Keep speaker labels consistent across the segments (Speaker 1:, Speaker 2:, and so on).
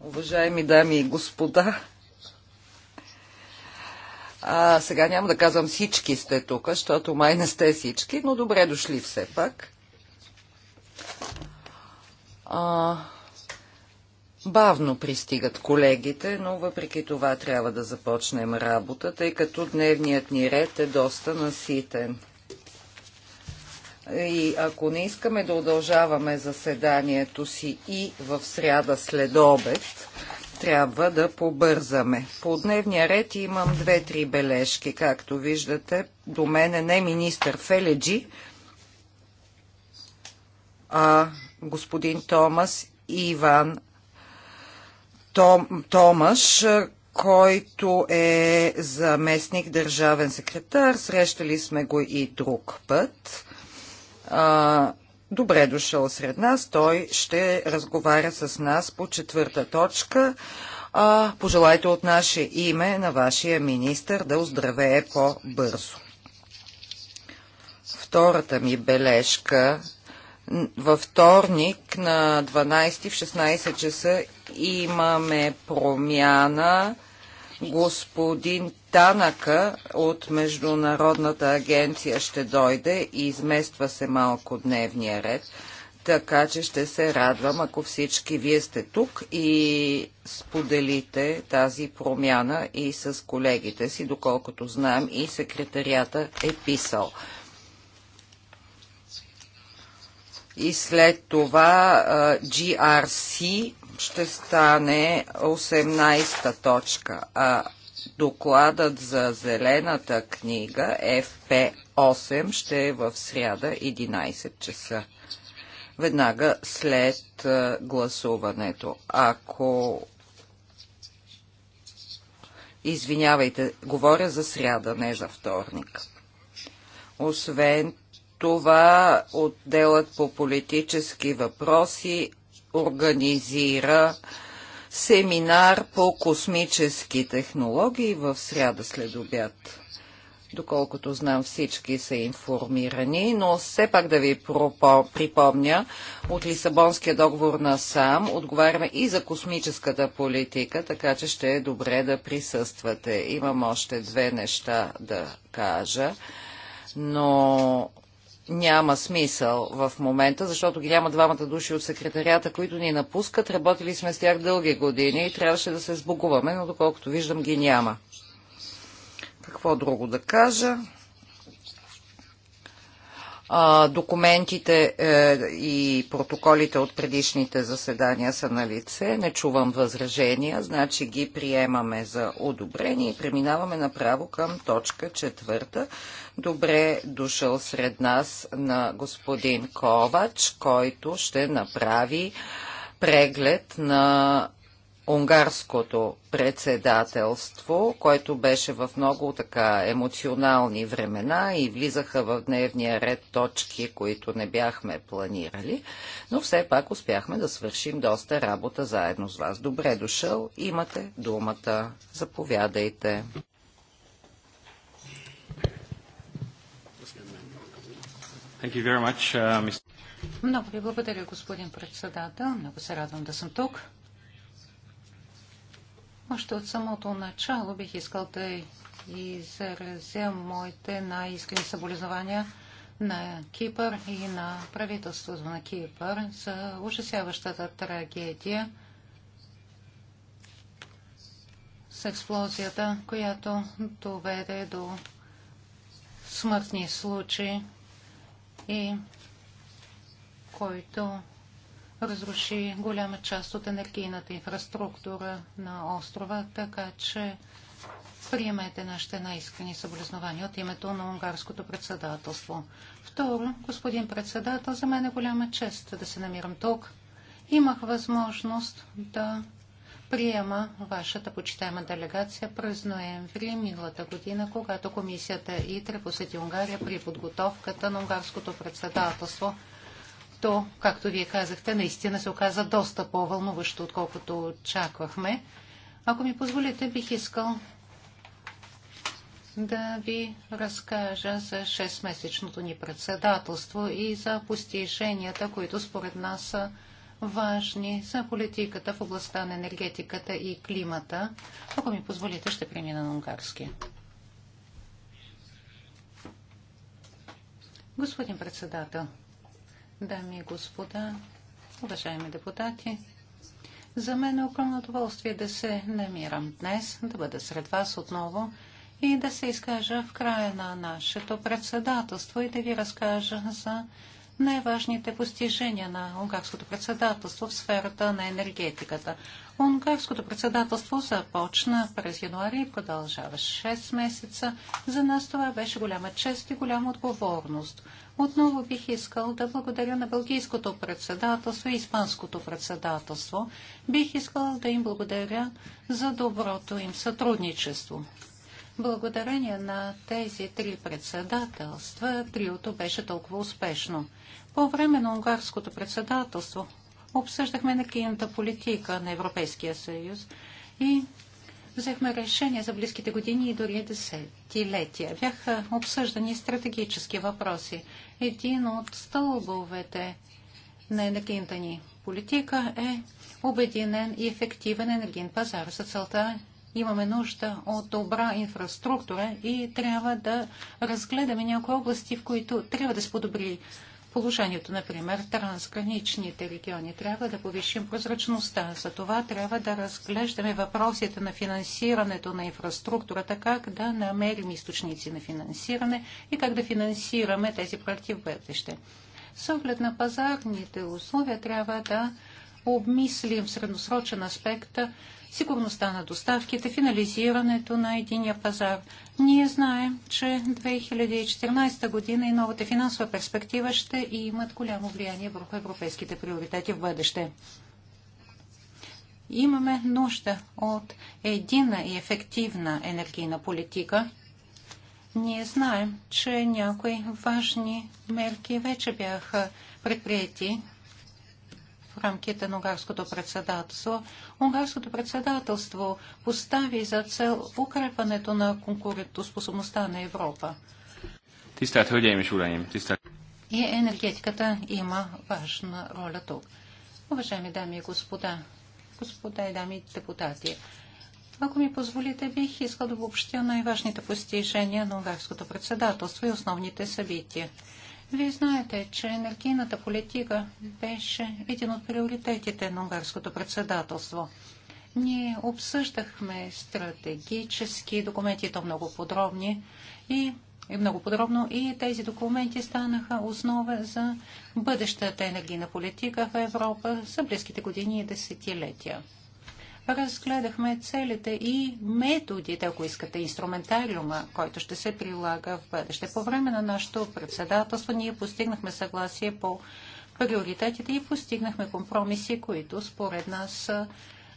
Speaker 1: Уважаеми дами и господа, а, сега няма да казвам всички сте тук, защото май не сте всички, но добре дошли все пак. А, Бавно пристигат колегите, но въпреки това трябва да започнем работа, тъй като дневният ни ред е доста наситен. И ако не искаме да удължаваме заседанието си и в сряда след обед, трябва да побързаме. По дневния ред имам две-три бележки. Както виждате, до мен е не министър Феледжи, а господин Томас и Иван Том, Томаш, който е заместник държавен секретар. Срещали сме го и друг път а, добре дошъл сред нас. Той ще разговаря с нас по четвърта точка. А, пожелайте от наше име на вашия министр да оздравее по-бързо. Втората ми бележка във вторник на 12 в 16 часа имаме промяна господин Танака от Международната агенция ще дойде и измества се малко дневния ред, така че ще се радвам, ако всички вие сте тук и споделите тази промяна и с колегите си, доколкото знам и секретарията е писал. И след това GRC ще стане 18-та точка, а докладът за зелената книга FP8 ще е в сряда 11 часа. Веднага след гласуването. Ако Извинявайте, говоря за сряда, не за вторник. Освен това, отделът по политически въпроси организира семинар по космически технологии в сряда след обяд. Доколкото знам, всички са информирани, но все пак да ви припомня, от Лисабонския договор на сам отговаряме и за космическата политика, така че ще е добре да присъствате. Имам още две неща да кажа, но няма смисъл в момента, защото ги няма двамата души от секретарията, които ни напускат. Работили сме с тях дълги години и трябваше да се сбогуваме, но доколкото виждам ги няма. Какво друго да кажа? а, документите е, и протоколите от предишните заседания са на лице. Не чувам възражения, значи ги приемаме за одобрение и преминаваме направо към точка четвърта. Добре дошъл сред нас на господин Ковач, който ще направи преглед на унгарското председателство, което беше в много така емоционални времена и влизаха в дневния ред точки, които не бяхме планирали, но все пак успяхме да свършим доста работа заедно с вас. Добре дошъл, имате думата. Заповядайте.
Speaker 2: Uh,
Speaker 3: много ви благодаря, господин председател. Много се радвам да съм тук. Още от самото начало бих искал да изразя моите най-искрени съболезнования на Кипър и на правителството на Кипър за ужасяващата трагедия с експлозията, която доведе до смъртни случаи и който разруши голяма част от енергийната инфраструктура на острова, така че приемете нашите най-искрени съболезнования от името на унгарското председателство. Второ, господин председател, за мен е голяма чест да се намирам тук. Имах възможност да приема вашата почитаема делегация през ноември миналата година, когато комисията ИТРЕ посети Унгария при подготовката на унгарското председателство – то, както вие казахте, наистина се оказа доста по-вълнуващо, отколкото очаквахме. Ако ми позволите, бих искал да ви разкажа за 6-месечното ни председателство и за постиженията, които според нас са важни за политиката в областта на енергетиката и климата. Ако ми позволите, ще премина на унгарски. Господин председател, дами и господа, уважаеми депутати, за мен е огромно удоволствие да се намирам днес, да бъда сред вас отново и да се изкажа в края на нашето председателство и да ви разкажа за най-важните постижения на унгарското председателство в сферата на енергетиката. Унгарското председателство започна през януари и продължава 6 месеца. За нас това беше голяма чест и голяма отговорност. Отново бих искал да благодаря на Бългийското председателство и Испанското председателство. Бих искал да им благодаря за доброто им сътрудничество. Благодарение на тези три председателства триото беше толкова успешно. По време на унгарското председателство обсъждахме енергийната политика на Европейския съюз и взехме решение за близките години и дори десетилетия. Бяха обсъждани стратегически въпроси един от стълбовете на енергийната ни политика е обединен и ефективен енергиен пазар. За целта имаме нужда от добра инфраструктура и трябва да разгледаме някои области, в които трябва да се подобри положението, например, трансграничните региони. Трябва да повишим прозрачността. За това трябва да разглеждаме въпросите на финансирането на инфраструктурата, как да намерим източници на финансиране и как да финансираме тези проекти в бъдеще. С оглед на пазарните условия трябва да обмислим в средносрочен аспект сигурността на доставките, финализирането на единия пазар. Ние знаем, че 2014 година и новата финансова перспектива ще имат голямо влияние върху европейските приоритети в бъдеще. Имаме нужда от едина и ефективна енергийна политика. Ние знаем, че някои важни мерки вече бяха предприяти в рамките на унгарското председателство. Унгарското председателство постави за цел укрепването на конкурентоспособността на Европа. и енергетиката има важна роля тук. Уважаеми дами и господа, господа и дами и депутати, ако ми позволите, бих искал да обобщя най-важните постижения на унгарското председателство и основните събития. Вие знаете, че енергийната политика беше един от приоритетите на унгарското председателство. Ние обсъждахме стратегически документи, то много подробни и, и много подробно и тези документи станаха основа за бъдещата енергийна политика в Европа за близките години и десетилетия разгледахме целите и методите, ако искате, инструментариума, който ще се прилага в бъдеще. По време на нашето председателство ние постигнахме съгласие по приоритетите и постигнахме компромиси, които според нас са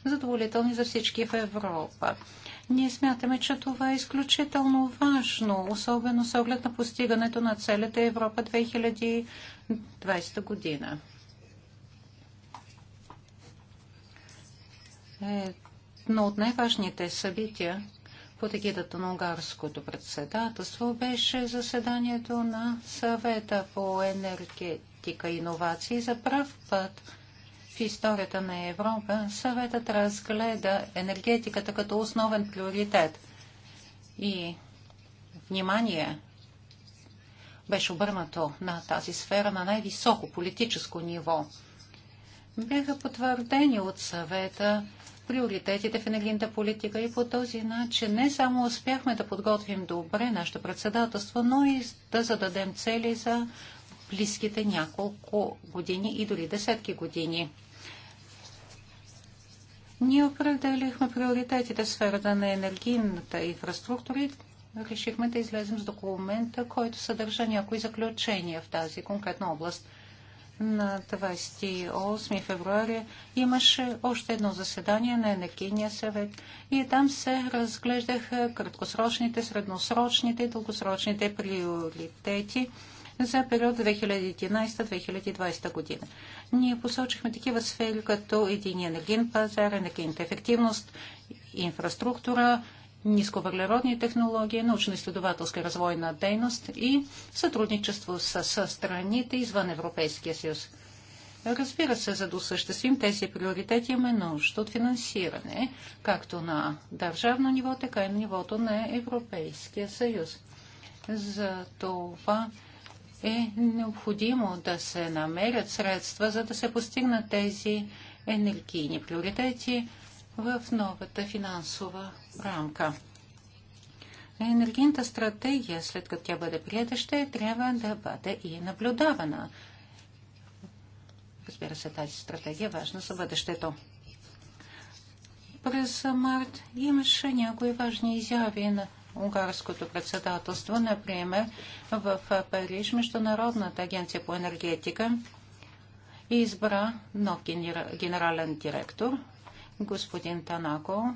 Speaker 3: задоволителни за всички в Европа. Ние смятаме, че това е изключително важно, особено с оглед на постигането на целите Европа 2020 година. Е едно от най-важните събития под егидата на унгарското председателство беше заседанието на съвета по енергетика и иновации. За прав път в историята на Европа съветът разгледа енергетиката като основен приоритет и внимание беше обърнато на тази сфера на най-високо политическо ниво. Бяха потвърдени от съвета приоритетите в енергийната политика и по този начин не само успяхме да подготвим добре нашето председателство, но и да зададем цели за близките няколко години и дори десетки години. Ние определихме приоритетите в сферата на енергийната инфраструктура и решихме да излезем с документа, който съдържа някои заключения в тази конкретна област – на 28 февруари имаше още едно заседание на Енергийния съвет и там се разглеждаха краткосрочните, средносрочните и дългосрочните приоритети за период 2011-2020 година. Ние посочихме такива сфери като един енергиен пазар, енергийната ефективност, инфраструктура, нисковъглеродни технологии, научно-изследователска развойна дейност и сътрудничество с, с страните извън Европейския съюз. Разбира се, за да осъществим тези приоритети имаме нужда от финансиране, както на държавно ниво, така и на нивото на Европейския съюз. За това е необходимо да се намерят средства, за да се постигнат тези енергийни приоритети, в новата финансова рамка. Енергийната стратегия, след като тя бъде прията, ще трябва да бъде и наблюдавана. Разбира се, тази стратегия е важна за бъдещето. През март имаше някои важни изяви на унгарското председателство, например в Париж Международната агенция по енергетика избра нов генерален директор, господин Танако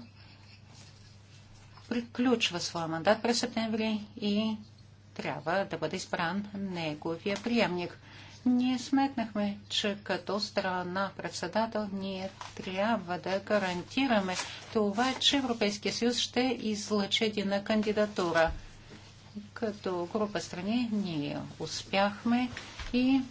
Speaker 3: приключва своя мандат през септември и трябва да бъде избран неговия приемник. Ние сметнахме, че като страна председател ние трябва да гарантираме това, че Европейския съюз ще излъчи една кандидатура. Като група страни ние успяхме и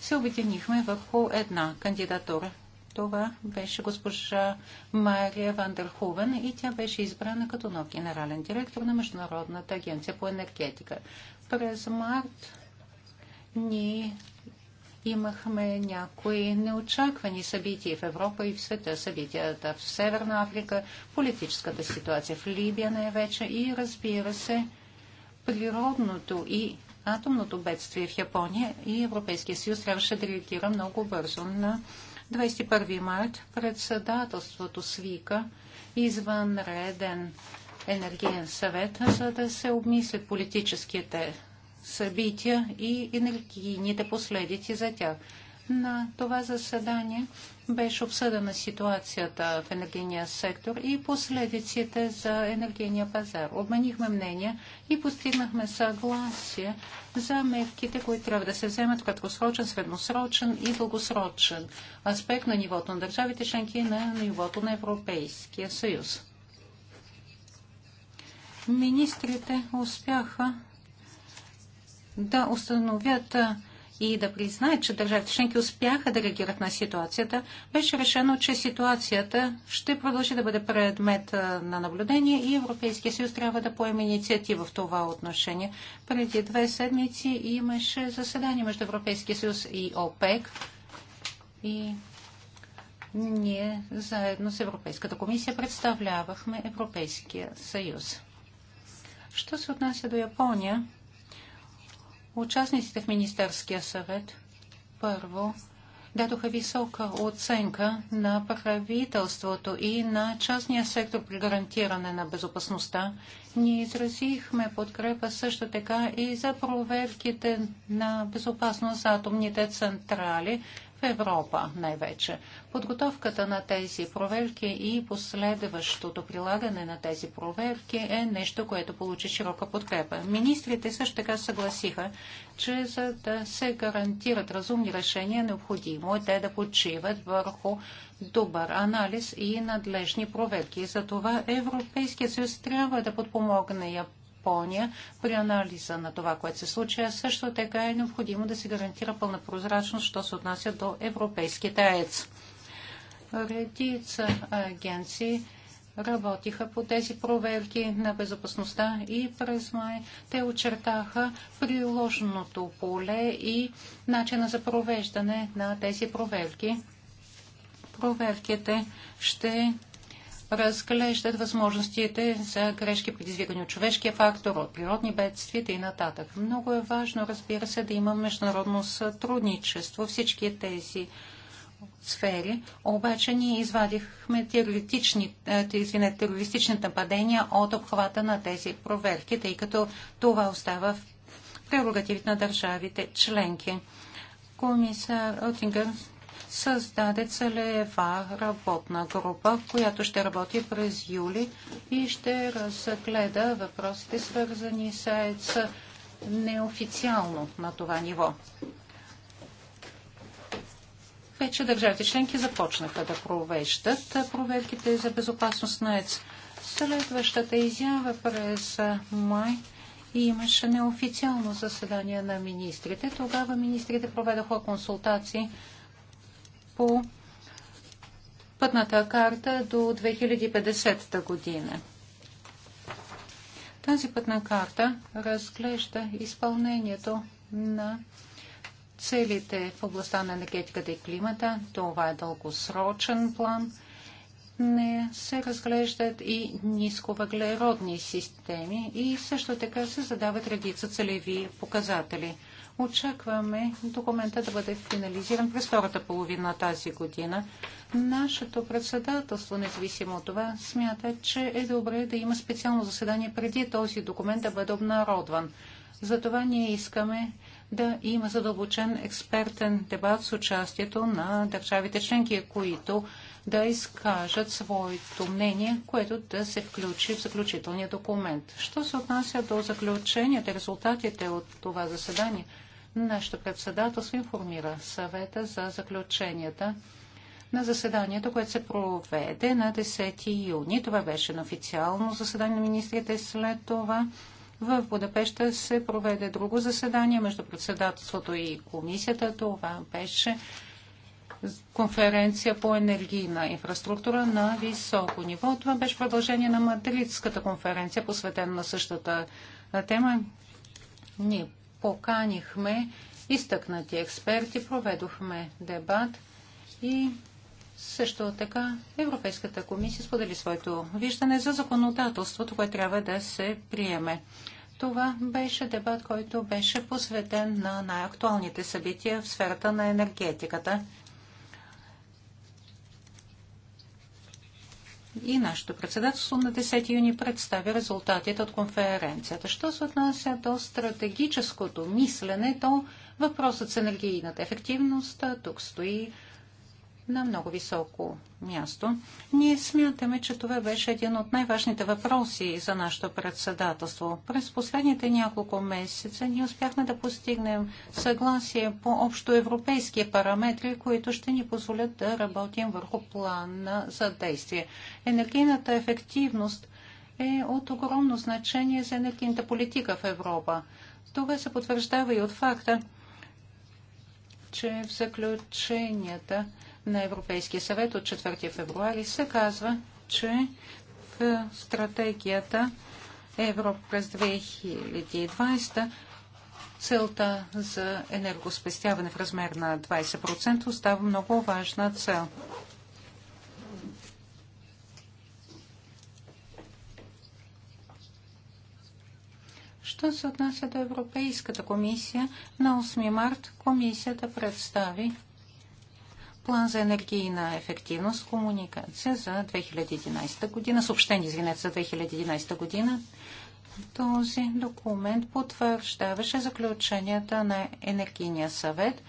Speaker 3: се обединихме върху една кандидатура това беше госпожа Мария Вандерхувен и тя беше избрана като нов генерален директор на Международната агенция по енергетика. През март ние имахме някои неочаквани събития в Европа и в света. Събитията в Северна Африка, политическата ситуация в Либия най-вече и разбира се природното и атомното бедствие в Япония и Европейския съюз трябваше да реагира много бързо на 21 март председателството свика извънреден енергиен съвет, за да се обмислят политическите събития и енергийните последици за тях на това заседание беше обсъдена ситуацията в енергийния сектор и последиците за енергийния пазар. Обменихме мнения и постигнахме съгласие за мерките, които трябва да се вземат в краткосрочен, средносрочен и дългосрочен аспект на нивото на държавите членки и на нивото на Европейския съюз. Министрите успяха да установят и да признаят, че държавите членки успяха да реагират на ситуацията, беше решено, че ситуацията ще продължи да бъде предмет на наблюдение и Европейския съюз трябва да поеме инициатива в това отношение. Преди две седмици имаше заседание между Европейския съюз и ОПЕК и ние заедно с Европейската комисия представлявахме Европейския съюз. Що се отнася до Япония, Участниците в Министерския съвет първо дадоха висока оценка на правителството и на частния сектор при гарантиране на безопасността. Ние изразихме подкрепа също така и за проверките на безопасност за атомните централи, в Европа най-вече. Подготовката на тези проверки и последващото прилагане на тези проверки е нещо, което получи широка подкрепа. Министрите също така съгласиха, че за да се гарантират разумни решения, необходимо е те да почиват върху добър анализ и надлежни проверки. За това съюз трябва да подпомогне Япония Япония при анализа на това, което се случва. А също така е необходимо да се гарантира пълна прозрачност, що се отнася до европейските АЕЦ. Редица агенции работиха по тези проверки на безопасността и през май те очертаха приложеното поле и начина за провеждане на тези проверки. Проверките ще разглеждат възможностите за грешки, предизвикани от човешкия фактор, от природни бедствия и нататък. Много е важно, разбира се, да има международно сътрудничество всички тези сфери, обаче ние извадихме е, извинете, терористични нападения от обхвата на тези проверки, тъй като това остава в прерогативите на държавите членки. Комисар Ротингър създаде целева работна група, която ще работи през юли и ще разгледа въпросите, свързани с АЕЦ неофициално на това ниво. Вече държавите членки започнаха да провеждат проверките за безопасност на ЕЦ. Следващата изява през май и имаше неофициално заседание на министрите. Тогава министрите проведоха консултации по пътната карта до 2050 година. Тази пътна карта разглежда изпълнението на целите в областта на енергетиката и климата. Това е дългосрочен план. Не се разглеждат и нисковъглеродни системи и също така се задават редица целеви показатели. Очакваме документа да бъде финализиран през втората половина тази година. Нашето председателство, независимо от това, смята, че е добре да има специално заседание преди този документ да бъде обнародван. Затова ние искаме да има задълбочен експертен дебат с участието на държавите членки, които да изкажат своето мнение, което да се включи в заключителния документ. Що се отнася до заключенията, резултатите от това заседание – Нашето председателство информира съвета за заключенията на заседанието, което се проведе на 10 юни. Това беше на официално заседание на министрите. След това в Будапеща се проведе друго заседание между председателството и комисията. Това беше конференция по енергийна инфраструктура на високо ниво. Това беше продължение на Мадридската конференция, посветена на същата тема. Ние поканихме изтъкнати експерти, проведохме дебат и също така Европейската комисия сподели своето виждане за законодателството, което трябва да се приеме. Това беше дебат, който беше посветен на най-актуалните събития в сферата на енергетиката. и нашето председателство на 10 юни представи резултатите от конференцията. Що се отнася до стратегическото мислене, то въпросът с енергийната ефективност тук стои на много високо място. Ние смятаме, че това беше един от най-важните въпроси за нашето председателство. През последните няколко месеца ние успяхме да постигнем съгласие по общо европейски параметри, които ще ни позволят да работим върху плана за действие. Енергийната ефективност е от огромно значение за енергийната политика в Европа. Това се потвърждава и от факта, че в заключенията на Европейския съвет от 4 февруари се казва, че в стратегията Европа през 2020 целта за енергоспестяване в размер на 20% остава много важна цел. Що се отнася до Европейската комисия, на 8 март комисията представи план за енергийна ефективност, комуникация за 2011 година, съобщение, извинете, за 2011 година. Този документ потвърждаваше заключенията на Енергийния съвет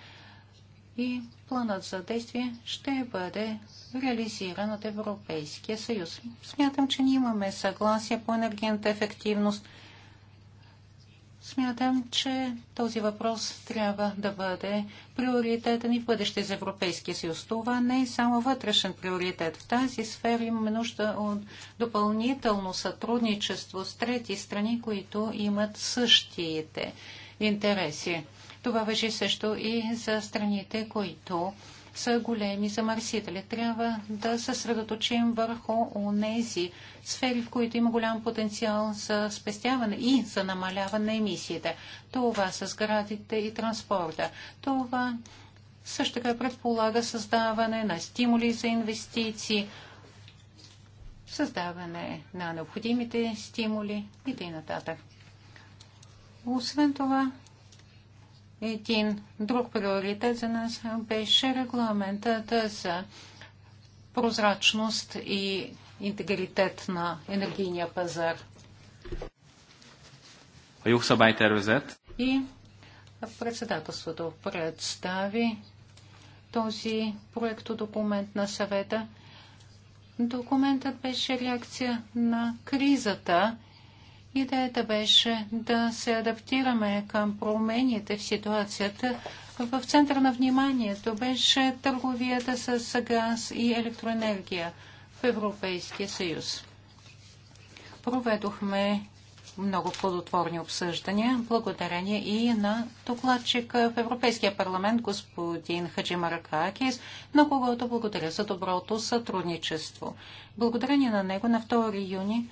Speaker 3: и планът за действие ще бъде реализиран от Европейския съюз. Смятам, че ние имаме съгласие по енергийната ефективност – Смятам, че този въпрос трябва да бъде приоритетен и в бъдеще за Европейския съюз. Това не е само вътрешен приоритет. В тази сфера имаме нужда от допълнително сътрудничество с трети страни, които имат същите интереси. Това въжи също и за страните, които са големи замърсители. Трябва да съсредоточим върху онези сфери, в които има голям потенциал за спестяване и за намаляване на емисиите. Това са сградите и транспорта. Това също така предполага създаване на стимули за инвестиции, създаване на необходимите стимули и т.н. Освен това, един друг приоритет за нас беше регламентът за прозрачност и интегритет на енергийния пазар. И председателството представи този проектодокумент на съвета. Документът беше реакция на кризата Идеята беше да се адаптираме към промените в ситуацията. В центъра на вниманието беше търговията с газ и електроенергия в Европейския съюз. Проведохме много плодотворни обсъждания, благодарение и на докладчика в Европейския парламент, господин Хаджи Маракакис, на когото благодаря за доброто сътрудничество. Благодарение на него на 2 юни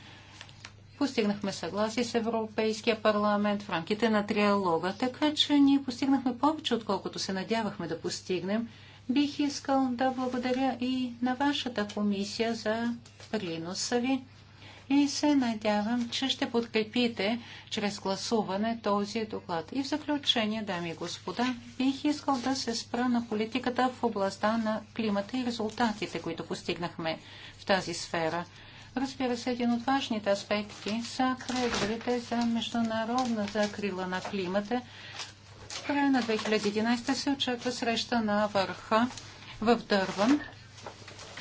Speaker 3: Постигнахме съгласие с Европейския парламент в рамките на триалога, така че ние постигнахме повече, отколкото се надявахме да постигнем. Бих искал да благодаря и на вашата комисия за приноса ви и се надявам, че ще подкрепите чрез гласуване този доклад. И в заключение, дами и господа, бих искал да се спра на политиката в областта на климата и резултатите, които постигнахме в тази сфера. Разбира се, един от важните аспекти са преговорите за международна закрила на климата. В края на 2011 се очаква среща на върха в Дърван.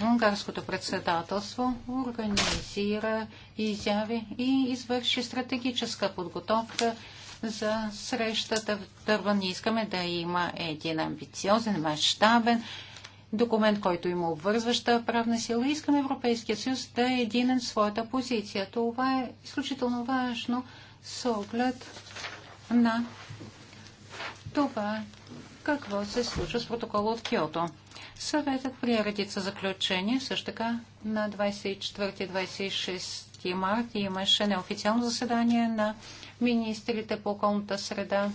Speaker 3: Унгарското председателство организира изяви и извърши стратегическа подготовка за срещата в Дърван. Искаме да има един амбициозен, мащабен документ, който има обвързваща правна сила. Искаме Европейския съюз да е единен в своята позиция. Това е изключително важно с оглед на това какво се случва с протокола от Киото. Съветът прие редица заключения. Също така на 24-26 март имаше неофициално заседание на министрите по околната среда.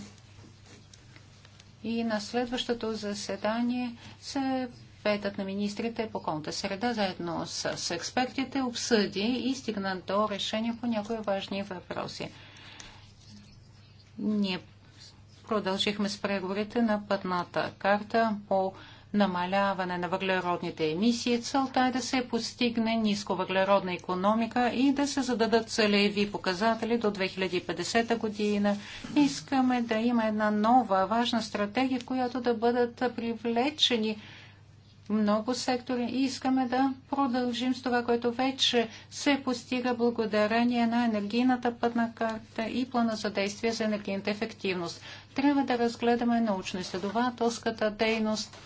Speaker 3: И на следващото заседание се съветът на министрите по околната среда заедно с, експертите обсъди и стигна до решение по някои важни въпроси. Ние продължихме с преговорите на пътната карта по намаляване на въглеродните емисии. Целта е да се постигне ниско въглеродна економика и да се зададат целеви показатели до 2050 година. Искаме да има една нова важна стратегия, в която да бъдат привлечени много сектори и искаме да продължим с това, което вече се постига благодарение на енергийната пътна карта и плана за действие за енергийната ефективност. Трябва да разгледаме научно-изследователската дейност.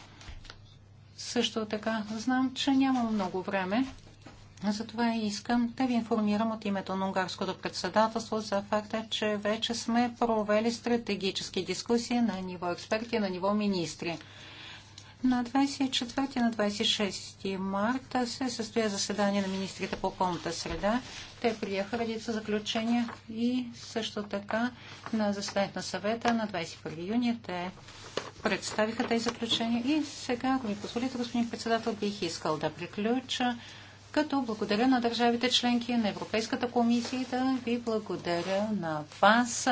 Speaker 3: Също така знам, че няма много време. Затова искам да ви информирам от името на унгарското председателство за факта, че вече сме провели стратегически дискусии на ниво експерти, на ниво министри. На 24 на 26 марта се състоя заседание на министрите по околната среда. Те приеха редица заключения и също така на заседанието на съвета на 21 юни те представиха тези заключения. И сега, ако ми позволите, господин председател, бих искал да приключа като благодаря на държавите членки на Европейската комисия и да ви благодаря на вас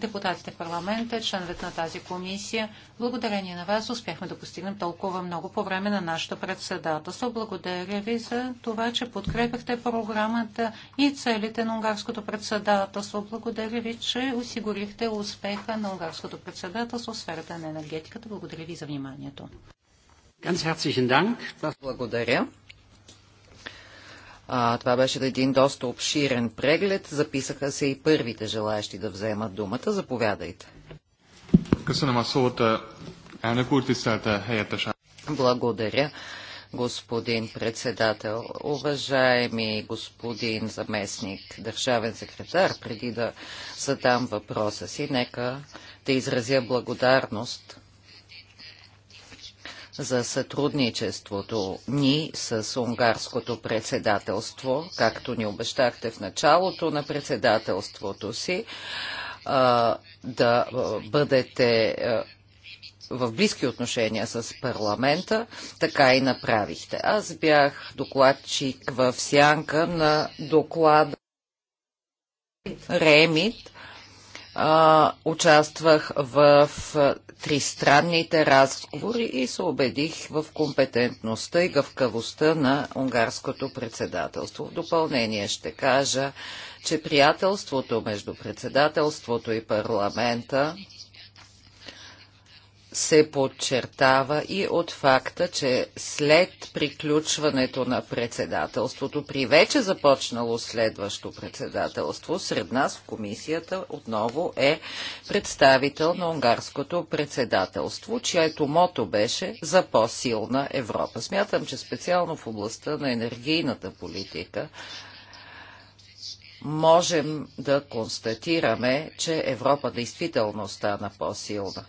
Speaker 3: депутатите в парламента, членовете на тази комисия. Благодарение на вас успяхме да постигнем толкова много по време на нашата председателство. Благодаря ви за това, че подкрепяхте програмата и целите на унгарското председателство. Благодаря ви, че осигурихте успеха на унгарското председателство в сферата на енергетиката. Благодаря ви за вниманието.
Speaker 1: Благодаря. А, това беше един доста обширен преглед. Записаха се и първите желаящи да вземат думата. Заповядайте. Благодаря, господин председател. Уважаеми господин заместник, държавен секретар, преди да задам въпроса си, нека да изразя благодарност за сътрудничеството ни с унгарското председателство, както ни обещахте в началото на председателството си, да бъдете в близки отношения с парламента, така и направихте. Аз бях докладчик в сянка на доклада Ремит а, участвах в тристранните разговори и се убедих в компетентността и гъвкавостта на унгарското председателство. В допълнение ще кажа, че приятелството между председателството и парламента се подчертава и от факта, че след приключването на председателството, при вече започнало следващо председателство, сред нас в комисията отново е представител на унгарското председателство, чието мото беше за по-силна Европа. Смятам, че специално в областта на енергийната политика можем да констатираме, че Европа действително стана по-силна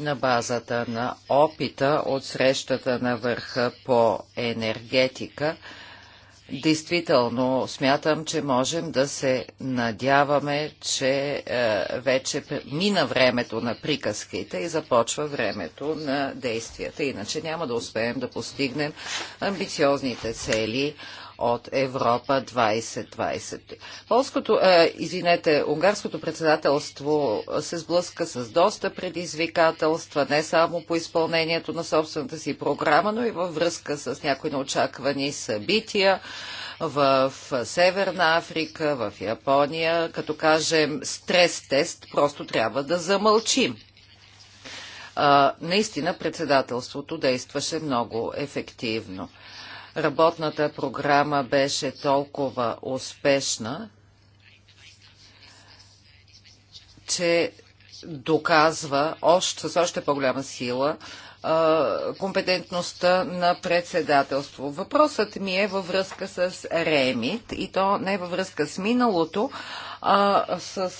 Speaker 1: на базата на опита от срещата на върха по енергетика. Действително смятам, че можем да се надяваме, че е, вече мина времето на приказките и започва времето на действията. Иначе няма да успеем да постигнем амбициозните цели от Европа 2020. Полското, е, извинете, унгарското председателство се сблъска с доста предизвикателства, не само по изпълнението на собствената си програма, но и във връзка с някои неочаквани събития в Северна Африка, в Япония. Като кажем стрес-тест, просто трябва да замълчим. А, наистина председателството действаше много ефективно работната програма беше толкова успешна, че доказва още, с още по-голяма сила компетентността на председателство. Въпросът ми е във връзка с Ремит и то не във връзка с миналото, а с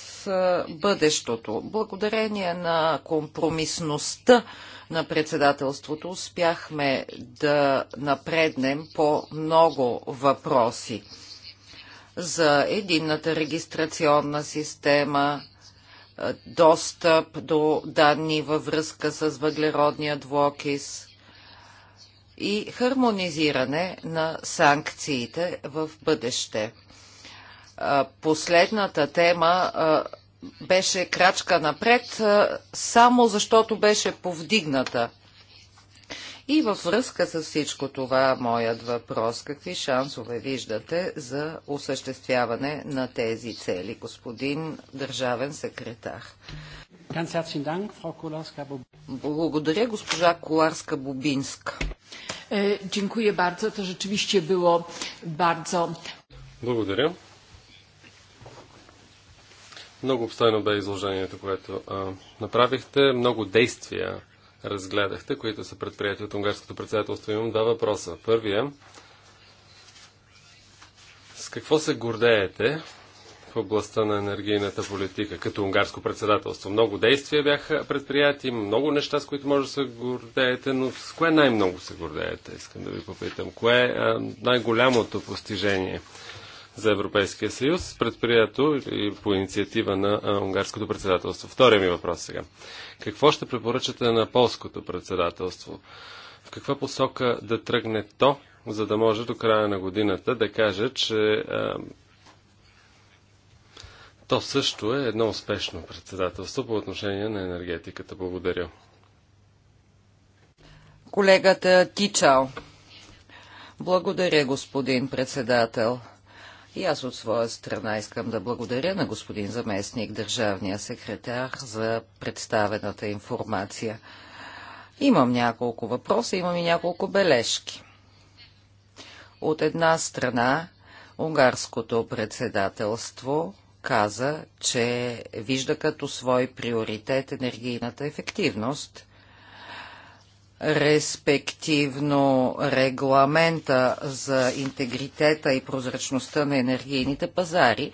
Speaker 1: бъдещото. Благодарение на компромисността на председателството успяхме да напреднем по много въпроси за единната регистрационна система, достъп до данни във връзка с въглеродния двокис и хармонизиране на санкциите в бъдеще. Последната тема беше крачка напред, само защото беше повдигната. И във връзка с всичко това, моят въпрос, какви шансове виждате за осъществяване на тези цели, господин държавен секретар? Благодаря, госпожа Коларска-Бубинска. Е,
Speaker 2: Благодаря. Много обстойно бе изложението, което а, направихте. Много действия разгледахте, които са предприяти от унгарското председателство. Имам два въпроса. Първия. С какво се гордеете в областта на енергийната политика като унгарско председателство? Много действия бяха предприяти, много неща, с които може да се гордеете, но с кое най-много се гордеете? Искам да ви попитам. Кое е най-голямото постижение? за Европейския съюз, предприето и по инициатива на унгарското председателство. Втория ми въпрос сега. Какво ще препоръчате на полското председателство? В каква посока да тръгне то, за да може до края на годината да каже, че а, то също е едно успешно председателство по отношение на енергетиката. Благодаря.
Speaker 1: Колегата Тичал. Благодаря, господин председател. И аз от своя страна искам да благодаря на господин заместник държавния секретар за представената информация. Имам няколко въпроса, имам и няколко бележки. От една страна, унгарското председателство каза, че вижда като свой приоритет енергийната ефективност респективно регламента за интегритета и прозрачността на енергийните пазари,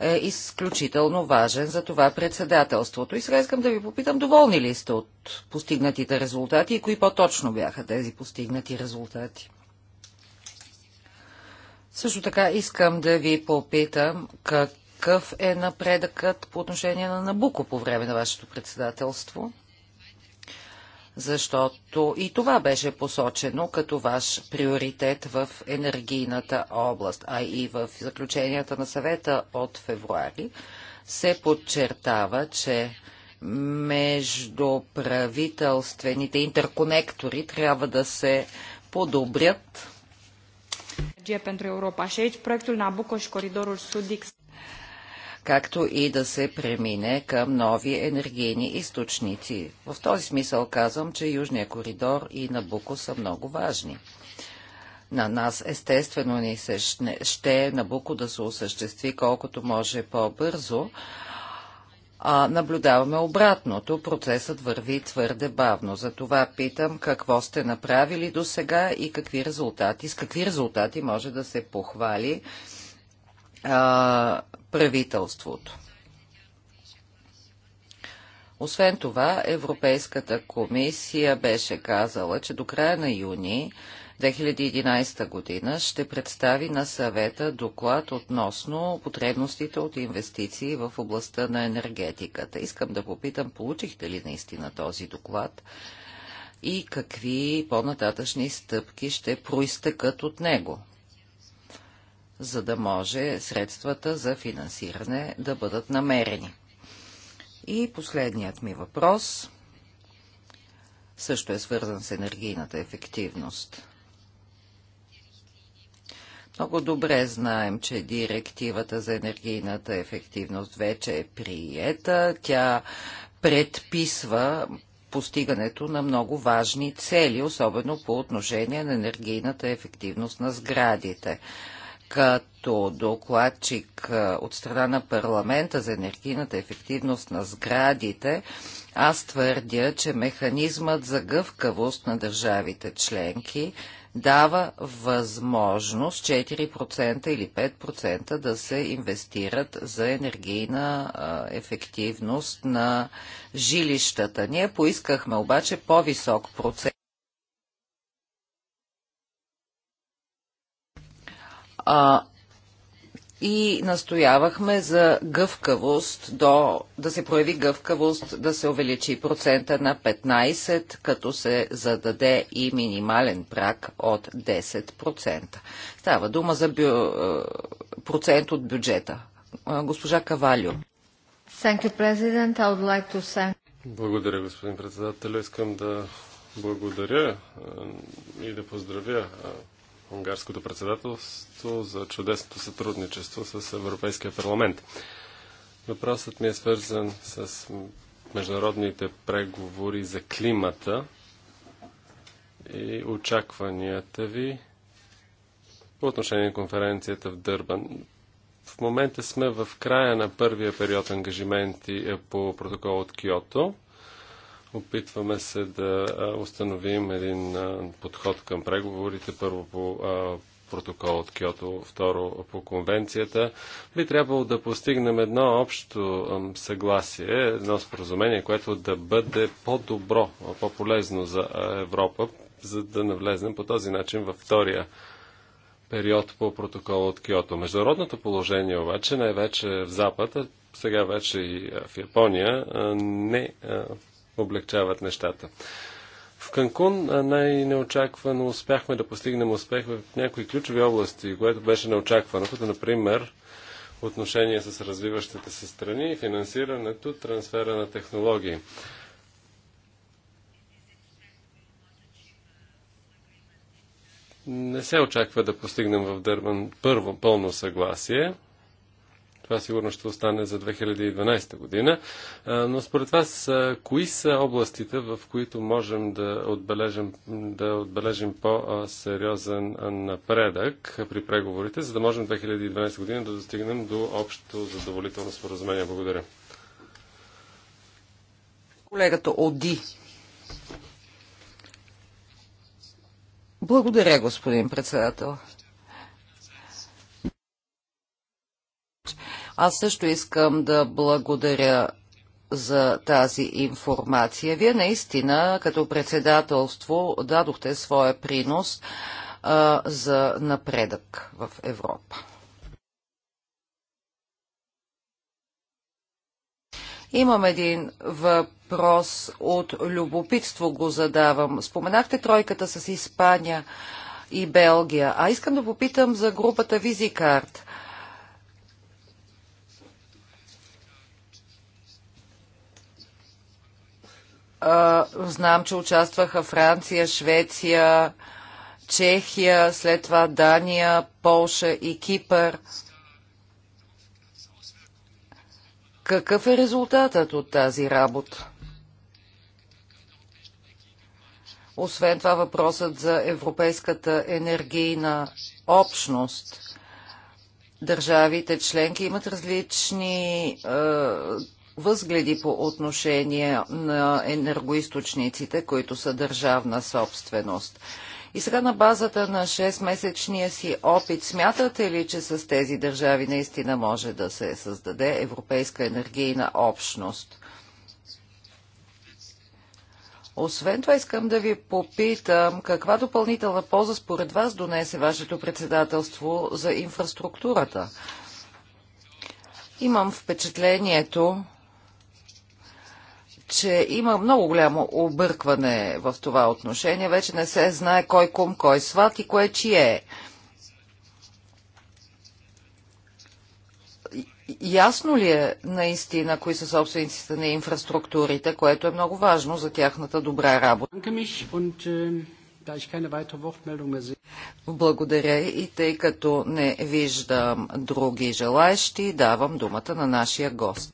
Speaker 1: е изключително важен за това председателството. И сега искам да ви попитам, доволни ли сте от постигнатите резултати и кои по-точно бяха тези постигнати резултати? Също така искам да ви попитам какъв е напредъкът по отношение на Набуко по време на вашето председателство – защото и това беше посочено като ваш приоритет в енергийната област, а и в заключенията на съвета от февруари се подчертава, че между правителствените интерконектори трябва да се подобрят. pentru Europa. Și aici proiectul și Coridorul както и да се премине към нови енергийни източници. В този смисъл казвам, че Южния коридор и Набуко са много важни. На нас естествено ни се ще Набуко да се осъществи колкото може по-бързо, а наблюдаваме обратното. Процесът върви твърде бавно. Затова питам какво сте направили до сега и какви резултати, с какви резултати може да се похвали а, правителството. Освен това, Европейската комисия беше казала, че до края на юни 2011 година ще представи на съвета доклад относно потребностите от инвестиции в областта на енергетиката. Искам да попитам, получихте ли наистина този доклад и какви по-нататъчни стъпки ще проистъкат от него? за да може средствата за финансиране да бъдат намерени. И последният ми въпрос също е свързан с енергийната ефективност. Много добре знаем, че директивата за енергийната ефективност вече е приета. Тя предписва постигането на много важни цели, особено по отношение на енергийната ефективност на сградите като докладчик от страна на парламента за енергийната ефективност на сградите, аз твърдя, че механизмът за гъвкавост на държавите членки дава възможност 4% или 5% да се инвестират за енергийна ефективност на жилищата. Ние поискахме обаче по-висок процент а, и настоявахме за гъвкавост, до, да се прояви гъвкавост, да се увеличи процента на 15, като се зададе и минимален прак от 10%. Става дума за бю,
Speaker 2: процент от бюджета. Госпожа Кавалио. Благодаря, господин председател. Искам да благодаря и да поздравя унгарското председателство за чудесното сътрудничество с Европейския парламент. Въпросът ми е свързан с международните преговори за климата и очакванията ви по отношение на конференцията в Дърбан. В момента сме в края на първия период ангажименти е, по протокол от Киото. Опитваме се да установим един подход към преговорите. Първо по протокол от Киото, второ по конвенцията. Би трябвало да постигнем едно общо съгласие, едно споразумение, което да бъде по-добро, по-полезно за Европа, за да навлезнем по този начин във втория период по протокол от Киото. Международното положение обаче, най-вече в Запад, а сега вече и в Япония, не облегчават нещата. В Канкун най-неочаквано успяхме да постигнем успех в някои ключови области, което беше неочаквано, като например отношение с развиващите се страни, финансирането, трансфера на технологии. Не се очаква да постигнем в Дърбан първо пълно съгласие, това сигурно ще остане за 2012 година. Но според вас, кои са областите, в които можем да отбележим, да отбележим по-сериозен напредък при преговорите, за да можем 2012 година да достигнем до общото задоволително споразумение? Благодаря.
Speaker 1: Колегата Оди. Благодаря, господин председател. Аз също искам да благодаря за тази информация. Вие наистина като председателство дадохте своя принос а, за напредък в Европа. Имам един въпрос от любопитство го задавам. Споменахте тройката с Испания и Белгия, а искам да попитам за групата Визикарт. знам, че участваха Франция, Швеция, Чехия, след това Дания, Полша и Кипър. Какъв е резултатът от тази работа? Освен това въпросът за Европейската енергийна общност. Държавите членки имат различни е, възгледи по отношение на енергоисточниците, които са държавна собственост. И сега на базата на 6-месечния си опит, смятате ли, че с тези държави наистина може да се създаде европейска енергийна общност? Освен това искам да ви попитам каква допълнителна полза според вас донесе вашето председателство за инфраструктурата. Имам впечатлението, че има много голямо объркване в това отношение. Вече не се знае кой кум, кой сват и кое чие е. Ясно ли е наистина кои са собствениците на инфраструктурите, което е много важно за тяхната добра работа? Э, Благодаря и тъй като не виждам други желаещи, давам думата на нашия гост.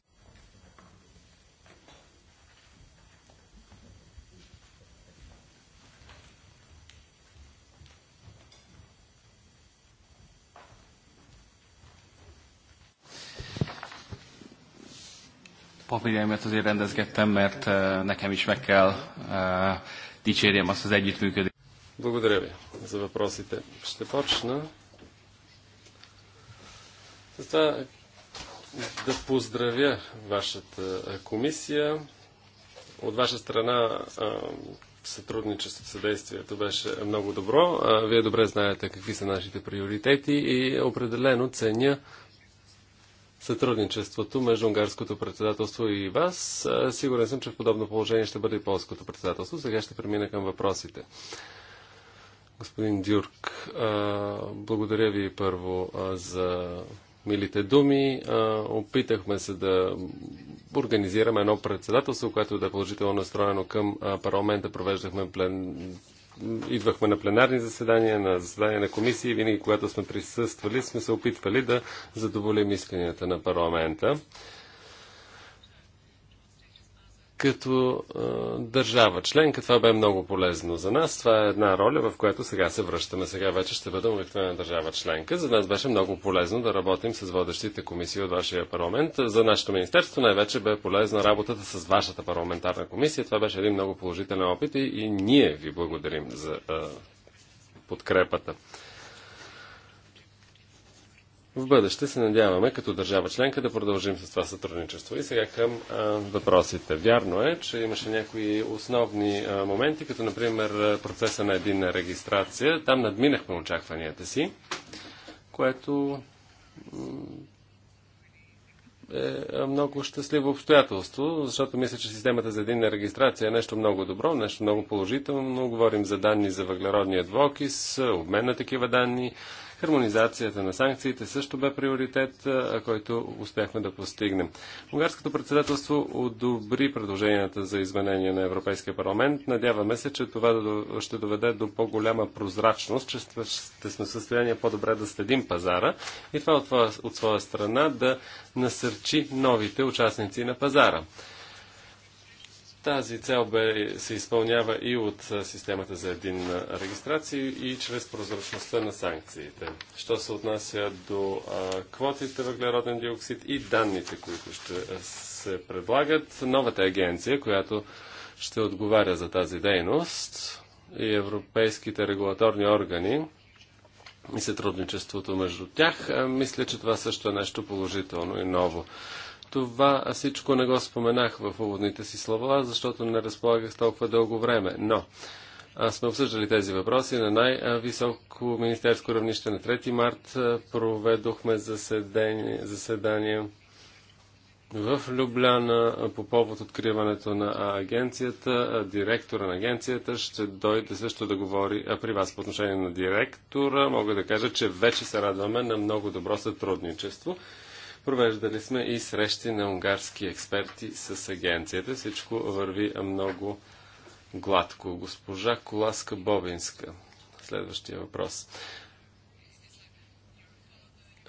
Speaker 2: papírjaimat azért rendezgettem, mert nekem is meg kell dicsérjem azt az együttműködést. Благодаря ви за въпросите. Ще почна с това да поздравя вашата комисия. От ваша страна сътрудничеството, съдействието беше много добро. Вие добре знаете какви са нашите приоритети и определено ценя сътрудничеството между унгарското председателство и вас. Сигурен съм, че в подобно положение ще бъде и полското председателство. Сега ще премина към въпросите. Господин Дюрк, благодаря ви първо за милите думи. Опитахме се да организираме едно председателство, което да е положително настроено към парламента. Провеждахме плен идвахме на пленарни заседания, на заседания на комисии, винаги когато сме присъствали, сме се опитвали да задоволим исканията на парламента като а, държава членка. Това бе много полезно за нас. Това е една роля, в която сега се връщаме. Сега вече ще бъдем обикновена държава членка. За нас беше много полезно да работим с водещите комисии от вашия парламент. За нашето министерство най-вече бе полезна работата с вашата парламентарна комисия. Това беше един много положителен опит и, и ние ви благодарим за а, подкрепата. В бъдеще се надяваме като държава членка да продължим с това сътрудничество. И сега към а, въпросите. Вярно е, че имаше някои основни а, моменти, като например процеса на единна регистрация. Там надминахме очакванията си, което е много щастливо обстоятелство, защото мисля, че системата за единна регистрация е нещо много добро, нещо много положително. Говорим за данни за въглеродния двокис, обмен на такива данни, Хармонизацията на санкциите също бе приоритет, който успяхме да постигнем. Унгарското председателство одобри предложенията за изменение на Европейския парламент. Надяваме се, че това ще доведе до по-голяма прозрачност, че ще сме в състояние по-добре да следим пазара и това от, от своя страна да насърчи новите участници на пазара. Тази цел бе, се изпълнява и от системата за един регистрация и чрез прозрачността на санкциите. Що се отнася до а, квотите въглероден диоксид и данните, които ще се предлагат, новата агенция, която ще отговаря за тази дейност и европейските регулаторни органи и сътрудничеството между тях, а, мисля, че това също е нещо положително и ново. Това всичко не го споменах в уводните си слова, защото не разполагах толкова дълго време. Но сме обсъждали тези въпроси на най-високо министерско равнище на 3 март. Проведохме заседание, заседание в Любляна по повод откриването на агенцията. Директора на агенцията ще дойде също да говори при вас по отношение на директора. Мога да кажа, че вече се радваме на много добро сътрудничество. Провеждали сме и срещи на унгарски експерти с агенцията. Всичко върви много гладко. Госпожа Коласка Бобинска. Следващия въпрос.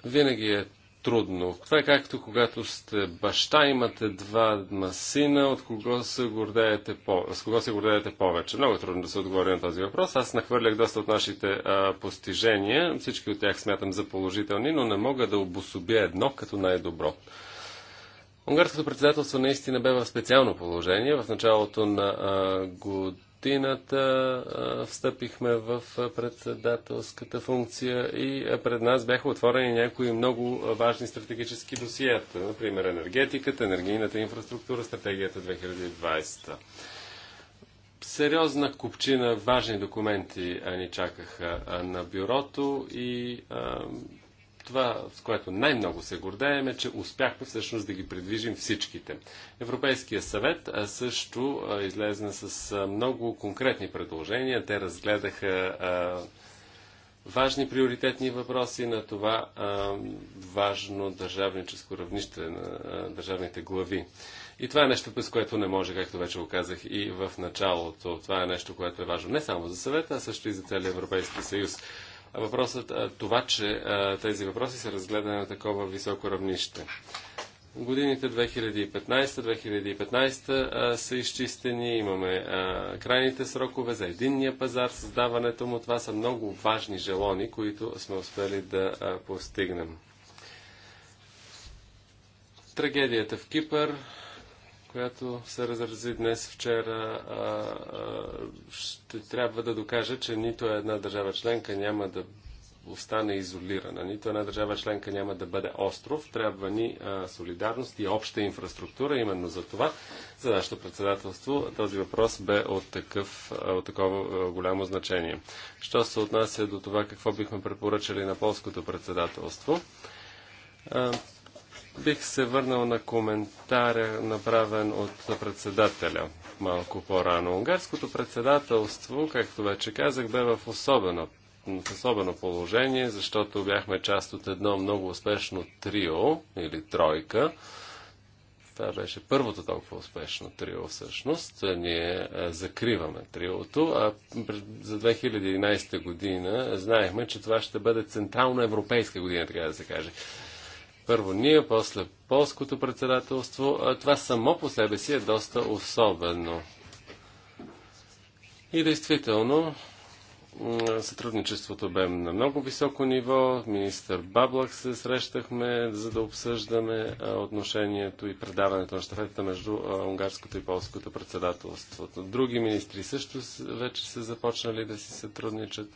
Speaker 2: Винаги е трудно. Това е както когато сте баща, имате два сина, от кого се гордеете по... с кого се гордеете повече. Много е трудно да се отговори на този въпрос. Аз нахвърлях доста от нашите а, постижения. Всички от тях смятам за положителни, но не мога да обособя едно като най-добро. Унгарското председателство наистина бе в специално положение. В началото на а, година годината встъпихме в председателската функция и пред нас бяха отворени някои много важни стратегически досиета, например енергетиката, енергийната инфраструктура, стратегията 2020. Сериозна купчина важни документи ни чакаха на бюрото и това, с което най-много се гордеем е, че успяхме всъщност да ги предвижим всичките. Европейския съвет също излезна с много конкретни предложения. Те разгледаха важни приоритетни въпроси на това важно държавническо равнище на държавните глави. И това е нещо, през което не може, както вече го казах и в началото. Това е нещо, което е важно не само за съвета, а също и за целия Европейски съюз въпросът, това, че тези въпроси са разгледани на такова високо равнище. Годините 2015-2015 са изчистени, имаме крайните срокове за единния пазар, създаването му. Това са много важни желони, които сме успели да постигнем. Трагедията в Кипър която се разрази днес, вчера, а, а, ще трябва да докаже, че нито една държава членка няма да остане изолирана. Нито една държава членка няма да бъде остров. Трябва ни а, солидарност и обща инфраструктура. Именно за това, за нашето председателство, този въпрос бе от, такъв, от такова голямо значение. Що се отнася до това, какво бихме препоръчали на полското председателство? Бих се върнал на коментаря, направен от председателя малко по-рано. Унгарското председателство, както вече казах, бе в особено, в особено положение, защото бяхме част от едно много успешно трио или тройка. Това беше първото толкова успешно трио всъщност. Ние е, закриваме триото, а за 2011 година знаехме, че това ще бъде Централна европейска година, така да се каже. Първо ние, после полското председателство. Това само по себе си е доста особено. И действително, сътрудничеството бе на много високо ниво. Министър Баблак се срещахме, за да обсъждаме отношението и предаването на щафетата между унгарското и полското председателство. Други министри също вече са започнали да си сътрудничат.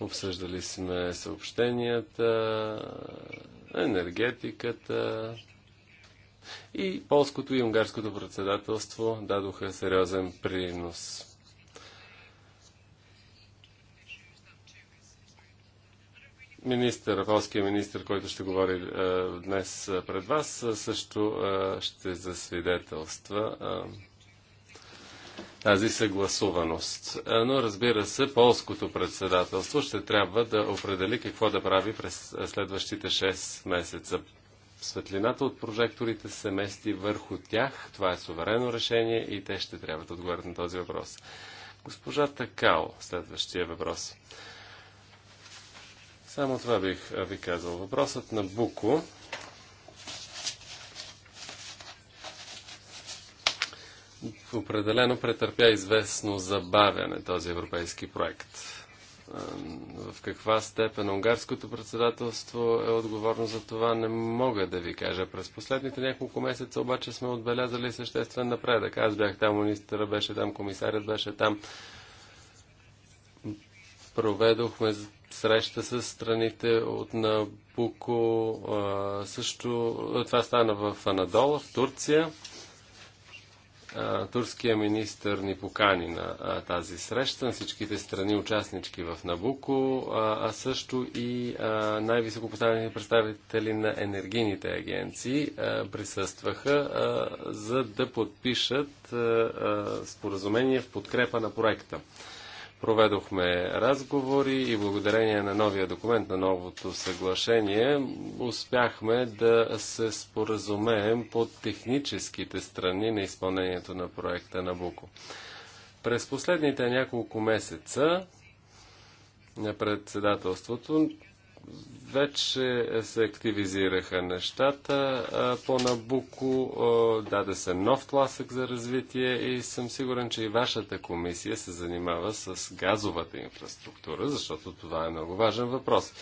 Speaker 2: Обсъждали сме съобщенията, енергетиката и полското и унгарското председателство дадоха сериозен принос. Министър, полския министр, който ще говори е, днес е, пред вас, е, също е, ще засвидетелства. Е, тази съгласуваност. Е, но разбира се, полското председателство ще трябва да определи какво да прави през е, следващите 6 месеца. Светлината от прожекторите се мести върху тях. Това е суверено решение и те ще трябва да отговарят на този въпрос. Госпожа Такао, следващия въпрос. Само това бих ви казал. Въпросът на Буко определено претърпя известно забавяне този европейски проект. В каква степен унгарското председателство е отговорно за това, не мога да ви кажа. През последните няколко месеца обаче сме отбелязали съществен напредък. Аз бях там, министъра беше там, комисарят беше там. Проведохме среща с страните от Набуко. Също това стана в Анадола, в Турция турския министр ни покани на тази среща, на всичките страни участнички в Набуко, а също и най-високо поставените представители на енергийните агенции присъстваха, за да подпишат споразумение в подкрепа на проекта. Проведохме разговори и благодарение на новия документ, на новото съглашение, успяхме да се споразумеем по техническите страни на изпълнението на проекта на Буко. През последните няколко месеца на председателството вече се активизираха нещата по Набуко, даде се нов тласък за развитие и съм сигурен, че и вашата комисия се занимава с газовата инфраструктура, защото това е много важен въпрос.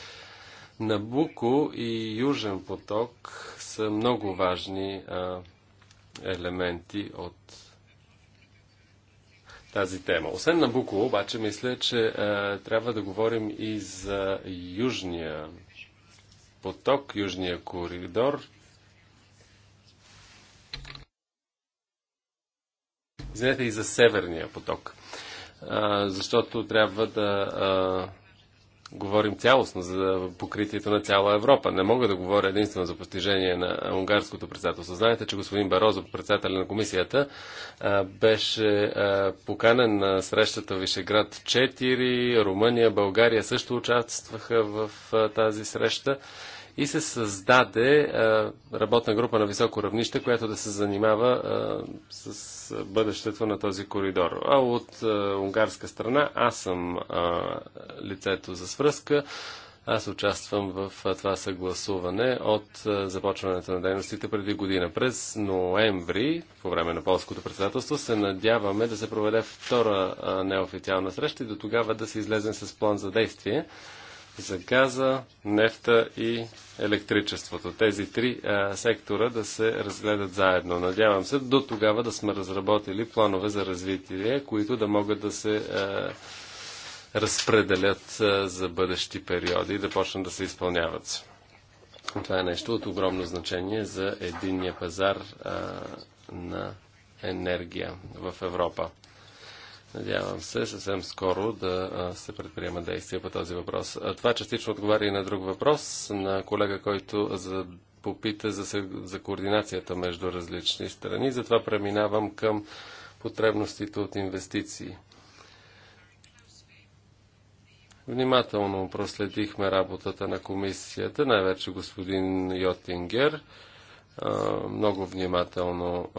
Speaker 2: Набуко и Южен поток са много важни елементи от тази тема. Освен на Буко, обаче, мисля, че е, трябва да говорим и за Южния поток, Южния коридор. Извинете, и за Северния поток. Е, защото трябва да говорим цялостно за покритието на цяла Европа. Не мога да говоря единствено за постижение на унгарското председателство. Знаете, че господин Барозо, председател на комисията, беше поканен на срещата Вишеград 4. Румъния, България също участваха в тази среща и се създаде е, работна група на високо равнище, която да се занимава е, с бъдещето на този коридор. А от е, унгарска страна аз съм лицето за свръзка. Аз участвам в това съгласуване от започването на дейностите преди година. През ноември, по време на полското председателство, се надяваме да се проведе втора неофициална среща и до тогава да се излезем с план за действие за газа, нефта и електричеството. Тези три а, сектора да се разгледат заедно. Надявам се до тогава да сме разработили планове за развитие, които да могат да се а, разпределят а, за бъдещи периоди и да почнат да се изпълняват. Това е нещо от огромно значение за единния пазар а, на енергия в Европа. Надявам се съвсем скоро да се предприема действия по този въпрос. Това частично отговаря и на друг въпрос на колега, който за попита за, за координацията между различни страни. Затова преминавам към потребностите от инвестиции. Внимателно проследихме работата на комисията, най-вече господин Йотингер. Много внимателно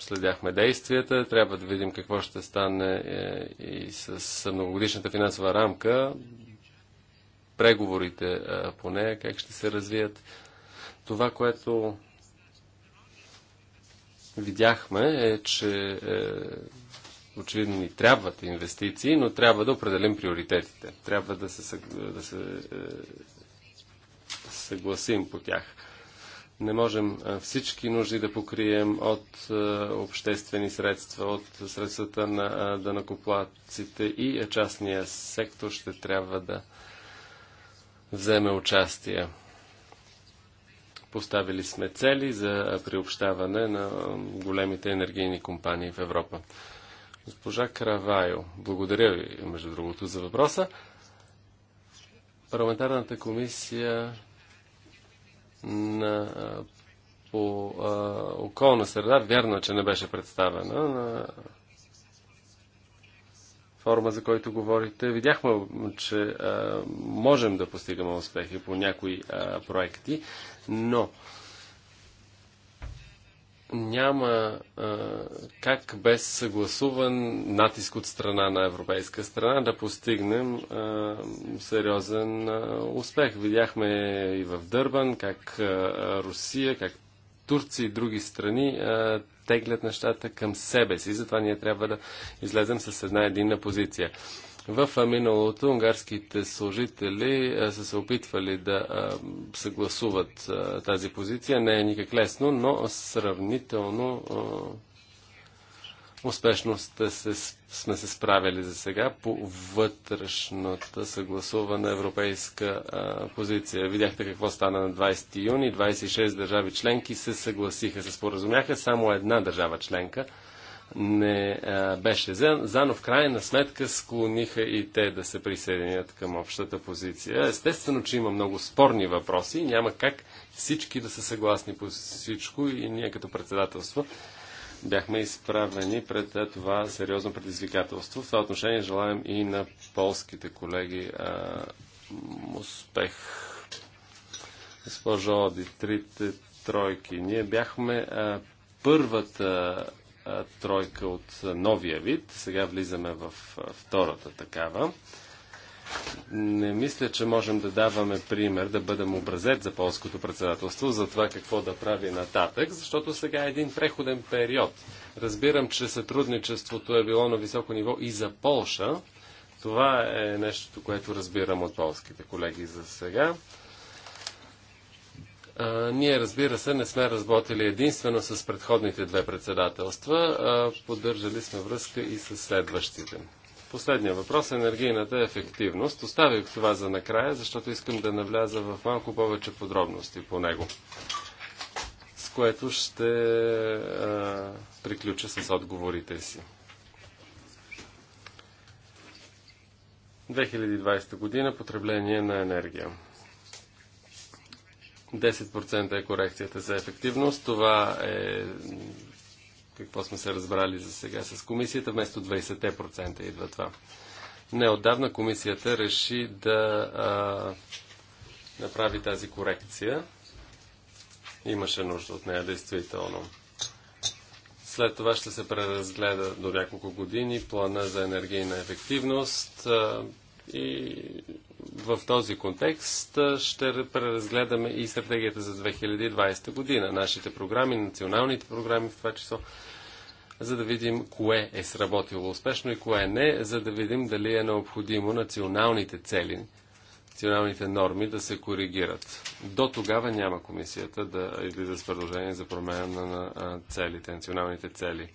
Speaker 2: Следяхме действията, трябва да видим какво ще стане е, и с многогодишната финансова рамка, преговорите е, по нея, как ще се развият. Това, което видяхме е, че е, очевидно ни трябват инвестиции, но трябва да определим приоритетите. Трябва да се, да се съгласим по тях не можем всички нужди да покрием от обществени средства, от средствата на данакоплаците и частния сектор ще трябва да вземе участие. Поставили сме цели за приобщаване на големите енергийни компании в Европа. Госпожа Каравайо, благодаря ви, между другото, за въпроса. Парламентарната комисия на, по а, околна среда, вярно, е, че не беше представена на форма, за който говорите. Видяхме, че а, можем да постигаме успехи по някои а, проекти, но а, няма а, как без съгласуван натиск от страна на европейска страна да постигнем а, сериозен а, успех. Видяхме и в Дърбан как а, Русия, как Турция и други страни а, теглят нещата към себе си. Затова ние трябва да излезем с една единна позиция. В миналото унгарските служители са се опитвали да съгласуват тази позиция. Не е никак лесно, но сравнително успешно сме се справили за сега по вътрешната съгласувана европейска позиция. Видяхте какво стана на 20 юни. 26 държави членки се съгласиха, се споразумяха. Само една държава членка – не а, беше зано, в крайна сметка склониха и те да се присъединят към общата позиция. Естествено, че има много спорни въпроси и няма как всички да са съгласни по всичко и ние като председателство бяхме изправени пред това сериозно предизвикателство. В това отношение желаем и на полските колеги а, успех. Госпожо Оди, трите тройки. Ние бяхме а, първата тройка от новия вид. Сега влизаме в втората такава. Не мисля, че можем да даваме пример, да бъдем образец за полското председателство, за това какво да прави нататък, защото сега е един преходен период. Разбирам, че сътрудничеството е било на високо ниво и за Полша. Това е нещото, което разбирам от полските колеги за сега ние, разбира се, не сме разботили единствено с предходните две председателства, а поддържали сме връзка и с следващите. Последният въпрос е енергийната ефективност. Оставих това за накрая, защото искам да навляза в малко повече подробности по него, с което ще а, приключа с отговорите си. 2020 година потребление на енергия. 10% е корекцията за ефективност. Това е какво сме се разбрали за сега с комисията. Вместо 20% идва това. Неотдавна комисията реши да а, направи тази корекция. Имаше нужда от нея, действително. След това ще се преразгледа до няколко години плана за енергийна ефективност. И в този контекст ще преразгледаме и стратегията за 2020 година, нашите програми, националните програми в това число, за да видим кое е сработило успешно и кое не, за да видим дали е необходимо националните цели, националните норми да се коригират. До тогава няма комисията да излиза с предложение за промяна на целите, националните цели.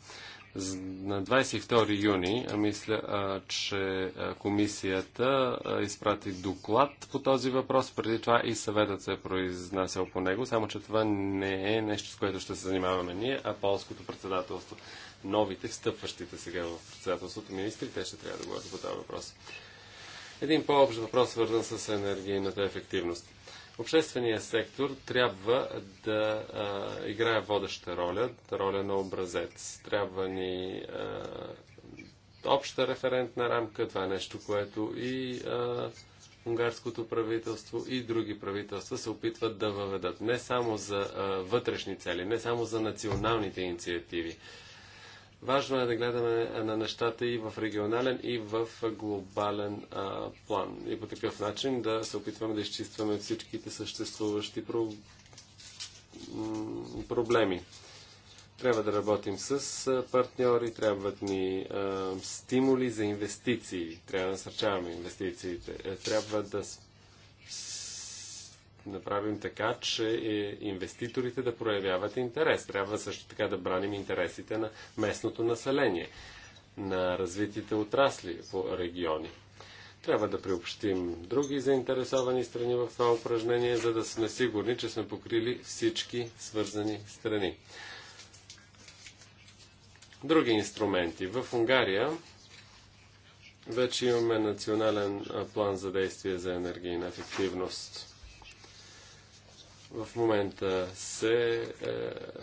Speaker 2: На 22 юни мисля, а, че комисията а, изпрати доклад по този въпрос. Преди това и съветът се е произнасял по него, само че това не е нещо, с което ще се занимаваме ние, а полското председателство. Новите, встъпващите сега в председателството министри, те ще трябва да говорят по този въпрос. Един по-общ въпрос, свързан с енергийната ефективност. Обществения сектор трябва да а, играе водеща роля, роля на образец. Трябва ни а, обща референтна рамка. Това е нещо, което и а, унгарското правителство и други правителства се опитват да въведат. Не само за а, вътрешни цели, не само за националните инициативи. Важно е да гледаме на нещата и в регионален, и в глобален а, план. И по такъв начин да се опитваме да изчистваме всичките съществуващи про... проблеми. Трябва да работим с партньори, трябват ни а, стимули за инвестиции, трябва да насърчаваме инвестициите, е, трябва да направим така, че е, инвеститорите да проявяват интерес. Трябва също така да браним интересите на местното население, на развитите отрасли по региони. Трябва да приобщим други заинтересовани страни в това упражнение, за да сме сигурни, че сме покрили всички свързани страни. Други инструменти. В Унгария вече имаме национален план за действие за енергийна ефективност в момента се е,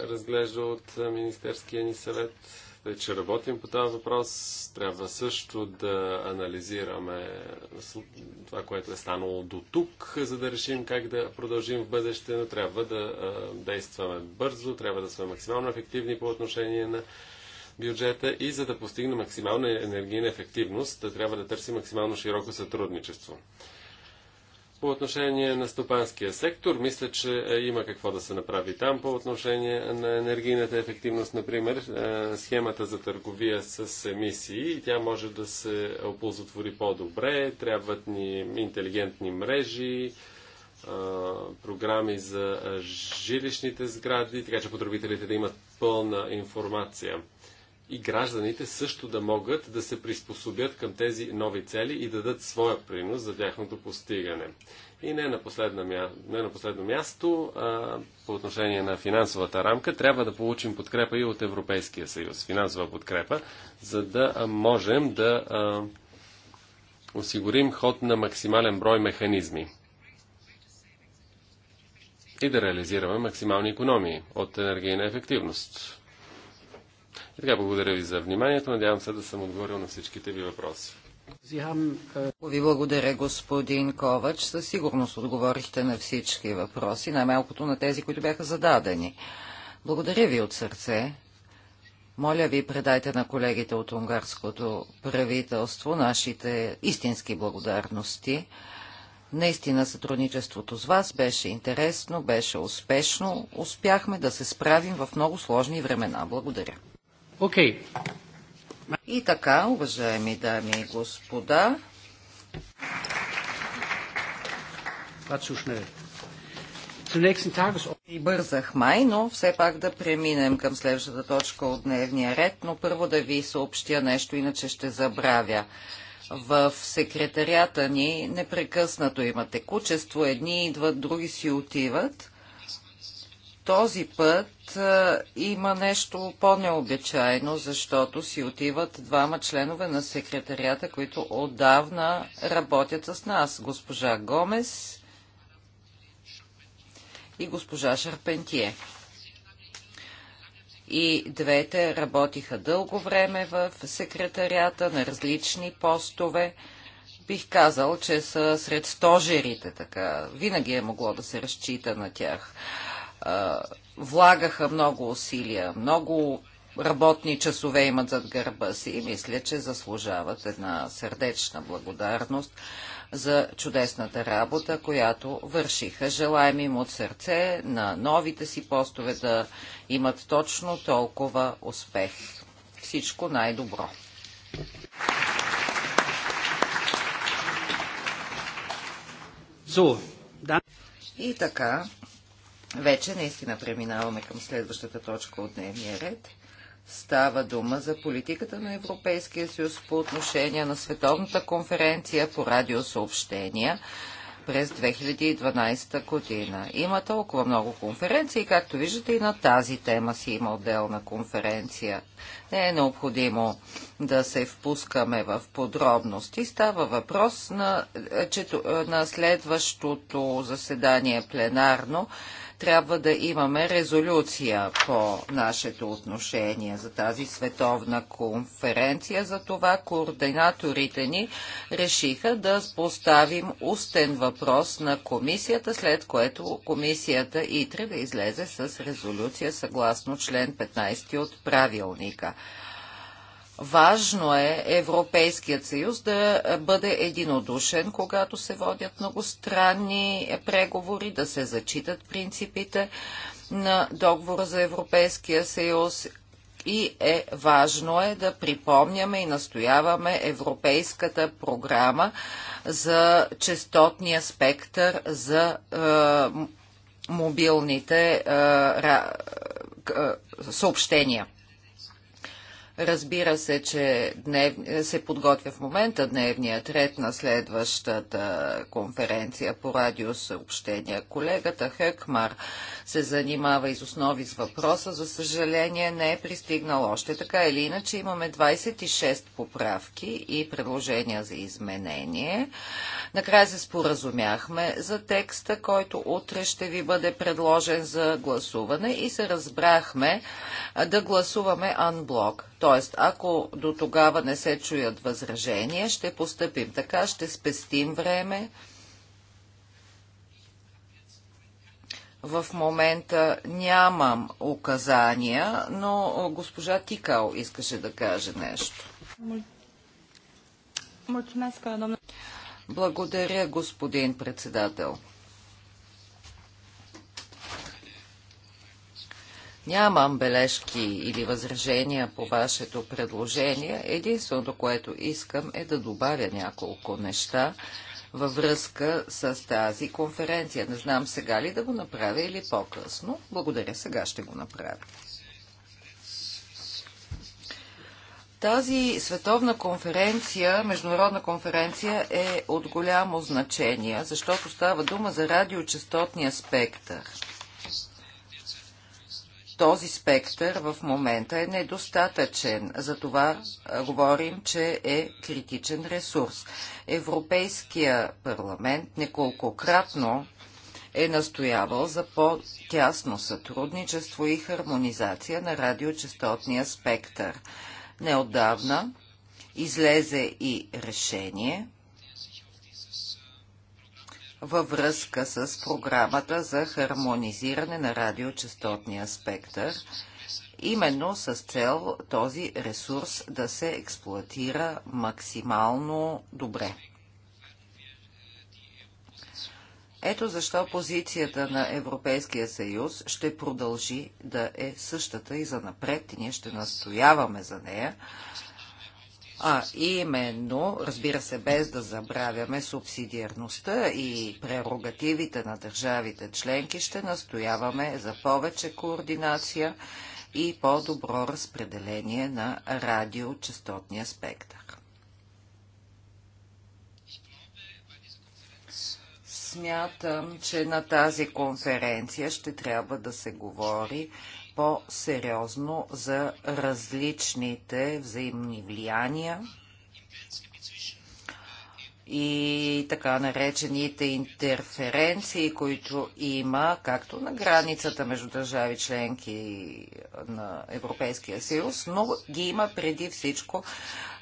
Speaker 2: разглежда от е, Министерския ни съвет. Тъй, че работим по този въпрос, трябва също да анализираме това, което е станало до тук, за да решим как да продължим в бъдеще, но трябва да е, действаме бързо, трябва да сме максимално ефективни по отношение на бюджета и за да постигне максимална енергийна ефективност, да трябва да търси максимално широко сътрудничество. По отношение на стопанския сектор, мисля, че е, има какво да се направи там. По отношение на енергийната ефективност, например, е, схемата за търговия с емисии, тя може да се оползотвори по-добре, трябват ни интелигентни мрежи, е, програми за жилищните сгради, така че потребителите да имат пълна информация и гражданите също да могат да се приспособят към тези нови цели и да дадат своя принос за тяхното постигане. И не на, последно мя... не на последно място, а, по отношение на финансовата рамка, трябва да получим подкрепа и от Европейския съюз, финансова подкрепа, за да можем да а, осигурим ход на максимален брой механизми и да реализираме максимални економии от енергийна ефективност. И така, благодаря ви за вниманието. Надявам се да съм отговорил на всичките ви въпроси. Е,
Speaker 1: ви благодаря, господин Ковач. Със сигурност отговорихте на всички въпроси, най-малкото на тези, които бяха зададени. Благодаря ви от сърце. Моля ви, предайте на колегите от унгарското правителство нашите истински благодарности. Наистина сътрудничеството с вас беше интересно, беше успешно. Успяхме да се справим в много сложни времена. Благодаря. Okay. И така, уважаеми дами и господа. И бързах май, но все пак да преминем към следващата точка от дневния ред, но първо да ви съобщя нещо, иначе ще забравя. В секретарията ни непрекъснато има текучество, едни идват, други си отиват. Този път има нещо по-необичайно, защото си отиват двама членове на секретарията, които отдавна работят с нас. Госпожа Гомес и госпожа Шарпентие. И двете работиха дълго време в секретарията на различни постове бих казал, че са сред стожерите, така. Винаги е могло да се разчита на тях влагаха много усилия, много работни часове имат зад гърба си и мисля, че заслужават една сърдечна благодарност за чудесната работа, която вършиха. Желаем им от сърце на новите си постове да имат точно толкова успех. Всичко най-добро! И така, вече наистина преминаваме към следващата точка от дневния ред. Става дума за политиката на Европейския съюз по отношение на Световната конференция по радиосъобщения през 2012 година. Има толкова много конференции, както виждате и на тази тема си има отделна конференция. Не е необходимо да се впускаме в подробности. Става въпрос на, е, че, е, на следващото заседание пленарно трябва да имаме резолюция по нашето отношение за тази световна конференция. За това координаторите ни решиха да поставим устен въпрос на комисията, след което комисията ИТРЕ да излезе с резолюция съгласно член 15 от правилника. Важно е Европейският съюз да бъде единодушен, когато се водят многостранни преговори, да се зачитат принципите на договора за Европейския съюз и е важно е да припомняме и настояваме Европейската програма за частотния спектър за е, мобилните е, ра, е, съобщения. Разбира се, че днев... се подготвя в момента дневният ред на следващата конференция по радиосъобщения. Колегата Хекмар се занимава из основи с въпроса, за съжаление не е пристигнал още. Така или иначе имаме 26 поправки и предложения за изменение. Накрая се споразумяхме за текста, който утре ще ви бъде предложен за гласуване и се разбрахме да гласуваме анблок. Тоест, ако до тогава не се чуят възражения, ще постъпим така, ще спестим време, В момента нямам указания, но госпожа Тикал искаше да каже нещо. Благодаря, господин председател. Нямам бележки или възражения по вашето предложение. Единственото, което искам е да добавя няколко неща, във връзка с тази конференция. Не знам сега ли да го направя или по-късно. Благодаря, сега ще го направя. Тази световна конференция, международна конференция е от голямо значение, защото става дума за радиочастотния спектър този спектър в момента е недостатъчен. За това говорим, че е критичен ресурс. Европейския парламент неколкократно е настоявал за по-тясно сътрудничество и хармонизация на радиочастотния спектър. Неотдавна излезе и решение – във връзка с програмата за хармонизиране на радиочастотния спектър, именно с цел този ресурс да се експлуатира максимално добре. Ето защо позицията на Европейския съюз ще продължи да е същата и за напред, и ние ще настояваме за нея, а именно, разбира се, без да забравяме субсидиарността и прерогативите на държавите членки, ще настояваме за повече координация и по-добро разпределение на радиочастотния спектър. Смятам, че на тази конференция ще трябва да се говори по-сериозно за различните взаимни влияния и така наречените интерференции, които има както на границата между държави членки на Европейския съюз, но ги има преди всичко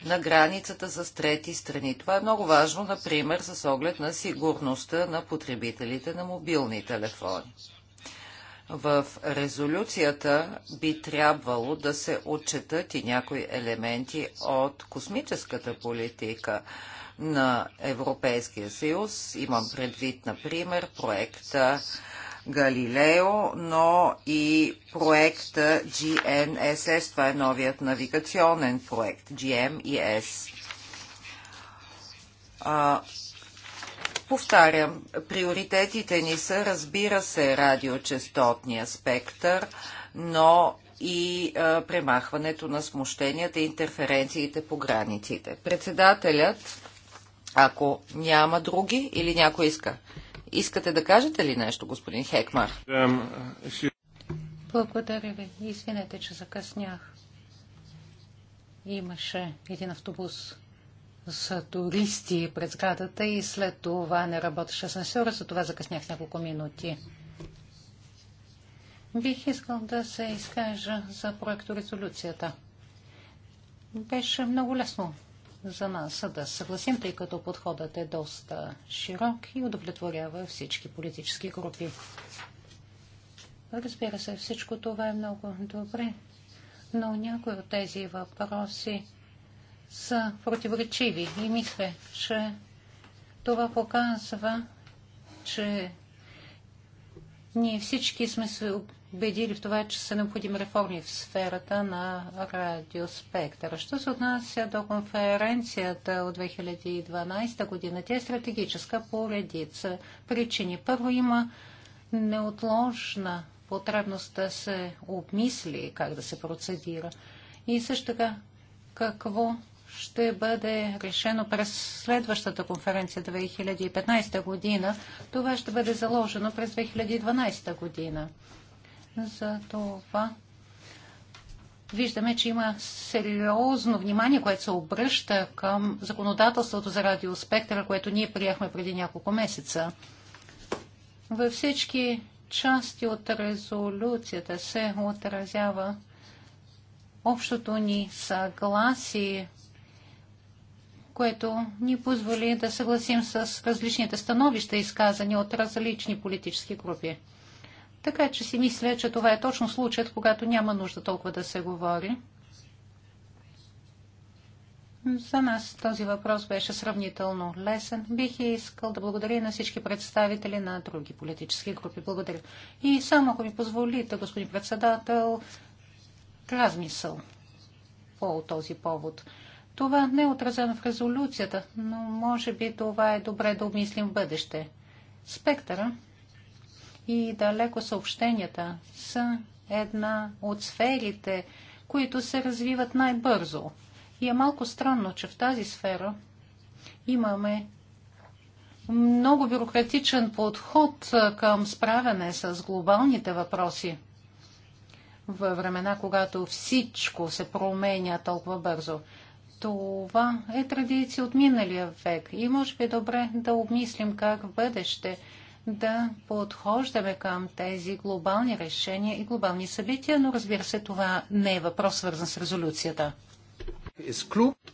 Speaker 1: на границата с трети страни. Това е много важно, например, с оглед на сигурността на потребителите на мобилни телефони. В резолюцията би трябвало да се отчетат и някои елементи от космическата политика на Европейския съюз. Имам предвид, например, проекта Галилео, но и проекта GNSS. Това е новият навигационен проект GMES повтарям, приоритетите ни са, разбира се, радиочастотния спектър, но и а, премахването на смущенията и интерференциите по границите. Председателят, ако няма други или някой иска, искате да кажете ли нещо, господин Хекмар?
Speaker 3: Благодаря ви. Извинете, че закъснях. Имаше един автобус, с туристи пред сградата и след това не работеше асансьора, за това закъснях няколко минути. Бих искал да се изкажа за проекторезолюцията. Беше много лесно за нас да се съгласим, тъй като подходът е доста широк и удовлетворява всички политически групи. Разбира се, всичко това е много добре, но някои от тези въпроси са противоречиви и мисля, че това показва, че ние всички сме се убедили в това, че са необходими реформи в сферата на радиоспектъра. Що се отнася до конференцията от 2012 година, тя е стратегическа по редица причини. Първо има неотложна потребност да се обмисли как да се процедира. И също така какво ще бъде решено през следващата конференция 2015 година. Това ще бъде заложено през 2012 година. За това виждаме, че има сериозно внимание, което се обръща към законодателството за радиоспектъра, което ние приехме преди няколко месеца. Във всички части от резолюцията се отразява общото ни съгласие което ни позволи да съгласим с различните становища, изказани от различни политически групи. Така че си мисля, че това е точно случаят, когато няма нужда толкова да се говори. За нас този въпрос беше сравнително лесен. Бих искал да благодаря на всички представители на други политически групи. Благодаря. И само ако ми позволите, господин председател, размисъл по този повод. Това не е отразено в резолюцията, но може би това е добре да обмислим в бъдеще. Спектъра и далеко съобщенията са една от сферите, които се развиват най-бързо. И е малко странно, че в тази сфера имаме много бюрократичен подход към справяне с глобалните въпроси във времена, когато всичко се променя толкова бързо. Това е традиция от миналия век и може би е добре да обмислим как в бъдеще да подхождаме към тези глобални решения и глобални събития, но разбира се, това не е въпрос свързан с резолюцията.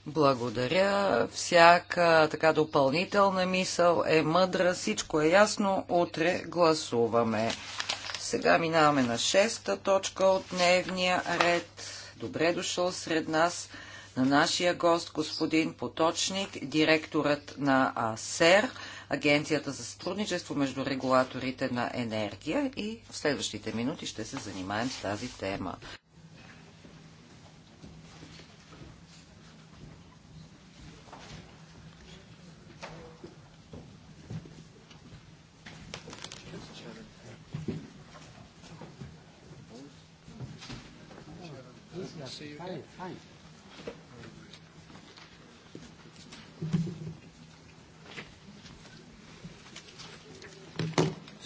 Speaker 1: Благодаря. Всяка така допълнителна мисъл е мъдра. Всичко е ясно. Утре гласуваме. Сега минаваме на шеста точка от дневния ред. Добре дошъл сред нас на нашия гост господин Поточник, директорът на АСЕР, Агенцията за сътрудничество между регулаторите на енергия и в следващите минути ще се занимаем с тази тема.
Speaker 2: Fine, fine.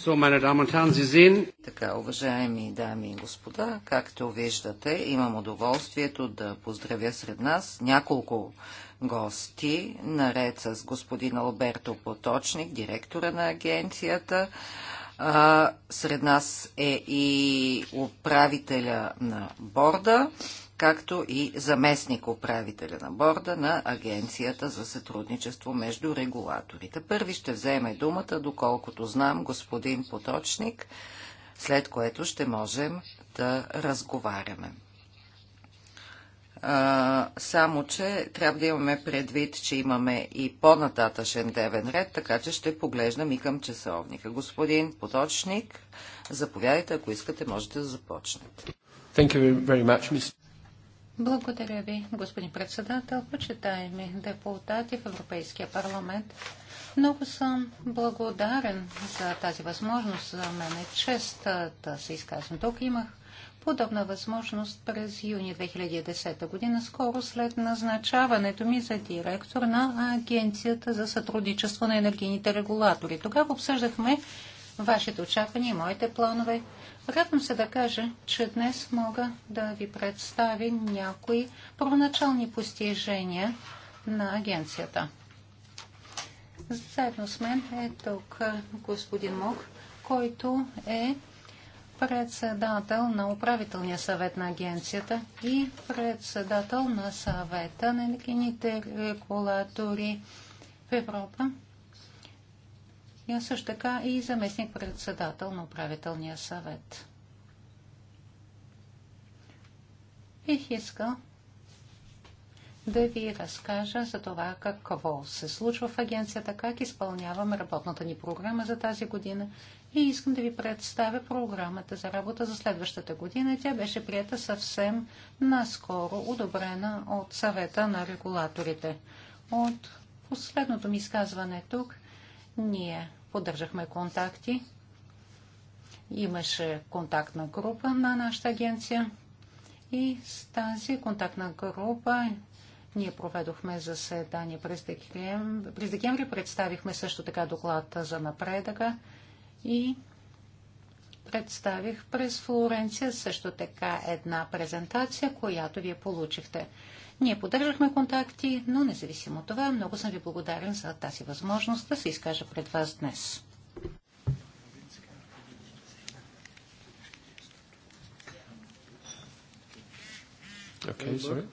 Speaker 2: So, meine Damen und Herren, Sie sehen... Така,
Speaker 1: уважаеми дами и господа, както виждате, имам удоволствието да поздравя сред нас няколко гости, наред с господин Алберто Поточник, директора на агенцията. А, сред нас е и управителя на борда както и заместник управителя на борда на Агенцията за сътрудничество между регулаторите. Първи ще вземе думата, доколкото знам, господин Поточник, след което ще можем да разговаряме. А, само, че трябва да имаме предвид, че имаме и по нататъшен дневен ред, така че ще поглеждам и към часовника. Господин Поточник, заповядайте, ако искате, можете да започнете. Thank you very much,
Speaker 3: благодаря ви, господин председател, почитаеми депутати в Европейския парламент. Много съм благодарен за тази възможност. За мен е чест да се изказвам. Тук имах подобна възможност през юни 2010 година, скоро след назначаването ми за директор на Агенцията за сътрудничество на енергийните регулатори. Тогава обсъждахме вашите очаквания и моите планове Радвам се да кажа, че днес мога да ви представя някои първоначални постижения на агенцията. Заедно с мен е тук господин Мок, който е председател на управителния съвет на агенцията и председател на съвета на енергийните регулатори в Европа. И също така и заместник-председател на управителния съвет. Бих искал да ви разкажа за това какво се случва в агенцията, как изпълняваме работната ни програма за тази година и искам да ви представя програмата за работа за следващата година. Тя беше прията съвсем наскоро, одобрена от съвета на регулаторите. От последното ми изказване тук ние поддържахме контакти. Имаше контактна група на нашата агенция и с тази контактна група ние проведохме заседание през декември. През декември представихме също така доклад за напредъка и представих през Флоренция също така една презентация, която вие получихте. Ние поддържахме контакти, но независимо от това, много съм ви благодарен за тази възможност да се изкажа пред вас днес.
Speaker 2: Okay, sorry.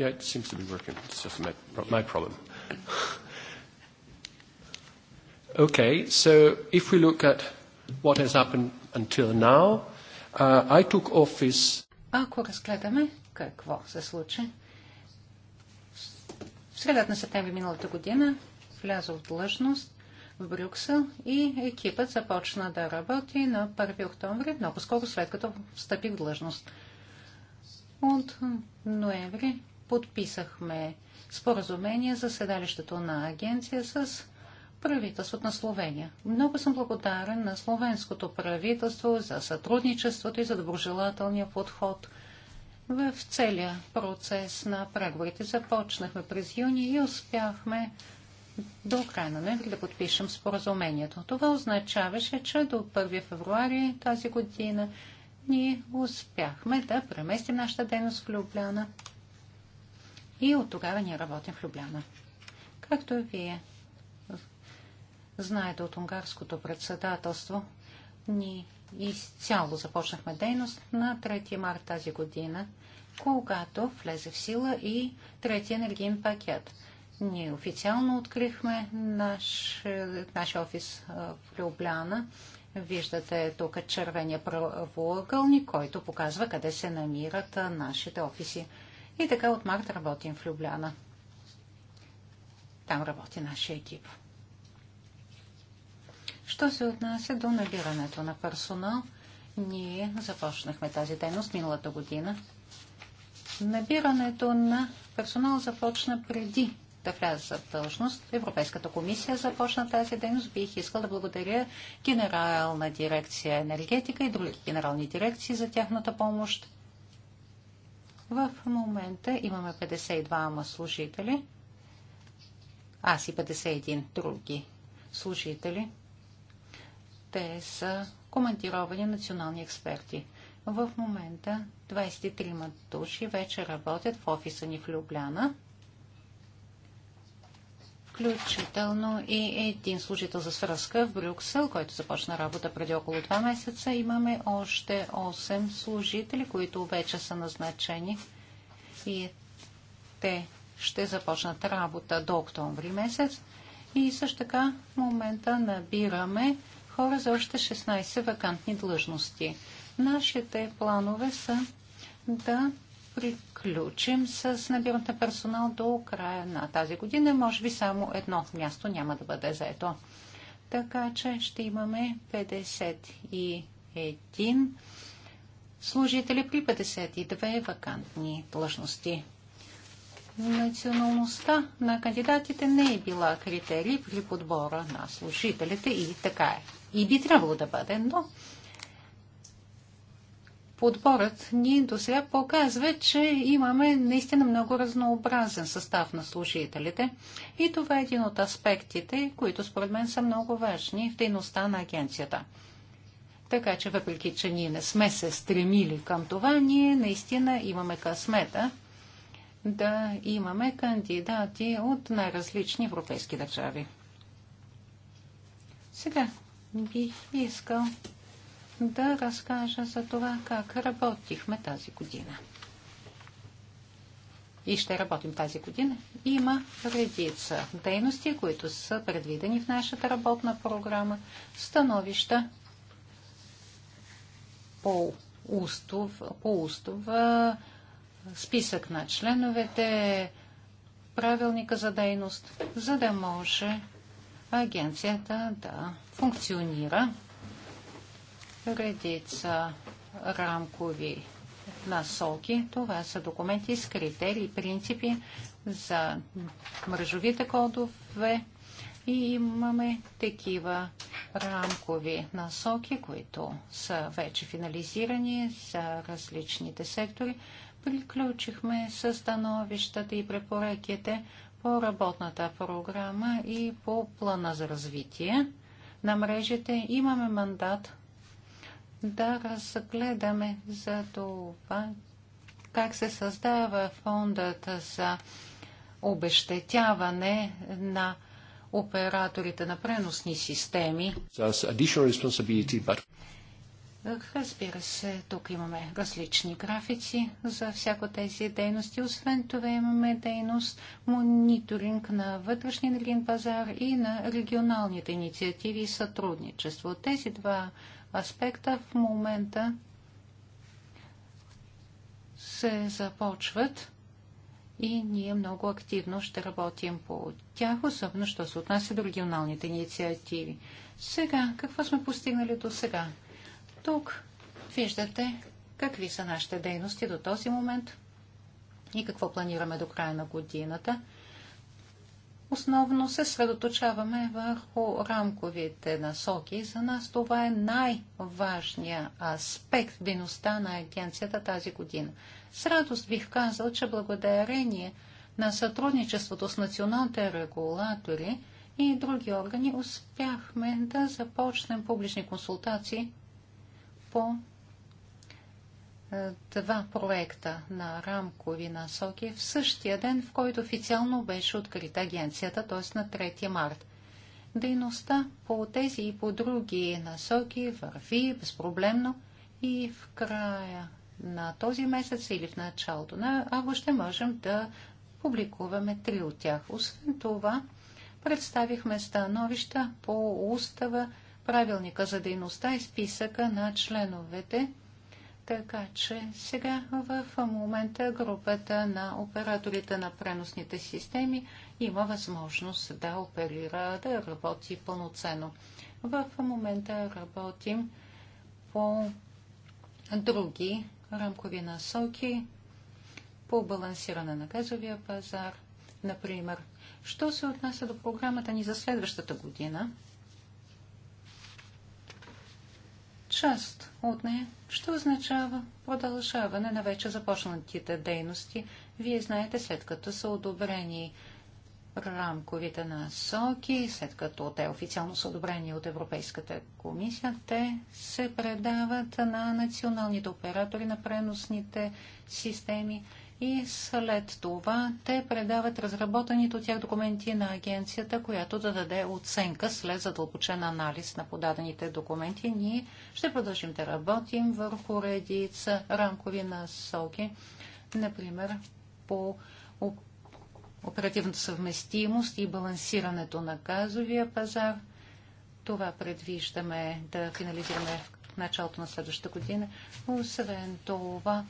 Speaker 2: Yeah, it seems to be working. It's just my, my problem. Okay, so if we look at what has happened until now, uh, I took office.
Speaker 3: Ако разгледаме какво се случи средата на септември миналата година вляза в длъжност в Брюксел и екипът започна да работи на 1 октомври, много скоро след като встъпих в длъжност. От ноември подписахме споразумение за седалището на агенция с правителството на Словения. Много съм благодарен на словенското правителство за сътрудничеството и за доброжелателния подход – в целия процес на преговорите. Започнахме през юни и успяхме до края на ноември да подпишем споразумението. Това означаваше, че до 1 февруари тази година ние успяхме да преместим нашата дейност в Любляна. И от тогава ние работим в Любляна. Както и вие знаете от унгарското председателство, ние изцяло започнахме дейност на 3 март тази година, когато влезе в сила и третия енергиен пакет. Ние официално открихме наш, наш офис в Любляна. Виждате тук червения правоъгълник, който показва къде се намират нашите офиси. И така от март работим в Любляна. Там работи нашия екип. Що се отнася до набирането на персонал, ние започнахме тази дейност миналата година. Набирането на персонал започна преди да вляза за дължност. Европейската комисия започна тази дейност. Бих искал да благодаря Генерална дирекция енергетика и други генерални дирекции за тяхната помощ. В момента имаме 52 служители, аз и 51 други служители те са командировани национални експерти. В момента 23 души вече работят в офиса ни в Любляна, включително и един служител за свръзка в Брюксел, който започна работа преди около 2 месеца. Имаме още 8 служители, които вече са назначени и те ще започнат работа до октомври месец. И също така в момента набираме хора за още 16 вакантни длъжности. Нашите планове са да приключим с набирането на персонал до края на тази година. Може би само едно място няма да бъде заето. Така че ще имаме 51 служители при 52 вакантни длъжности националността на кандидатите не е била критерий при подбора на служителите и така е. И би трябвало да бъде, но подборът ни до сега показва, че имаме наистина много разнообразен състав на служителите и това е един от аспектите, които според мен са много важни в дейността на агенцията. Така че, въпреки, че ние не сме се стремили към това, ние наистина имаме късмета да имаме кандидати от най-различни европейски държави. Сега бих искал да разкажа за това как работихме тази година. И ще работим тази година. Има редица дейности, които са предвидени в нашата работна програма, становища по устов, по устова списък на членовете, правилника за дейност, за да може агенцията да функционира. Редица рамкови насоки. Това са документи с критерии, принципи за мрежовите кодове и имаме такива рамкови насоки, които са вече финализирани за различните сектори приключихме с становищата и препоръките по работната програма и по плана за развитие на мрежите. Имаме мандат да разгледаме за това как се създава фондът за обещетяване на операторите на преносни системи. Разбира се, тук имаме различни графици за всяко тези дейности. Освен това имаме дейност мониторинг на вътрешния енергиен пазар и на регионалните инициативи и сътрудничество. Тези два аспекта в момента се започват и ние много активно ще работим по тях, особено що се отнася до регионалните инициативи. Сега, какво сме постигнали до сега? Тук виждате какви са нашите дейности до този момент и какво планираме до края на годината. Основно се средоточаваме върху рамковите насоки. За нас това е най-важният аспект в дейността на агенцията тази година. С радост бих казал, че благодарение на сътрудничеството с националните регулатори и други органи успяхме да започнем публични консултации по е, два проекта на рамкови насоки в същия ден, в който официално беше открита агенцията, т.е. на 3 март. Дейността по тези и по други насоки върви безпроблемно и в края на този месец или в началото на август ще можем да публикуваме три от тях. Освен това, представихме становища по устава правилника за дейността и списъка на членовете. Така че сега в момента групата на операторите на преносните системи има възможност да оперира, да работи пълноценно. В момента работим по други рамкови насоки по балансиране на газовия пазар, например. Що се отнася до програмата ни за следващата година, Част от нея ще означава продължаване на вече започнатите дейности. Вие знаете, след като са одобрени рамковите насоки, след като те официално са одобрени от Европейската комисия, те се предават на националните оператори на преносните системи и след това те предават разработените от тях документи на агенцията, която да даде оценка след задълбочен анализ на подадените документи. Ние ще продължим да работим върху редица рамкови насоки, например по оперативната съвместимост и балансирането на газовия пазар. Това предвиждаме да финализираме в началото на следващата година. Освен това,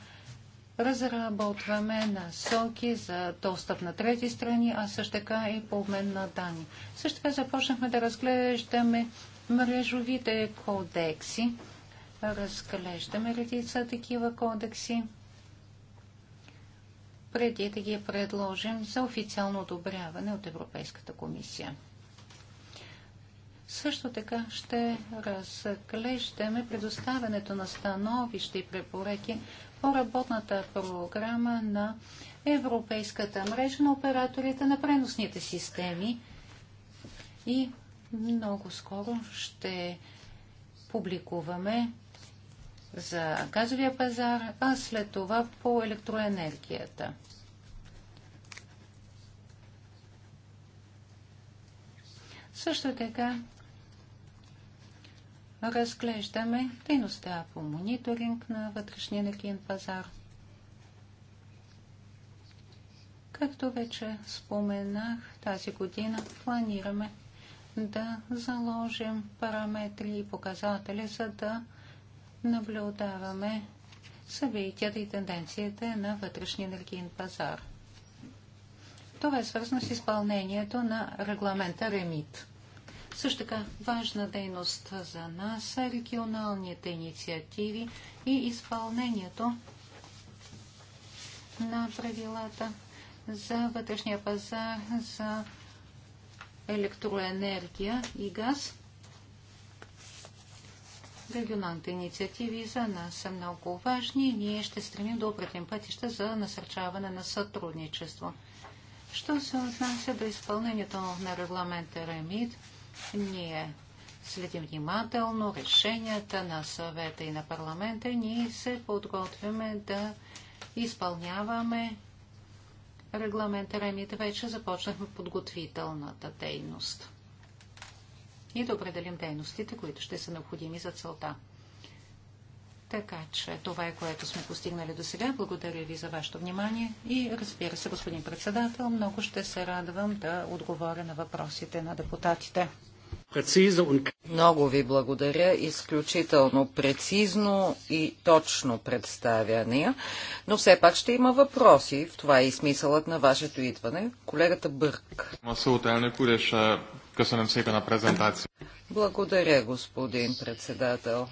Speaker 3: разработваме насоки за достъп на трети страни, а също така и по обмен на данни. Също така започнахме да разглеждаме мрежовите кодекси. Разглеждаме редица такива кодекси преди да ги предложим за официално одобряване от Европейската комисия. Също така ще разглеждаме предоставянето на становища и препоръки по работната програма на Европейската мрежа на операторите на преносните системи и много скоро ще публикуваме за газовия пазар, а след това по електроенергията. Също така разглеждаме дейността по мониторинг на вътрешния енергиен пазар. Както вече споменах, тази година планираме да заложим параметри и показатели, за да наблюдаваме събитията и тенденциите на вътрешния енергиен пазар. Това е свързано с изпълнението на регламента РЕМИТ. Също така важна дейност за нас са е регионалните инициативи и изпълнението на правилата за вътрешния пазар за електроенергия и газ. Регионалните инициативи за нас са много важни и ние ще стремим да определим пътища за насърчаване на сътрудничество. Що се отнася до изпълнението на регламента РЕМИД, ние следим внимателно решенията на съвета и на парламента. Ние се подготвяме да изпълняваме регламент Ремит. Вече започнахме подготвителната дейност и да определим дейностите, които ще са необходими за целта. Така че това е което сме постигнали до сега. Благодаря ви за вашето внимание и разбира се, господин председател, много ще се радвам да отговоря на въпросите на депутатите.
Speaker 1: Много ви благодаря. Изключително прецизно и точно представяния. Но все пак ще има въпроси. В това е и смисълът на вашето идване. Колегата Бърк.
Speaker 2: Е,
Speaker 1: благодаря, господин председател.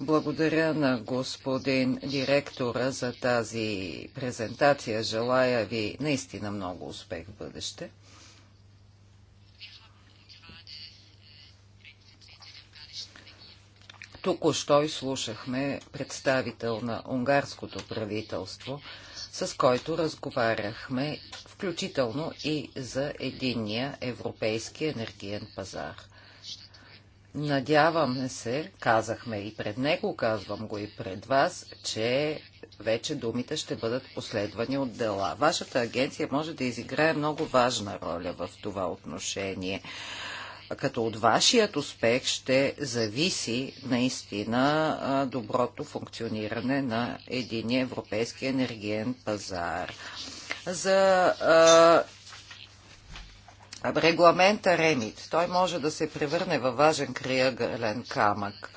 Speaker 1: Благодаря на господин директора за тази презентация. Желая ви наистина много успех в бъдеще. Току-що изслушахме представител на унгарското правителство, с който разговаряхме включително и за единния европейски енергиен пазар. Надяваме се, казахме и пред него, казвам го и пред вас, че вече думите ще бъдат последвани от дела. Вашата агенция може да изиграе много важна роля в това отношение като от вашият успех ще зависи наистина доброто функциониране на единия европейски енергиен пазар. За а, регламента Ремит, той може да се превърне във важен крайъгълен камък,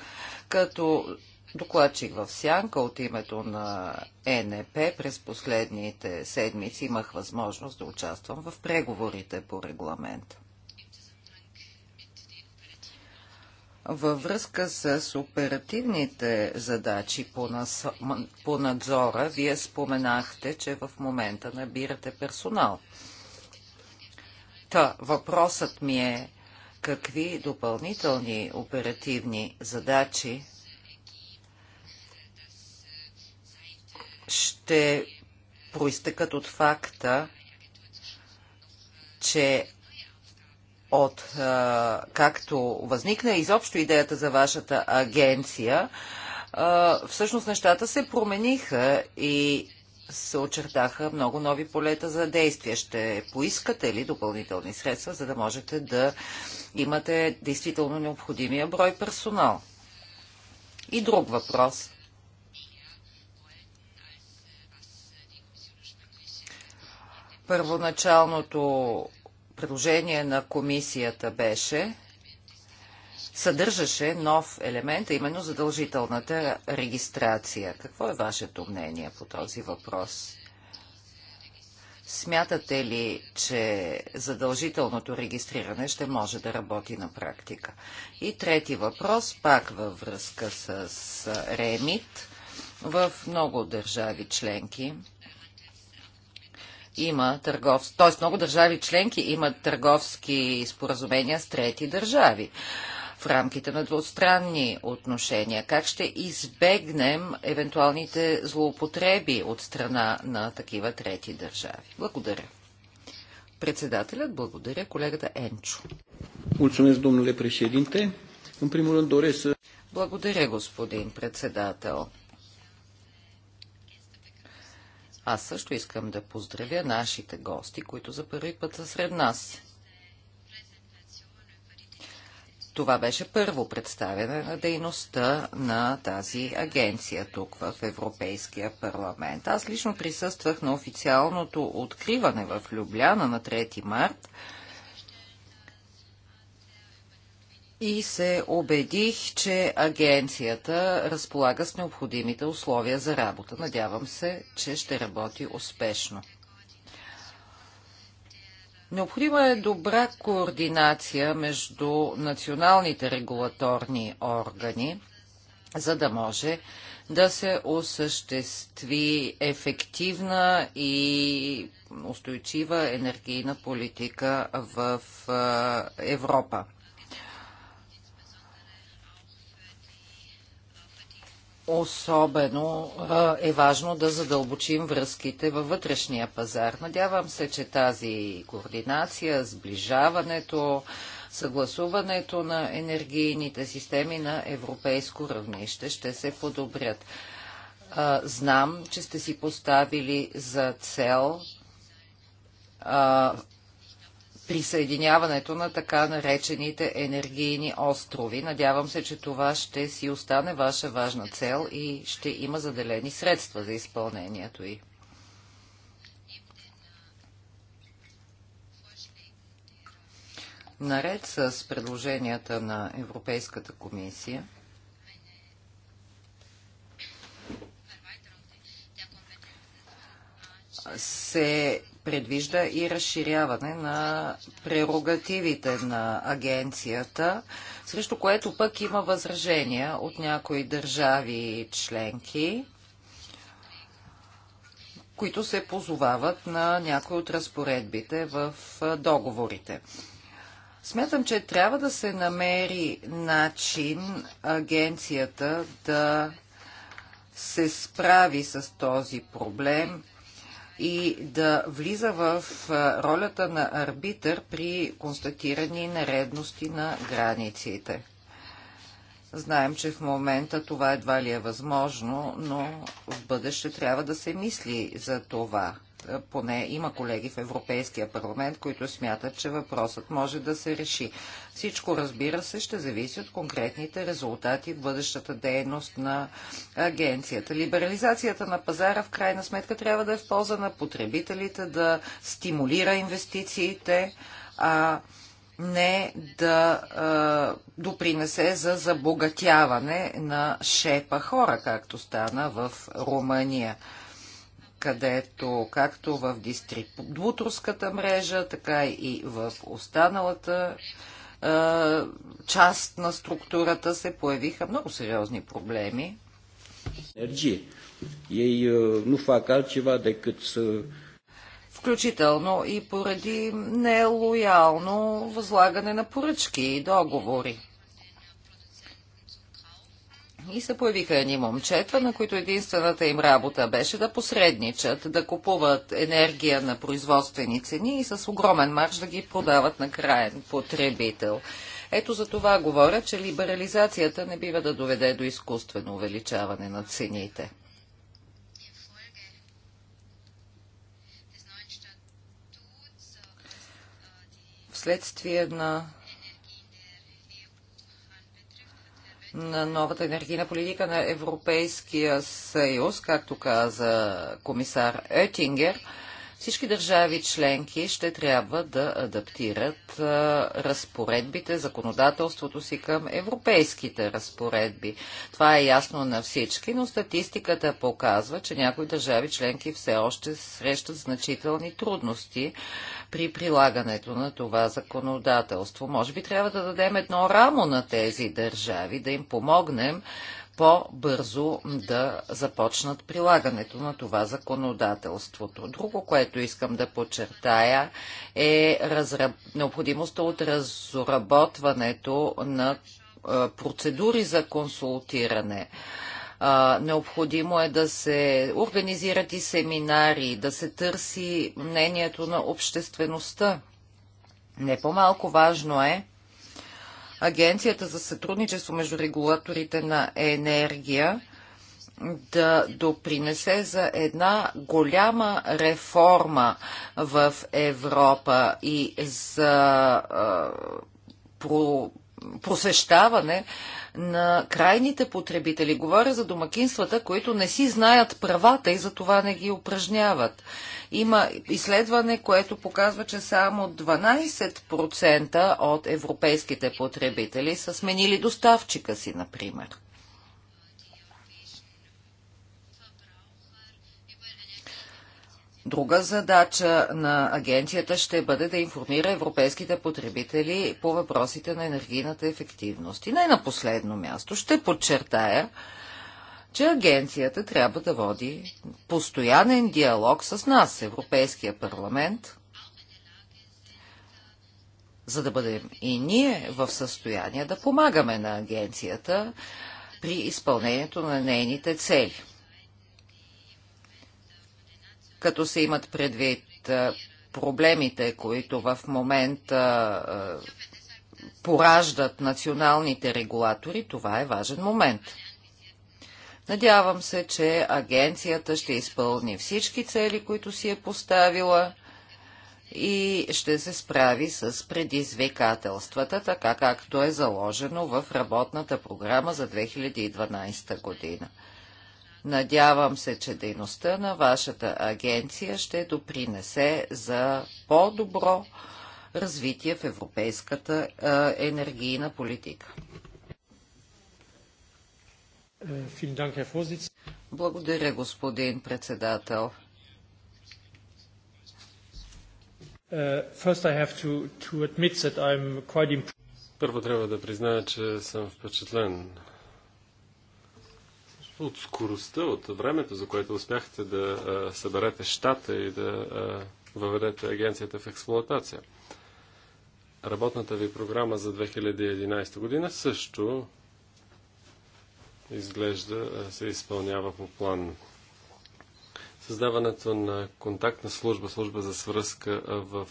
Speaker 1: като докладчик в Сянка от името на ЕНП през последните седмици имах възможност да участвам в преговорите по регламента. Във връзка с оперативните задачи по, нас... по надзора, вие споменахте, че в момента набирате персонал. Та, въпросът ми е какви допълнителни оперативни задачи ще проистъкат от факта, че от а, както възникна изобщо идеята за вашата агенция, а, всъщност нещата се промениха и се очертаха много нови полета за действие. Ще поискате ли допълнителни средства, за да можете да имате действително необходимия брой персонал? И друг въпрос. Първоначалното предложение на комисията беше, съдържаше нов елемент, а именно задължителната регистрация. Какво е вашето мнение по този въпрос? Смятате ли, че задължителното регистриране ще може да работи на практика? И трети въпрос, пак във връзка с Ремит. В много държави членки има търговски, т.е. много държави членки имат търговски споразумения с трети държави в рамките на двустранни отношения? Как ще избегнем евентуалните злоупотреби от страна на такива трети държави? Благодаря. Председателят, благодаря колегата Енчо. Благодаря, господин председател. Аз също искам да поздравя нашите гости, които за първи път са сред нас. Това беше първо представяне на дейността на тази агенция тук в Европейския парламент. Аз лично присъствах на официалното откриване в Любляна на 3 март и се убедих, че агенцията разполага с необходимите условия за работа. Надявам се, че ще работи успешно. Необходима е добра координация между националните регулаторни органи, за да може да се осъществи ефективна и устойчива енергийна политика в Европа. особено е важно да задълбочим връзките във вътрешния пазар. Надявам се, че тази координация, сближаването, съгласуването на енергийните системи на европейско равнище ще се подобрят. Знам, че сте си поставили за цел присъединяването на така наречените енергийни острови. Надявам се, че това ще си остане ваша важна цел и ще има заделени средства за изпълнението й. Наред с предложенията на Европейската комисия, се предвижда и разширяване на прерогативите на агенцията, срещу което пък има възражения от някои държави членки, които се позовават на някои от разпоредбите в договорите. Смятам, че трябва да се намери начин агенцията да се справи с този проблем – и да влиза в ролята на арбитър при констатирани нередности на границите. Знаем, че в момента това едва ли е възможно, но в бъдеще трябва да се мисли за това поне има колеги в Европейския парламент, които смятат, че въпросът може да се реши. Всичко, разбира се, ще зависи от конкретните резултати в бъдещата дейност на агенцията. Либерализацията на пазара в крайна сметка трябва да е в полза на потребителите, да стимулира инвестициите, а не да а, допринесе за забогатяване на шепа хора, както стана в Румъния където както в дистрибуторската мрежа, така и в останалата е, част на структурата се появиха много сериозни проблеми.
Speaker 3: Енергия. Ei ну fac altceva
Speaker 1: включително и поради нелоялно възлагане на поръчки и договори. И се появиха едни момчета, на които единствената им работа беше да посредничат, да купуват енергия на производствени цени и с огромен марш да ги продават на краен потребител. Ето за това говоря, че либерализацията не бива да доведе до изкуствено увеличаване на цените. Вследствие на на новата енергийна политика на Европейския съюз, както каза комисар Етингер, всички държави членки ще трябва да адаптират разпоредбите, законодателството си към европейските разпоредби. Това е ясно на всички, но статистиката показва, че някои държави членки все още срещат значителни трудности при прилагането на това законодателство. Може би трябва да дадем едно рамо на тези държави, да им помогнем по-бързо да започнат прилагането на това законодателството. Друго, което искам да подчертая е разраб... необходимостта от разработването на е, процедури за консултиране. Е, необходимо е да се организират и семинари, да се търси мнението на обществеността. Не по-малко важно е Агенцията за сътрудничество между регулаторите на енергия да допринесе за една голяма реформа в Европа и за про посещаване на крайните потребители. Говоря за домакинствата, които не си знаят правата и за това не ги упражняват. Има изследване, което показва, че само 12% от европейските потребители са сменили доставчика си, например. Друга задача на агенцията ще бъде да информира европейските потребители по въпросите на енергийната ефективност. И не на последно място ще подчертая, че агенцията трябва да води постоянен диалог с нас, Европейския парламент, за да бъдем и ние в състояние да помагаме на агенцията при изпълнението на нейните цели като се имат предвид проблемите, които в момента пораждат националните регулатори, това е важен момент. Надявам се, че агенцията ще изпълни всички цели, които си е поставила и ще се справи с предизвикателствата, така както е заложено в работната програма за 2012 година. Надявам се, че дейността на вашата агенция ще допринесе за по-добро развитие в европейската енергийна политика. Е, Благодаря, господин председател.
Speaker 2: Е, Първо трябва да призная, че съм впечатлен от скоростта, от времето, за което успяхте да а, съберете щата и да а, въведете агенцията в експлоатация. Работната ви програма за 2011 година също изглежда се изпълнява по план. Създаването на контактна служба, служба за свръзка в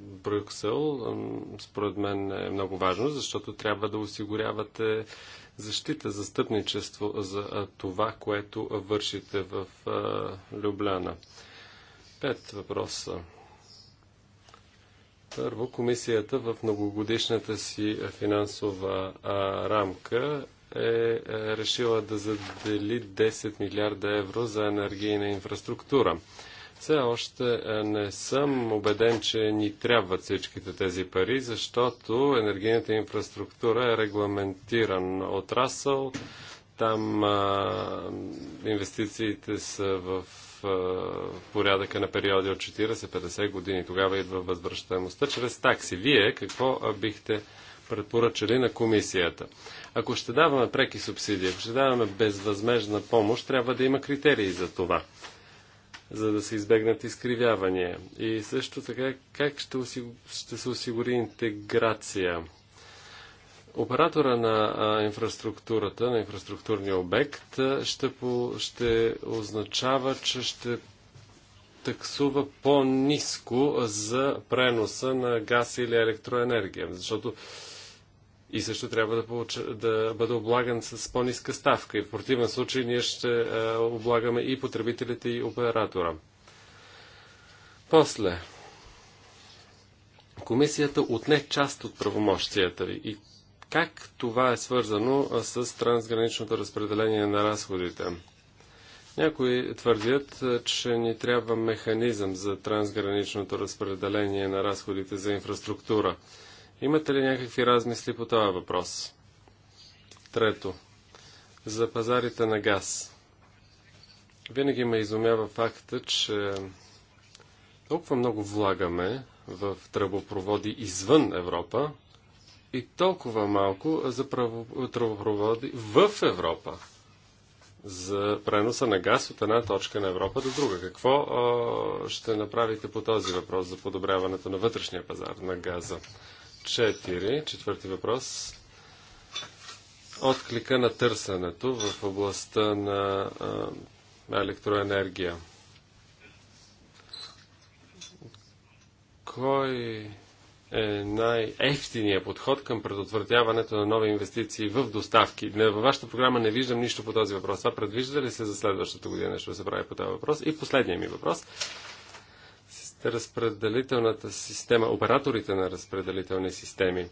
Speaker 2: Брюксел, според мен е много важно, защото трябва да осигурявате защита, застъпничество за това, което вършите в Любляна. Пет въпроса. Първо, комисията в многогодишната си финансова рамка е, е решила да задели 10 милиарда евро за енергийна инфраструктура. Все още е, не съм убеден, че ни трябват всичките тези пари, защото енергийната инфраструктура е регламентиран отрасъл. Там а, инвестициите са в порядъка на периоди от 40-50 години. Тогава идва възвръщаемостта чрез такси. Вие какво бихте предпоръчали на комисията? Ако ще даваме преки субсидии, ако ще даваме безвъзмежна помощ, трябва да има критерии за това за да се избегнат изкривявания? И също така, как ще, осигу... ще се осигури интеграция? Оператора на инфраструктурата, на инфраструктурния обект, ще, по, ще означава, че ще таксува по-низко за преноса на газ или електроенергия. Защото и също трябва да, получа, да бъде облаган с по-ниска ставка. И в противен случай ние ще а, облагаме и потребителите, и оператора. После. Комисията отне част от правомощията ви. И как това е свързано с трансграничното разпределение на разходите? Някои твърдят, че ни трябва механизъм за трансграничното разпределение на разходите за инфраструктура. Имате ли някакви размисли по този въпрос? Трето. За пазарите на газ. Винаги ме изумява факта, че толкова много влагаме в тръбопроводи извън Европа и толкова малко за тръбопроводи в Европа за преноса на газ от една точка на Европа до друга. Какво ще направите по този въпрос за подобряването на вътрешния пазар на газа? 4, четвърти въпрос, отклика на търсенето в областта на електроенергия. Кой е най-ефтиният подход към предотвратяването на нови инвестиции в доставки. Не, във вашата програма не виждам нищо по този въпрос. Това предвижда ли се за следващата година нещо да се прави по този въпрос? И последния ми въпрос разпределителната система, операторите на разпределителни системи.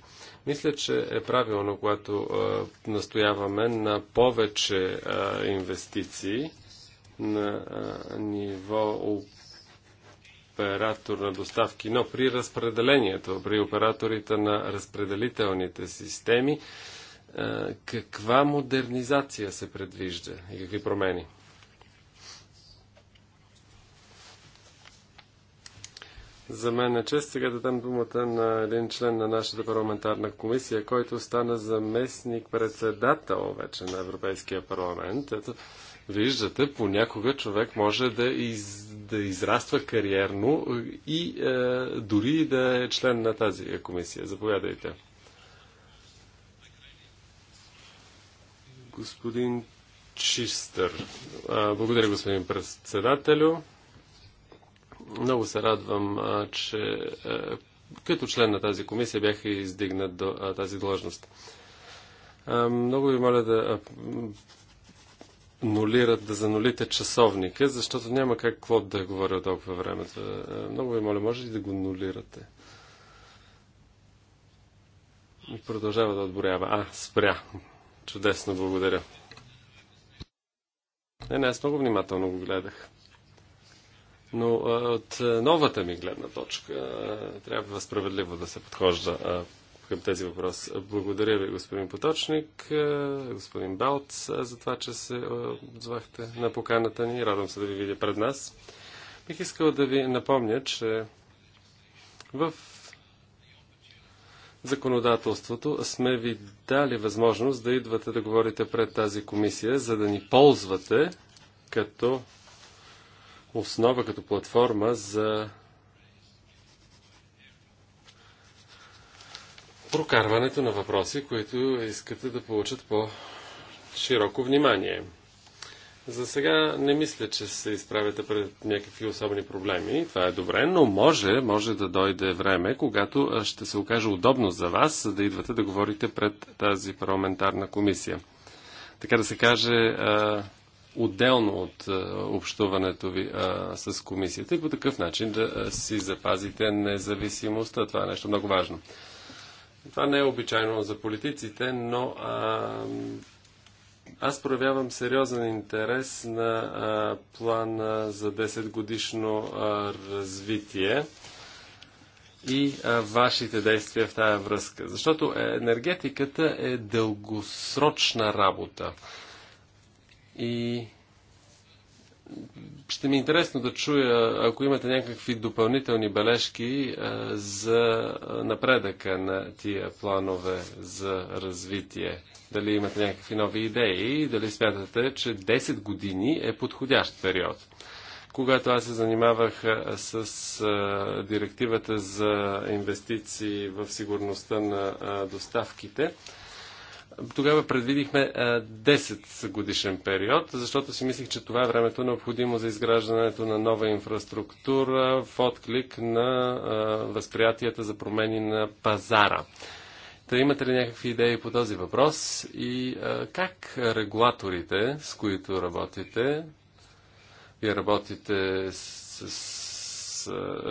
Speaker 2: Мисля, че е правилно, когато а, настояваме на повече а, инвестиции на а, ниво оператор на доставки, но при разпределението, при операторите на разпределителните системи, каква модернизация се предвижда и какви промени? За мен е чест сега да дам думата на един член на нашата парламентарна комисия, който стана заместник председател вече на Европейския парламент. Ето, виждате, понякога човек може да, из, да израства кариерно и е, дори да е член на тази комисия. Заповядайте. Господин Чистър. Благодаря, господин председателю. Много се радвам, че като член на тази комисия бях издигнат до тази длъжност. Много ви моля да нулират, да занулите часовника, защото няма какво да говоря толкова времето. Много ви моля, може ли да го нулирате? Продължава да отборява. А, спря. Чудесно, благодаря. Не, не, аз много внимателно го гледах. Но от новата ми гледна точка трябва справедливо да се подхожда към тези въпроси. Благодаря ви, господин Поточник, господин Балц, за това, че се отзвахте на поканата ни. Радвам се да ви видя пред нас. Бих искал да ви напомня, че в законодателството сме ви дали възможност да идвате да говорите пред тази комисия, за да ни ползвате като основа, като платформа за прокарването на въпроси, които искате да получат по-широко внимание. За сега не мисля, че се изправяте пред някакви особени проблеми. Това е добре, но може, може да дойде време, когато ще се окаже удобно за вас да идвате да говорите пред тази парламентарна комисия. Така да се каже, отделно от е, общуването ви а, е, с комисията и по такъв начин да е, си запазите независимостта. Това е нещо много важно. Това не е обичайно за политиците, но а, аз проявявам сериозен интерес на а, плана за 10 годишно а, развитие и а, вашите действия в тая връзка. Защото енергетиката е дългосрочна работа. И ще ми е интересно да чуя, ако имате някакви допълнителни бележки е, за напредъка на тия планове за развитие. Дали имате някакви нови идеи и дали смятате, че 10 години е подходящ период. Когато аз се занимавах е, с е, директивата за инвестиции в сигурността на доставките, тогава предвидихме 10 годишен период, защото си мислих, че това е времето необходимо за изграждането на нова инфраструктура в отклик на възприятията за промени на пазара. Та имате ли някакви идеи по този въпрос и как регулаторите, с които работите, вие работите с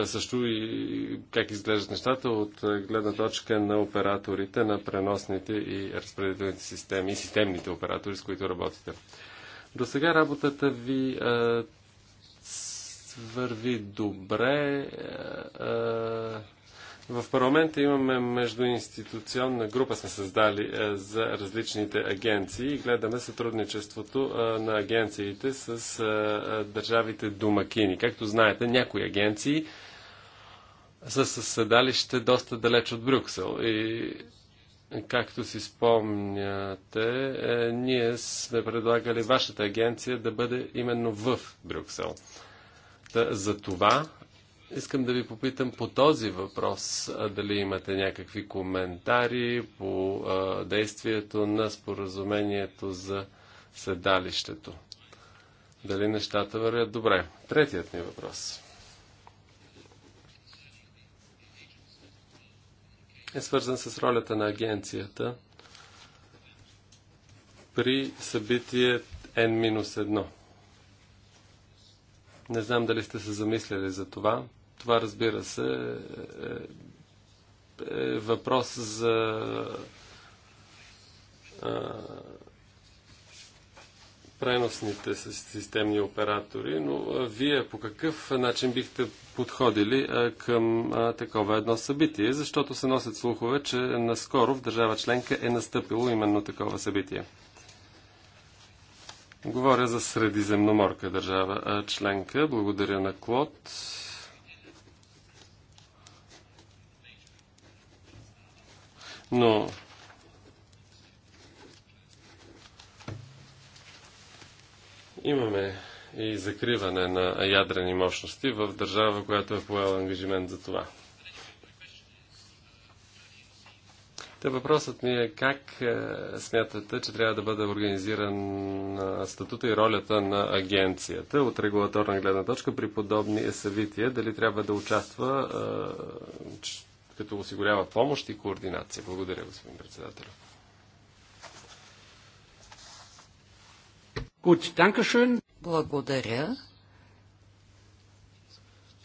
Speaker 2: също и как изглеждат нещата от гледна точка на операторите на преносните и разпределителните системи и системните оператори, с които работите. До сега работата ви върви добре. а, в парламента имаме междуинституционна група, сме създали е, за различните агенции и гледаме сътрудничеството е, на агенциите с е, държавите домакини. Както знаете, някои агенции са със седалище доста далеч от Брюксел и както си спомняте, ние сме предлагали вашата агенция да бъде именно в Брюксел. За това Искам да ви попитам по този въпрос, дали имате някакви коментари по а, действието на споразумението за седалището. Дали нещата вървят добре? Третият ми въпрос е свързан с ролята на агенцията при събитие N-1. Не знам дали сте се замисляли за това. Това, разбира се, е, е, е въпрос за е, преносните системни оператори, но вие по какъв начин бихте подходили е, към е, такова едно събитие, защото се носят слухове, че наскоро в държава членка е настъпило именно такова събитие. Говоря за Средиземноморка държава членка. Благодаря на Клод. но имаме и закриване на ядрени мощности в държава, която е поела ангажимент за това. Те въпросът ми е как е, смятате, че трябва да бъде организиран статута и ролята на агенцията от регулаторна гледна точка при подобни събития? Дали трябва да участва е, като осигурява помощ и координация. Благодаря, господин председател.
Speaker 1: Благодаря.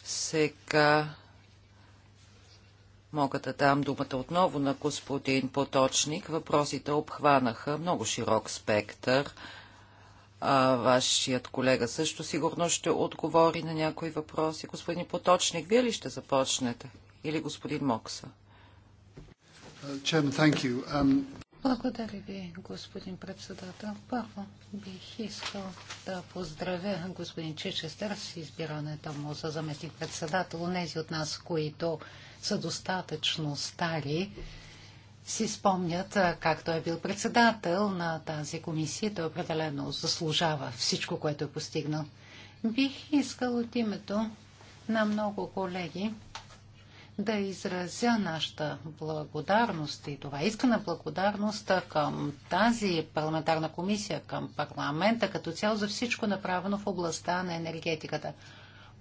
Speaker 1: Сега мога да дам думата отново на господин Поточник. Въпросите обхванаха много широк спектър. А, вашият колега също сигурно ще отговори на някои въпроси. Господин Поточник, вие ли ще започнете? или господин Мокса. Um,
Speaker 3: Благодаря ви, господин председател. Първо бих искал да поздравя господин Чечестър, с избирането му за заместник председател. Нези от нас, които са достатъчно стари, си спомнят как той е бил председател на тази комисия. Той определено заслужава всичко, което е постигнал. Бих искал от името на много колеги да изразя нашата благодарност и това е искана благодарност към тази парламентарна комисия, към парламента като цяло за всичко направено в областта на енергетиката.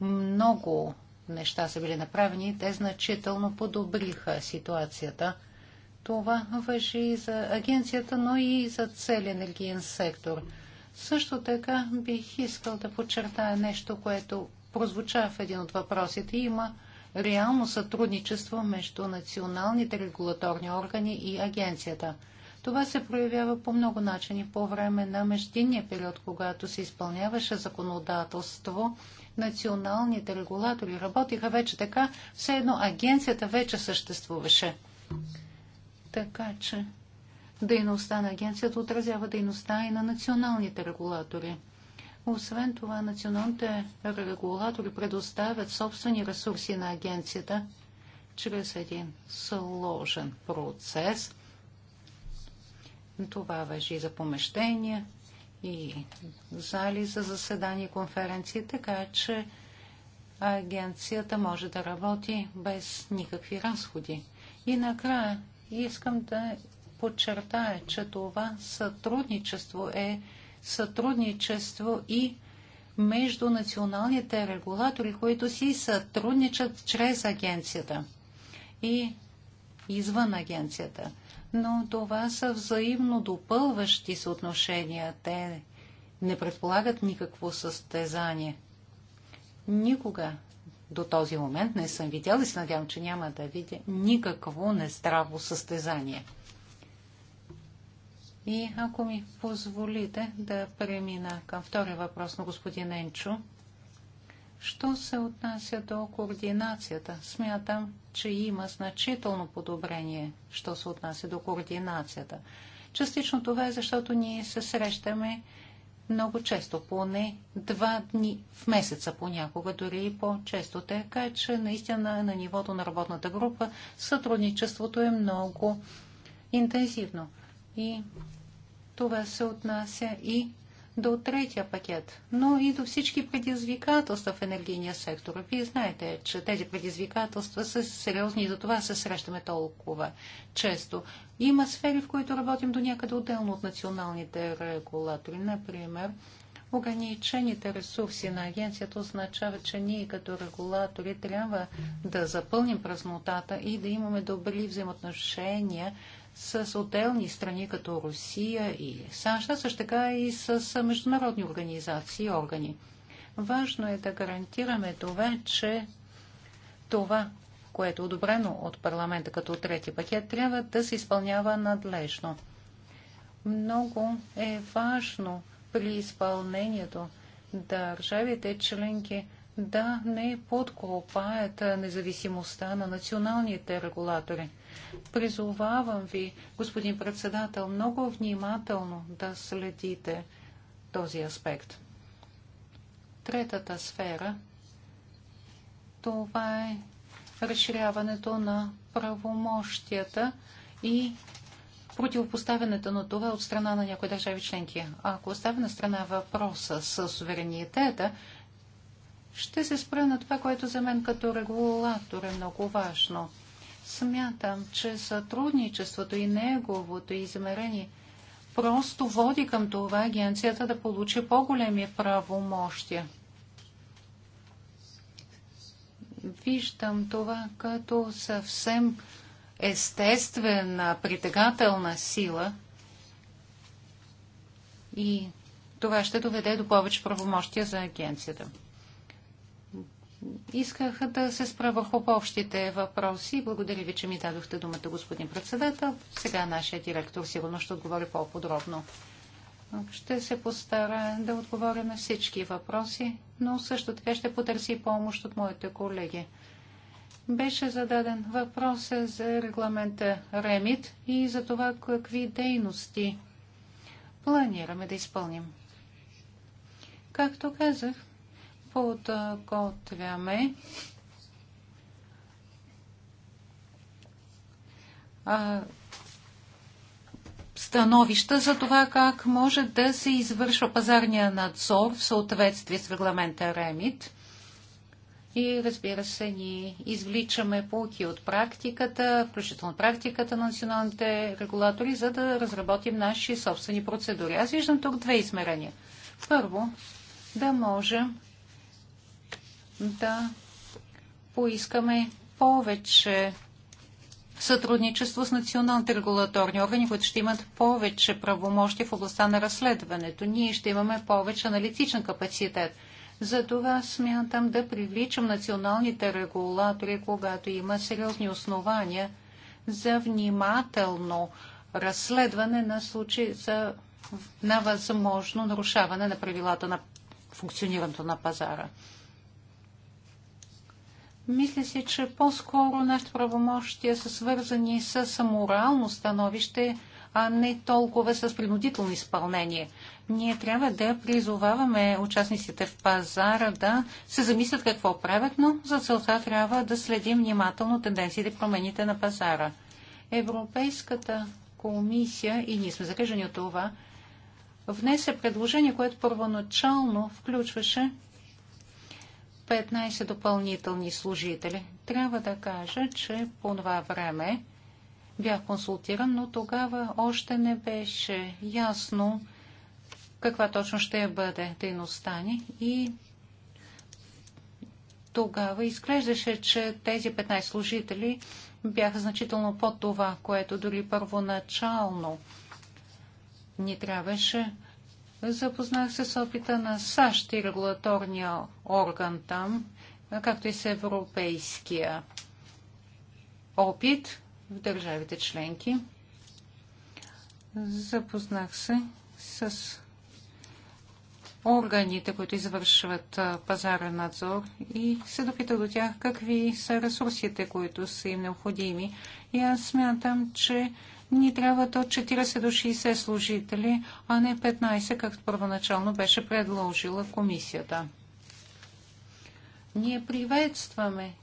Speaker 3: Много неща са били направени и те значително подобриха ситуацията. Това въжи и за агенцията, но и за целия енергиен сектор. Също така бих искал да подчертая нещо, което прозвуча в един от въпросите. Има реално сътрудничество между националните регулаторни органи и агенцията. Това се проявява по много начини по време на междинния период, когато се изпълняваше законодателство. Националните регулатори работиха вече така, все едно агенцията вече съществуваше. Така че дейността на агенцията отразява дейността и на националните регулатори. Освен това, националните регулатори предоставят собствени ресурси на агенцията чрез един сложен процес. Това въжи за помещения и зали за заседания и конференции, така че агенцията може да работи без никакви разходи. И накрая искам да подчертая, че това сътрудничество е сътрудничество и между националните регулатори, които си сътрудничат чрез агенцията и извън агенцията. Но това са взаимно допълващи се отношения. Те не предполагат никакво състезание. Никога до този момент не съм видял и се надявам, че няма да видя никакво нездраво състезание. И ако ми позволите да премина към втория въпрос на господин Енчо, що се отнася до координацията? Смятам, че има значително подобрение, що се отнася до координацията. Частично това е защото ние се срещаме много често, поне два дни в месеца понякога, дори и по-често. Така че наистина на нивото на работната група сътрудничеството е много интензивно. И това се отнася и до третия пакет, но и до всички предизвикателства в енергийния сектор. Вие знаете, че тези предизвикателства са сериозни и за това се срещаме толкова често. Има сфери, в които работим до някъде отделно от националните регулатори. Например, ограничените ресурси на агенцията означава, че ние като регулатори трябва да запълним празнотата и да имаме добри взаимоотношения с отделни страни като Русия и САЩ, а също така и с международни организации и органи. Важно е да гарантираме това, че това, което е одобрено от парламента като трети пакет, трябва да се изпълнява надлежно. Много е важно при изпълнението държавите членки да не подкопаят независимостта на националните регулатори. Призовавам ви, господин председател, много внимателно да следите този аспект. Третата сфера – това е разширяването на правомощията и противопоставянето на това от страна на някои държави членки. Ако оставя на страна въпроса с суверенитета, ще се спра на това, което за мен като регулатор е много важно – Смятам, че сътрудничеството и неговото измерение просто води към това агенцията да получи по-големи правомощия. Виждам това като съвсем естествена притегателна сила и това ще доведе до повече правомощия за агенцията исках да се спра върху общите въпроси. Благодаря ви, че ми дадохте думата, господин председател. Сега нашия директор сигурно ще отговори по-подробно. Ще се постара да отговоря на всички въпроси, но също така ще потърси помощ от моите колеги. Беше зададен въпрос за регламента РЕМИТ и за това какви дейности планираме да изпълним. Както казах, подготвяме становища за това как може да се извършва пазарния надзор в съответствие с регламента РЕМИТ. И разбира се, ние извличаме полки от практиката, включително практиката на националните регулатори, за да разработим наши собствени процедури. Аз виждам тук две измерения. Първо, да можем да поискаме повече сътрудничество с националните регулаторни органи, които ще имат повече правомощи в областта на разследването. Ние ще имаме повече аналитичен капацитет. Затова смятам да привличам националните регулатори, когато има сериозни основания за внимателно разследване на случаи за, на възможно нарушаване на правилата на функционирането на пазара. Мисля си, че по-скоро нашите правомощия са свързани с морално становище, а не толкова с принудително изпълнение. Ние трябва да призоваваме участниците в пазара да се замислят какво правят, но за целта трябва да следим внимателно тенденциите и промените на пазара. Европейската комисия, и ние сме загрижени от това, внесе предложение, което първоначално включваше 15 допълнителни служители. Трябва да кажа, че по това време бях консултиран, но тогава още не беше ясно каква точно ще бъде дейността ни и тогава изглеждаше, че тези 15 служители бяха значително под това, което дори първоначално ни трябваше Запознах се с опита на САЩ и регулаторния орган там, както и с европейския опит в държавите членки. Запознах се с органите, които извършват пазарен надзор и се допитах до тях какви са ресурсите, които са им необходими. И аз смятам, че ни трябват от 40 до 60 служители, а не 15, както първоначално беше предложила комисията. Ние приветстваме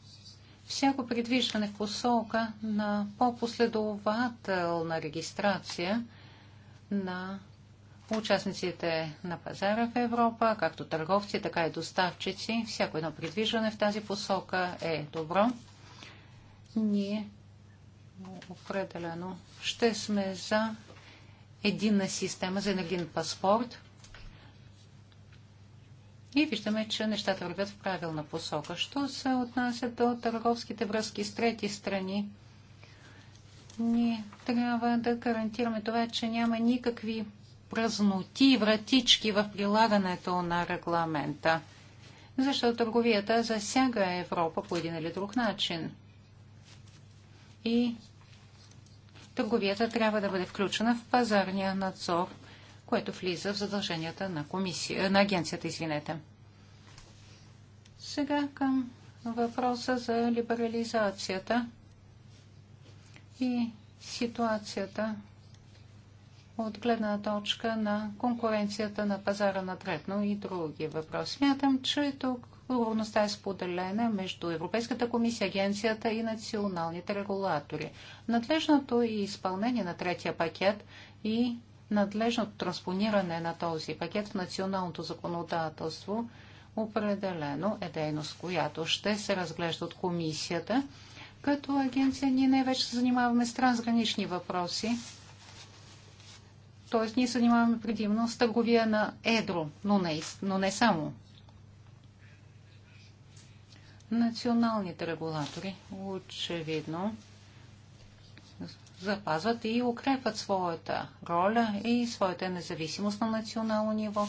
Speaker 3: всяко придвижване в посока на по-последователна регистрация на участниците на пазара в Европа, както търговци, така и доставчици. Всяко едно придвижване в тази посока е добро. Ние определено ще сме за единна система за един паспорт. И виждаме, че нещата вървят в правилна посока. Що се отнася до търговските връзки с трети страни, ние трябва да гарантираме това, че няма никакви празноти и вратички в прилагането на регламента, защото търговията засяга Европа по един или друг начин и търговията трябва да бъде включена в пазарния надзор, което влиза в задълженията на, комисия, на агенцията. Извинете. Сега към въпроса за либерализацията и ситуацията от гледна точка на конкуренцията на пазара на Третно и други въпроси. Смятам, че тук Отговорността е споделена между Европейската комисия, агенцията и националните регулатори. Надлежното е и изпълнение на третия пакет и надлежното транспониране на този пакет в националното законодателство определено е дейност, която ще се разглежда от комисията. Като агенция ние най-вече се занимаваме с трансгранични въпроси, т.е. ние се занимаваме предимно с търговия на едро, но не, но не само. Националните регулатори очевидно запазват и укрепват своята роля и своята независимост на национално ниво.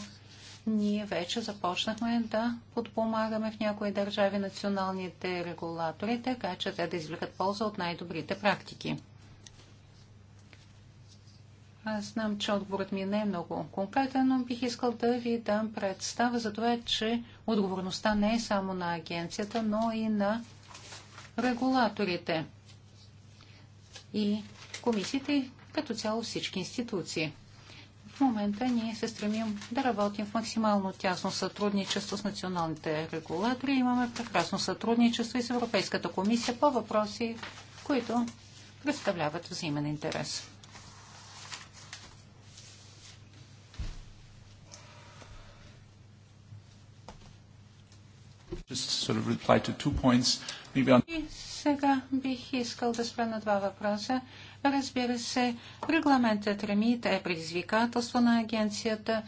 Speaker 3: Ние вече започнахме да подпомагаме в някои държави националните регулатори, така че те да извлекат полза от най-добрите практики. Аз знам, че отговорът ми е не е много конкретен, но бих искал да ви дам представа за това, че отговорността не е само на агенцията, но и на регулаторите и комисиите, като цяло всички институции. В момента ние се стремим да работим в максимално тясно сътрудничество с националните регулатори. Имаме прекрасно сътрудничество и с Европейската комисия по въпроси, които представляват взаимен интерес. И сега бих искал да спра на два въпроса. Разбира се, регламентът Ремит е предизвикателство на агенцията.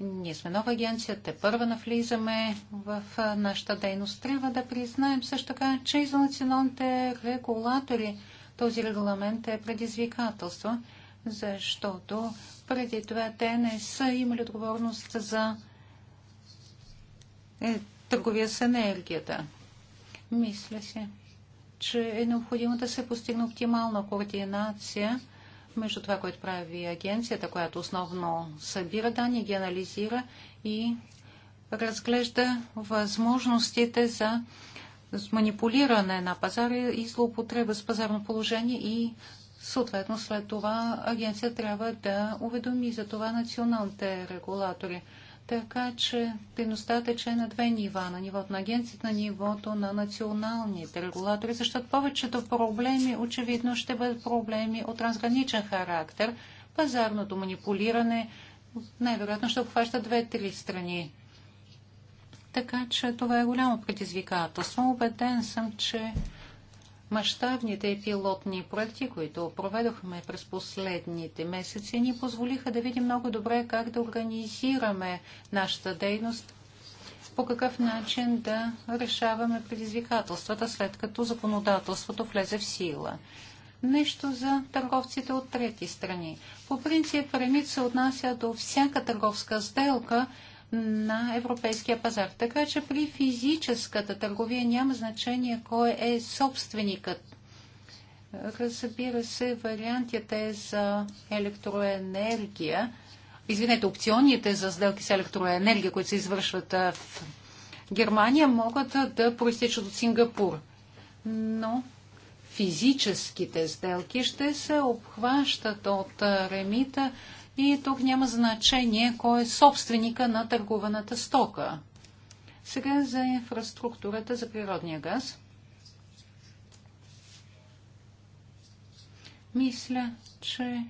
Speaker 3: Ние сме нова агенция, те първа навлизаме в нашата дейност. Трябва да признаем също така, че и за националните регулатори този регламент е предизвикателство, защото преди това те не са имали отговорност за е, търговия с енергията. Мисля се, че е необходимо да се постигне оптимална координация между това, което прави агенцията, която основно събира данни, ги анализира и разглежда възможностите за манипулиране на пазара и злоупотреба с пазарно положение и съответно след това агенция трябва да уведоми за това националните регулатори. Така че дейността тече на две нива. На нивото на агенцията, на нивото на националните регулатори, защото повечето проблеми очевидно ще бъдат проблеми от трансграничен характер. Пазарното манипулиране най-вероятно ще обхваща две-три страни. Така че това е голямо предизвикателство. Убеден съм, че Мащабните пилотни проекти, които проведохме през последните месеци, ни позволиха да видим много добре как да организираме нашата дейност, по какъв начин да решаваме предизвикателствата, след като законодателството влезе в сила. Нещо за търговците от трети страни. По принцип, ремит се отнася до всяка търговска сделка, на европейския пазар. Така че при физическата търговия няма значение кой е собственикът. Разбира се, вариантите за електроенергия, извинете, опционите за сделки с електроенергия, които се извършват в Германия, могат да проистичат от Сингапур. Но физическите сделки ще се обхващат от ремита и тук няма значение кой е собственика на търгуваната стока. Сега за инфраструктурата за природния газ. Мисля, че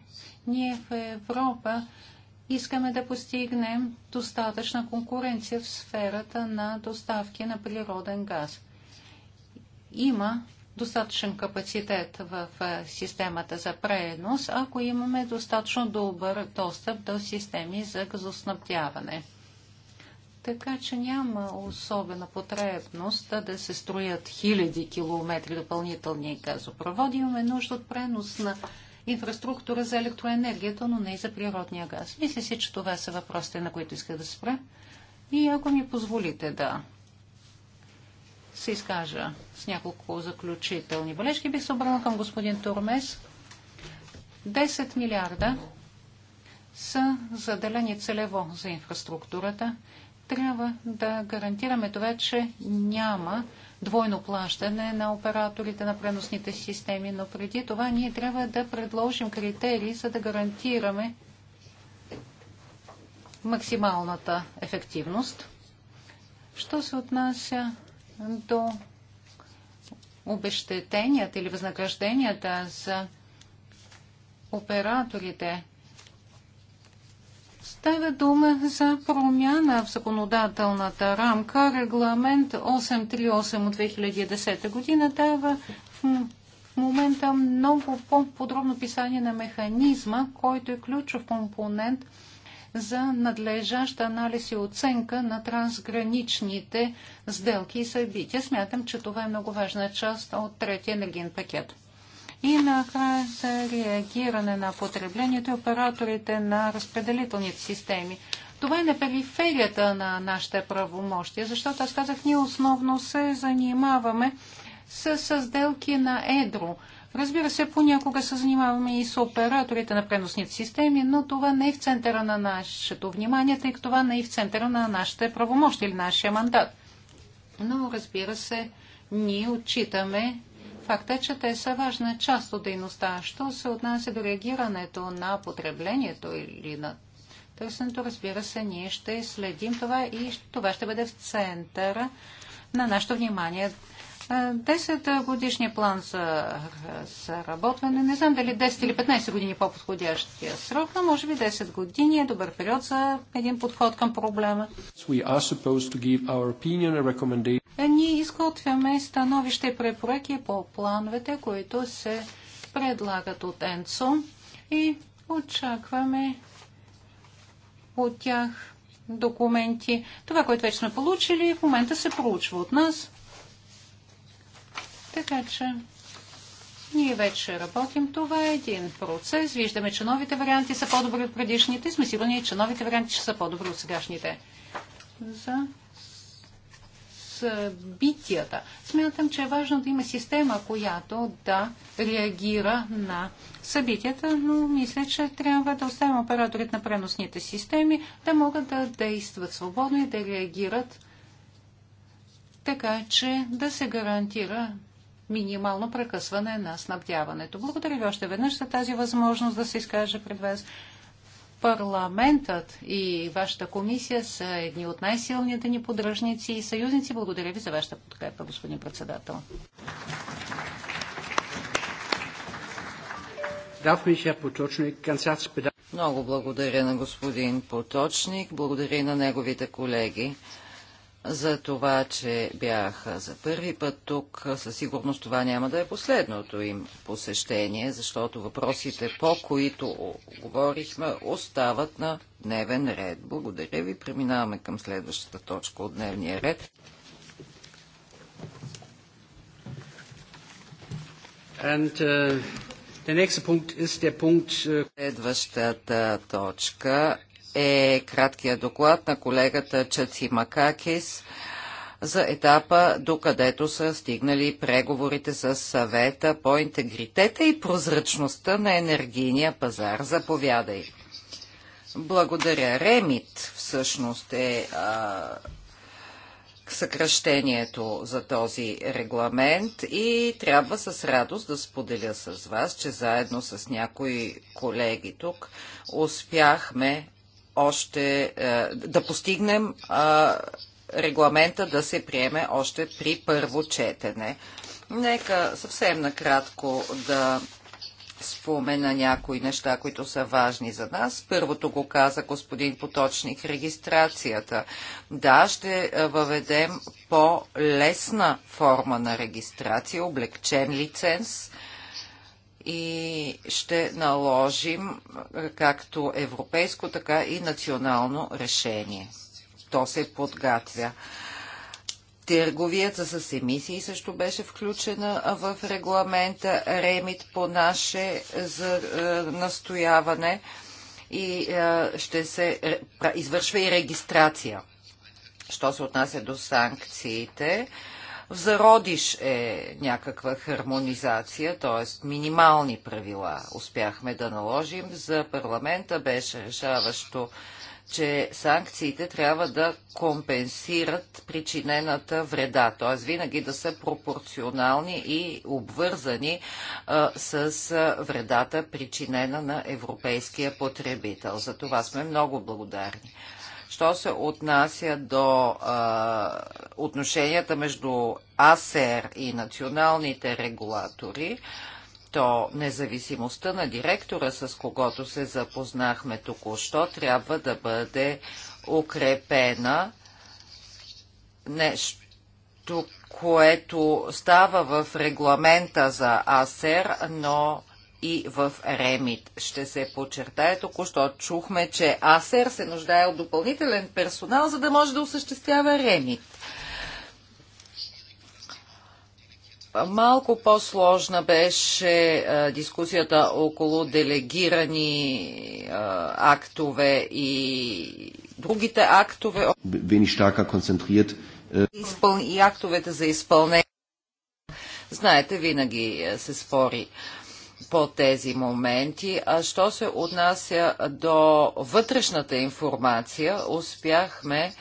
Speaker 3: ние в Европа искаме да постигнем достатъчна конкуренция в сферата на доставки на природен газ. Има достатъчен капацитет в системата за пренос, ако имаме достатъчно добър достъп до системи за газоснабдяване. Така че няма особена потребност да се строят хиляди километри допълнителни газопроводи. Имаме нужда от пренос на инфраструктура за електроенергията, но не и за природния газ. Мисля си, че това са въпросите, на които исках да спра. И ако ми позволите да се изкажа с няколко заключителни бележки. Бих се обърнал към господин Турмес. 10 милиарда са заделени целево за инфраструктурата. Трябва да гарантираме това, че няма двойно плащане на операторите на преносните системи, но преди това ние трябва да предложим критерии, за да гарантираме максималната ефективност. Що се отнася до обещетенията или възнагражденията за операторите. Става дума за промяна в законодателната рамка. Регламент 838 от 2010 година дава в момента много по-подробно писание на механизма, който е ключов компонент – за надлежащ анализ и оценка на трансграничните сделки и събития. Смятам, че това е много важна част от третия енергиен пакет. И накрая за реагиране на потреблението и операторите на разпределителните системи. Това е на периферията на нашите правомощия, защото аз казах, ние основно се занимаваме с сделки на едро. Разбира се, понякога се занимаваме и с операторите на преносните системи, но това не е в центъра на нашето внимание, тъй като това не е в центъра на нашите правомощи или нашия мандат. Но, разбира се, ние отчитаме факта, че те са важна част от дейността. Що се отнася до реагирането на потреблението или на търсенето, разбира се, ние ще следим това и това ще бъде в центъра на нашето внимание. 10 е, е, годишния план за заработване, не знам дали 10 или 15 години е по-подходящия срок, но може би 10 години е добър период за един подход към проблема. Ние изготвяме становище и препоръки по плановете, които се предлагат от ЕНЦО и очакваме от тях документи. Това, което вече сме получили, в момента се проучва от нас. Така че ние вече работим. Това е един процес. Виждаме, че новите варианти са по-добри от предишните. Сме сигурни, че новите варианти ще са по-добри от сегашните. За събитията. Смятам, че е важно да има система, която да реагира на събитията, но мисля, че трябва да оставим операторите на преносните системи да могат да действат свободно и да реагират така, че да се гарантира минимално прекъсване на снабдяването. Благодаря ви още веднъж за тази възможност да се изкаже пред вас. Парламентът и вашата комисия са едни от най-силните ни поддръжници и съюзници. Благодаря ви за вашата подкрепа, господин председател.
Speaker 1: Много благодаря на господин Поточник, благодаря и на неговите колеги за това, че бяха за първи път тук. Със сигурност това няма да е последното им посещение, защото въпросите, по които говорихме, остават на дневен ред. Благодаря ви. Преминаваме към следващата точка от дневния ред. And, uh, uh... Следващата точка е краткия доклад на колегата Чаци Макакис за етапа, докъдето са стигнали преговорите с съвета по интегритета и прозрачността на енергийния пазар. Заповядай. Благодаря. Ремит всъщност е а, съкръщението за този регламент и трябва с радост да споделя с вас, че заедно с някои колеги тук успяхме още, е, да постигнем е, регламента да се приеме още при първо четене. Нека съвсем накратко да спомена някои неща, които са важни за нас. Първото го каза господин Поточник, регистрацията. Да, ще е, въведем по-лесна форма на регистрация, облегчен лиценз – и ще наложим е, както европейско, така и национално решение. То се подготвя. Търговията с емисии също беше включена в регламента Ремит по наше за, е, настояване и е, ще се извършва и регистрация. Що се отнася до санкциите, в зародиш е някаква хармонизация, т.е. минимални правила успяхме да наложим. За парламента беше решаващо че санкциите трябва да компенсират причинената вреда, т.е. винаги да са пропорционални и обвързани а, с вредата, причинена на европейския потребител. За това сме много благодарни. Що се отнася до а, отношенията между АСЕР и националните регулатори, то независимостта на директора, с когото се запознахме току-що, трябва да бъде укрепена нещо, което става в регламента за АСЕР, но и в Ремит. Ще се подчертая току-що. Чухме, че АСЕР се нуждае от допълнителен персонал, за да може да осъществява Ремит. Малко по-сложна беше а, дискусията около делегирани а, актове и другите актове.
Speaker 2: Wenig starker
Speaker 1: э, И актовете за изпълнение. Знаете, винаги се спори. А, по тези моменти. А що се отнася до вътрешната информация, успяхме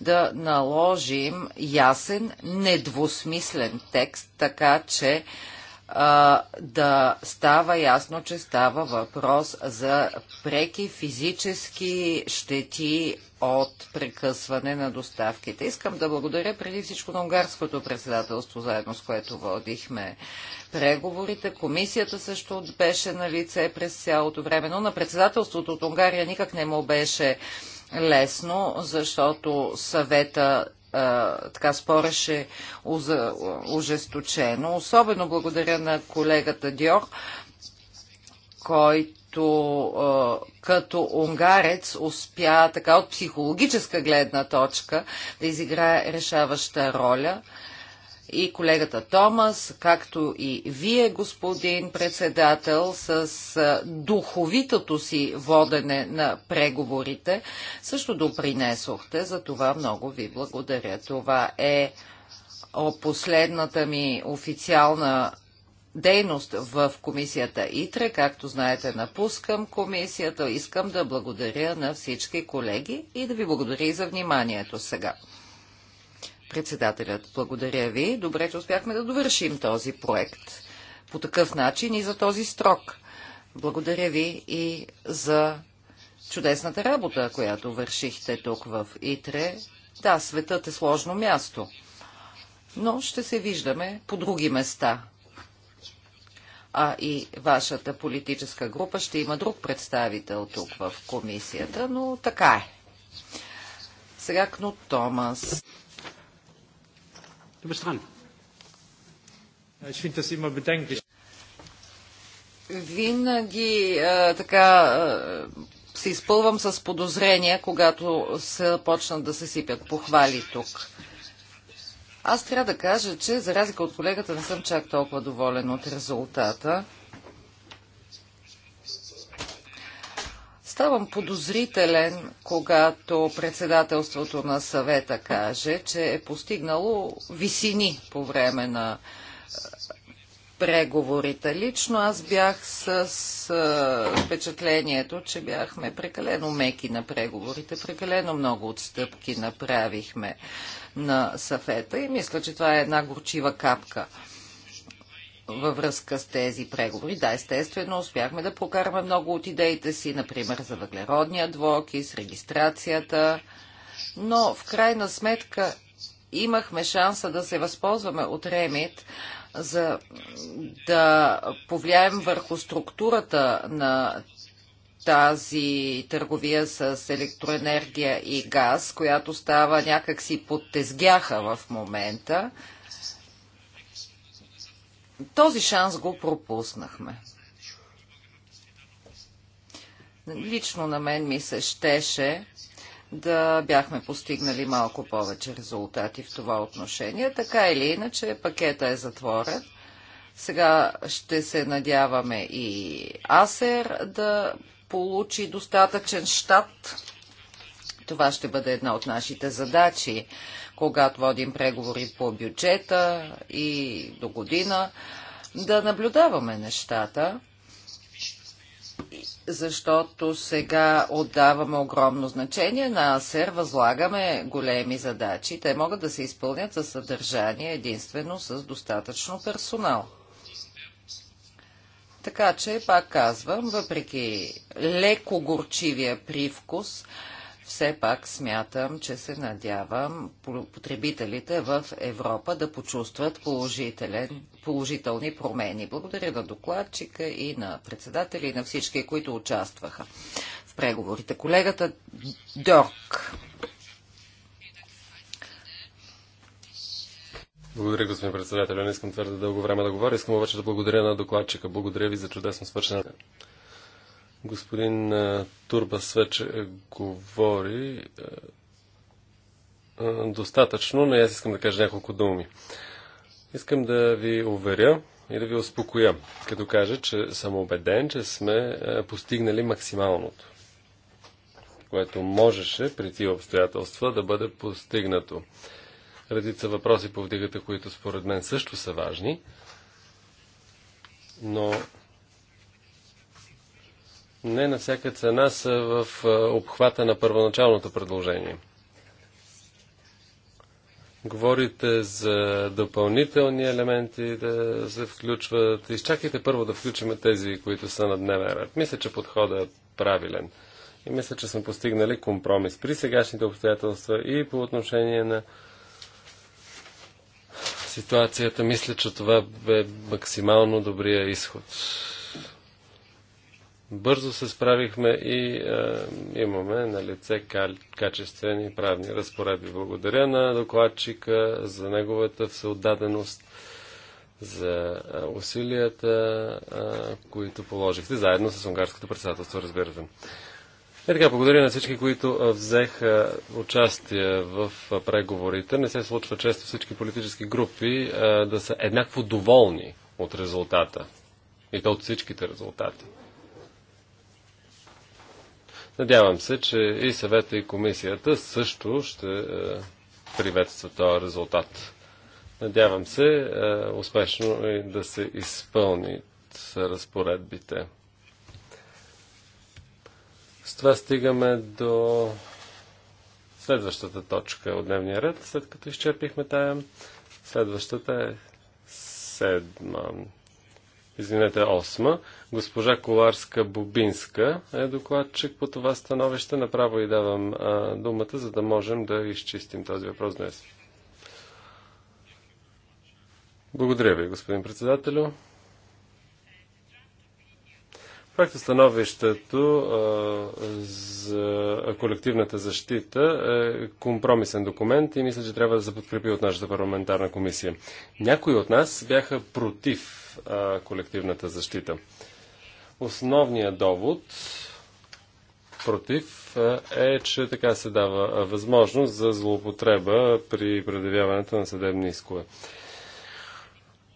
Speaker 1: да наложим ясен, недвусмислен текст, така че а, да става ясно, че става въпрос за преки физически щети от прекъсване на доставките. Искам да благодаря преди всичко на унгарското председателство, заедно с което водихме преговорите. Комисията също беше на лице през цялото време, но на председателството от Унгария никак не му беше лесно, защото съвета така спореше ужесточено. Особено благодаря на колегата Диор, който като унгарец успя така от психологическа гледна точка да изиграе решаваща роля и колегата Томас, както и вие, господин председател, с духовитото си водене на преговорите, също допринесохте. За това много ви благодаря. Това е последната ми официална дейност в комисията ИТРЕ. Както знаете, напускам комисията. Искам да благодаря на всички колеги и да ви благодаря и за вниманието сега. Председателят, благодаря ви. Добре, че успяхме да довършим този проект по такъв начин и за този строк. Благодаря ви и за чудесната работа, която вършихте тук в Итре. Да, светът е сложно място, но ще се виждаме по други места. А и вашата политическа група ще има друг представител тук в комисията, но така е. Сега Кнут Томас. Du bist dran.
Speaker 2: Ich finde das immer bedenklich.
Speaker 1: Винаги а, така се изпълвам с подозрения, когато се почнат да се сипят похвали тук. Аз трябва да кажа, че за разлика от колегата не съм чак толкова доволен от резултата. Ставам подозрителен, когато председателството на съвета каже, че е постигнало висини по време на е, преговорите. Лично аз бях с е, впечатлението, че бяхме прекалено меки на преговорите, прекалено много отстъпки направихме на съфета и мисля, че това е една горчива капка – във връзка с тези преговори. Да, естествено, успяхме да прокараме много от идеите си, например за въглеродния с регистрацията, но в крайна сметка имахме шанса да се възползваме от ремит, за да повлияем върху структурата на тази търговия с електроенергия и газ, която става някакси под тезгяха в момента. Този шанс го пропуснахме. Лично на мен ми се щеше да бяхме постигнали малко повече резултати в това отношение. Така или иначе, пакета е затворен. Сега ще се надяваме и АСЕР да получи достатъчен щат. Това ще бъде една от нашите задачи когато водим преговори по бюджета и до година, да наблюдаваме нещата, защото сега отдаваме огромно значение на АСЕР, възлагаме големи задачи. Те могат да се изпълнят със съдържание единствено с достатъчно персонал. Така че, пак казвам, въпреки леко горчивия привкус, все пак смятам, че се надявам потребителите в Европа да почувстват положителни промени. Благодаря на докладчика и на председателя и на всички, които участваха в преговорите. Колегата Дорк.
Speaker 2: Благодаря, господин председател. Не искам твърде дълго време да говоря. Искам обаче да благодаря на докладчика. Благодаря ви за чудесно свършената Господин Турбас вече говори достатъчно, но аз искам да кажа няколко думи. Искам да ви уверя и да ви успокоя, като кажа, че съм убеден, че сме постигнали максималното, което можеше при тия обстоятелства да бъде постигнато. Редица въпроси повдигате, които според мен също са важни, но не на всяка цена са в обхвата на първоначалното предложение. Говорите за допълнителни елементи да се включват. Изчакайте първо да включим тези, които са на дневен ред. Мисля, че подходът е правилен. И мисля, че сме постигнали компромис при сегашните обстоятелства и по отношение на ситуацията. Мисля, че това бе максимално добрия изход бързо се справихме и е, имаме на лице качествени правни разпоредби. Благодаря на докладчика за неговата всеотдаденост, за е, усилията, е, които положихте, заедно с унгарското председателство, разбирате. Е така, благодаря на всички, които е, взеха участие в е, преговорите. Не се случва често всички политически групи е, да са еднакво доволни от резултата. И то от всичките резултати. Надявам се, че и съвета и комисията също ще е, приветства този резултат. Надявам се е, успешно и е да се изпълнят разпоредбите. С това стигаме до следващата точка от дневния ред, след като изчерпихме тая. Следващата е седма извинете, 8. Госпожа Коларска-Бубинска е докладчик по това становище. Направо и давам а, думата, за да можем да изчистим този въпрос днес. Благодаря ви, господин председателю. Проекто становището за колективната защита е компромисен документ и мисля, че трябва да се подкрепи от нашата парламентарна комисия. Някои от нас бяха против а, колективната защита. Основният довод против е, че така се дава възможност за злоупотреба при предявяването на съдебни искове.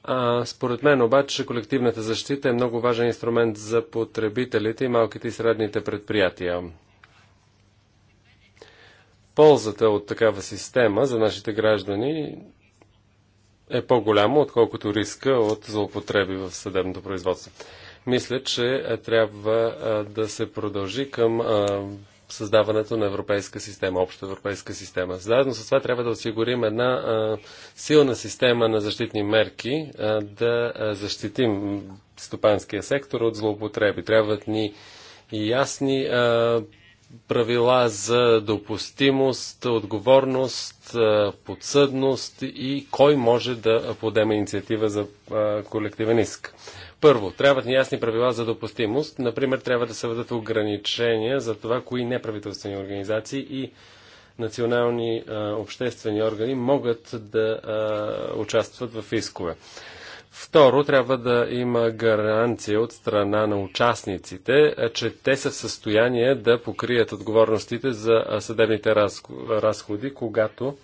Speaker 2: А, според мен обаче колективната защита е много важен инструмент за потребителите и малките и средните предприятия. Ползата от такава система за нашите граждани е по-голяма, отколкото риска от злоупотреби в съдебното производство. Мисля, че е, трябва е, да се продължи към а, е, създаването на европейска система, обща европейска система. Заедно с това трябва да осигурим една а, силна система на защитни мерки, а, да защитим стопанския сектор от злоупотреби. Трябват ни и ясни а, правила за допустимост, отговорност, подсъдност и кой може да подеме инициатива за колективен иск. Първо, трябват ни ясни правила за допустимост. Например, трябва да се въдат ограничения за това, кои неправителствени организации и национални а, обществени органи могат да а, участват в искове. Второ, трябва да има гаранция от страна на участниците, е, че те са в състояние да покрият отговорностите за е, съдебните разходи, когато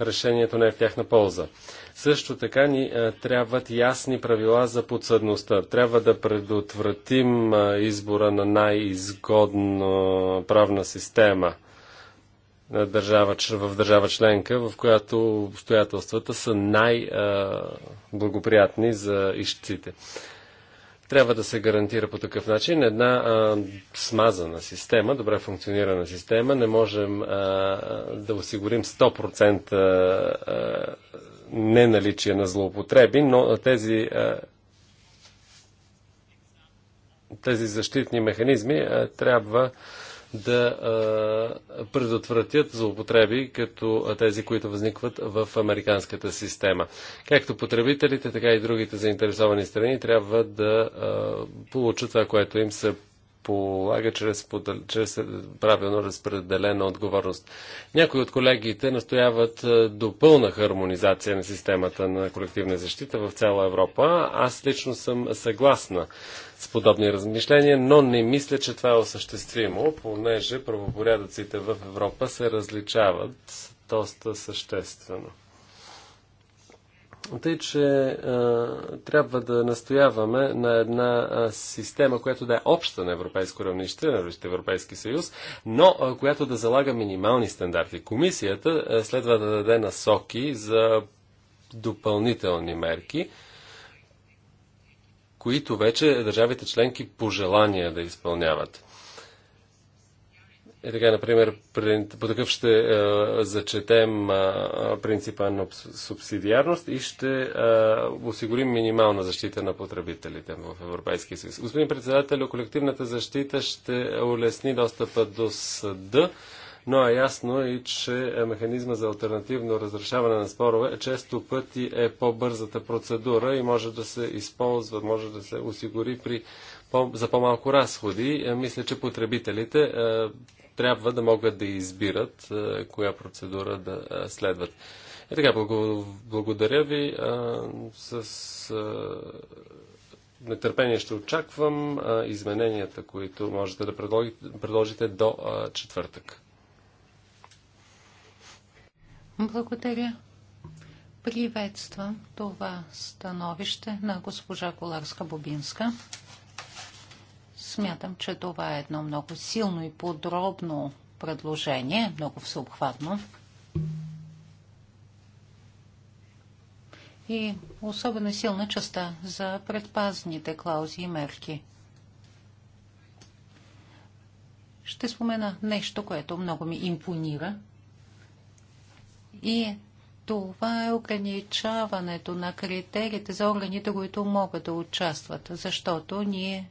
Speaker 2: решението не е в тяхна полза. Също така ни е, трябват ясни правила за подсъдността. Трябва да предотвратим избора на най-изгодна правна система – на държава, в държава членка, в която обстоятелствата са най-благоприятни за ищците. Трябва да се гарантира по такъв начин една а, смазана система, добре функционирана система. Не можем а, да осигурим 100% а, а, неналичие на злоупотреби, но тези, а, тези защитни механизми а, трябва а, да предотвратят злоупотреби, като тези, които възникват в американската система. Както потребителите, така и другите заинтересовани страни трябва да получат това, което им се полага чрез, чрез правилно разпределена отговорност. Някои от колегите настояват допълна хармонизация на системата на колективна защита в цяла Европа. Аз лично съм съгласна с подобни размишления, но не мисля, че това е осъществимо, понеже правопорядъците в Европа се различават доста съществено. Тъй, че а, трябва да настояваме на една а, система, която да е обща на европейско равнище, на равнище Европейски съюз, но а, която да залага минимални стандарти. Комисията а, следва да даде насоки за допълнителни мерки, които вече държавите членки пожелания да изпълняват. И е така, например, по такъв ще е, зачетем е, принципа на субсидиарност и ще е, осигурим минимална защита на потребителите в Европейския съюз. Господин председател, колективната защита ще улесни достъпа до съда но е ясно и, че е механизма за альтернативно разрешаване на спорове често пъти е по-бързата процедура и може да се използва, може да се осигури при, по, за по-малко разходи. Е, мисля, че потребителите е, трябва да могат да избират е, коя процедура да е, следват. И така, благодаря ви. Е, с нетърпение ще очаквам измененията, които можете да предложите, до четвъртък.
Speaker 3: Благодаря. Приветствам това становище на госпожа Коларска-Бобинска. Смятам, че това е едно много силно и подробно предложение, много всеобхватно. И особено силна частта за предпазните клаузи и мерки. Ще спомена нещо, което много ми импонира – и това е ограничаването на критериите за органите, които могат да участват, защото ние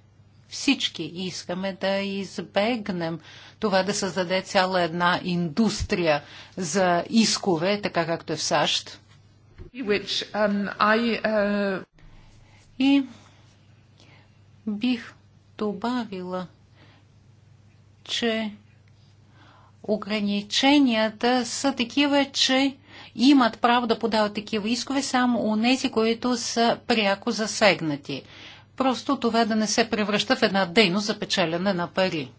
Speaker 3: всички искаме да избегнем това да създаде цяла една индустрия за искове, така както е в САЩ. Which, um, I, uh... И бих добавила, че ограниченията са такива, че имат право да подават такива искове само у нези, които са пряко засегнати. Просто това да не се превръща в една дейност за печелене на пари.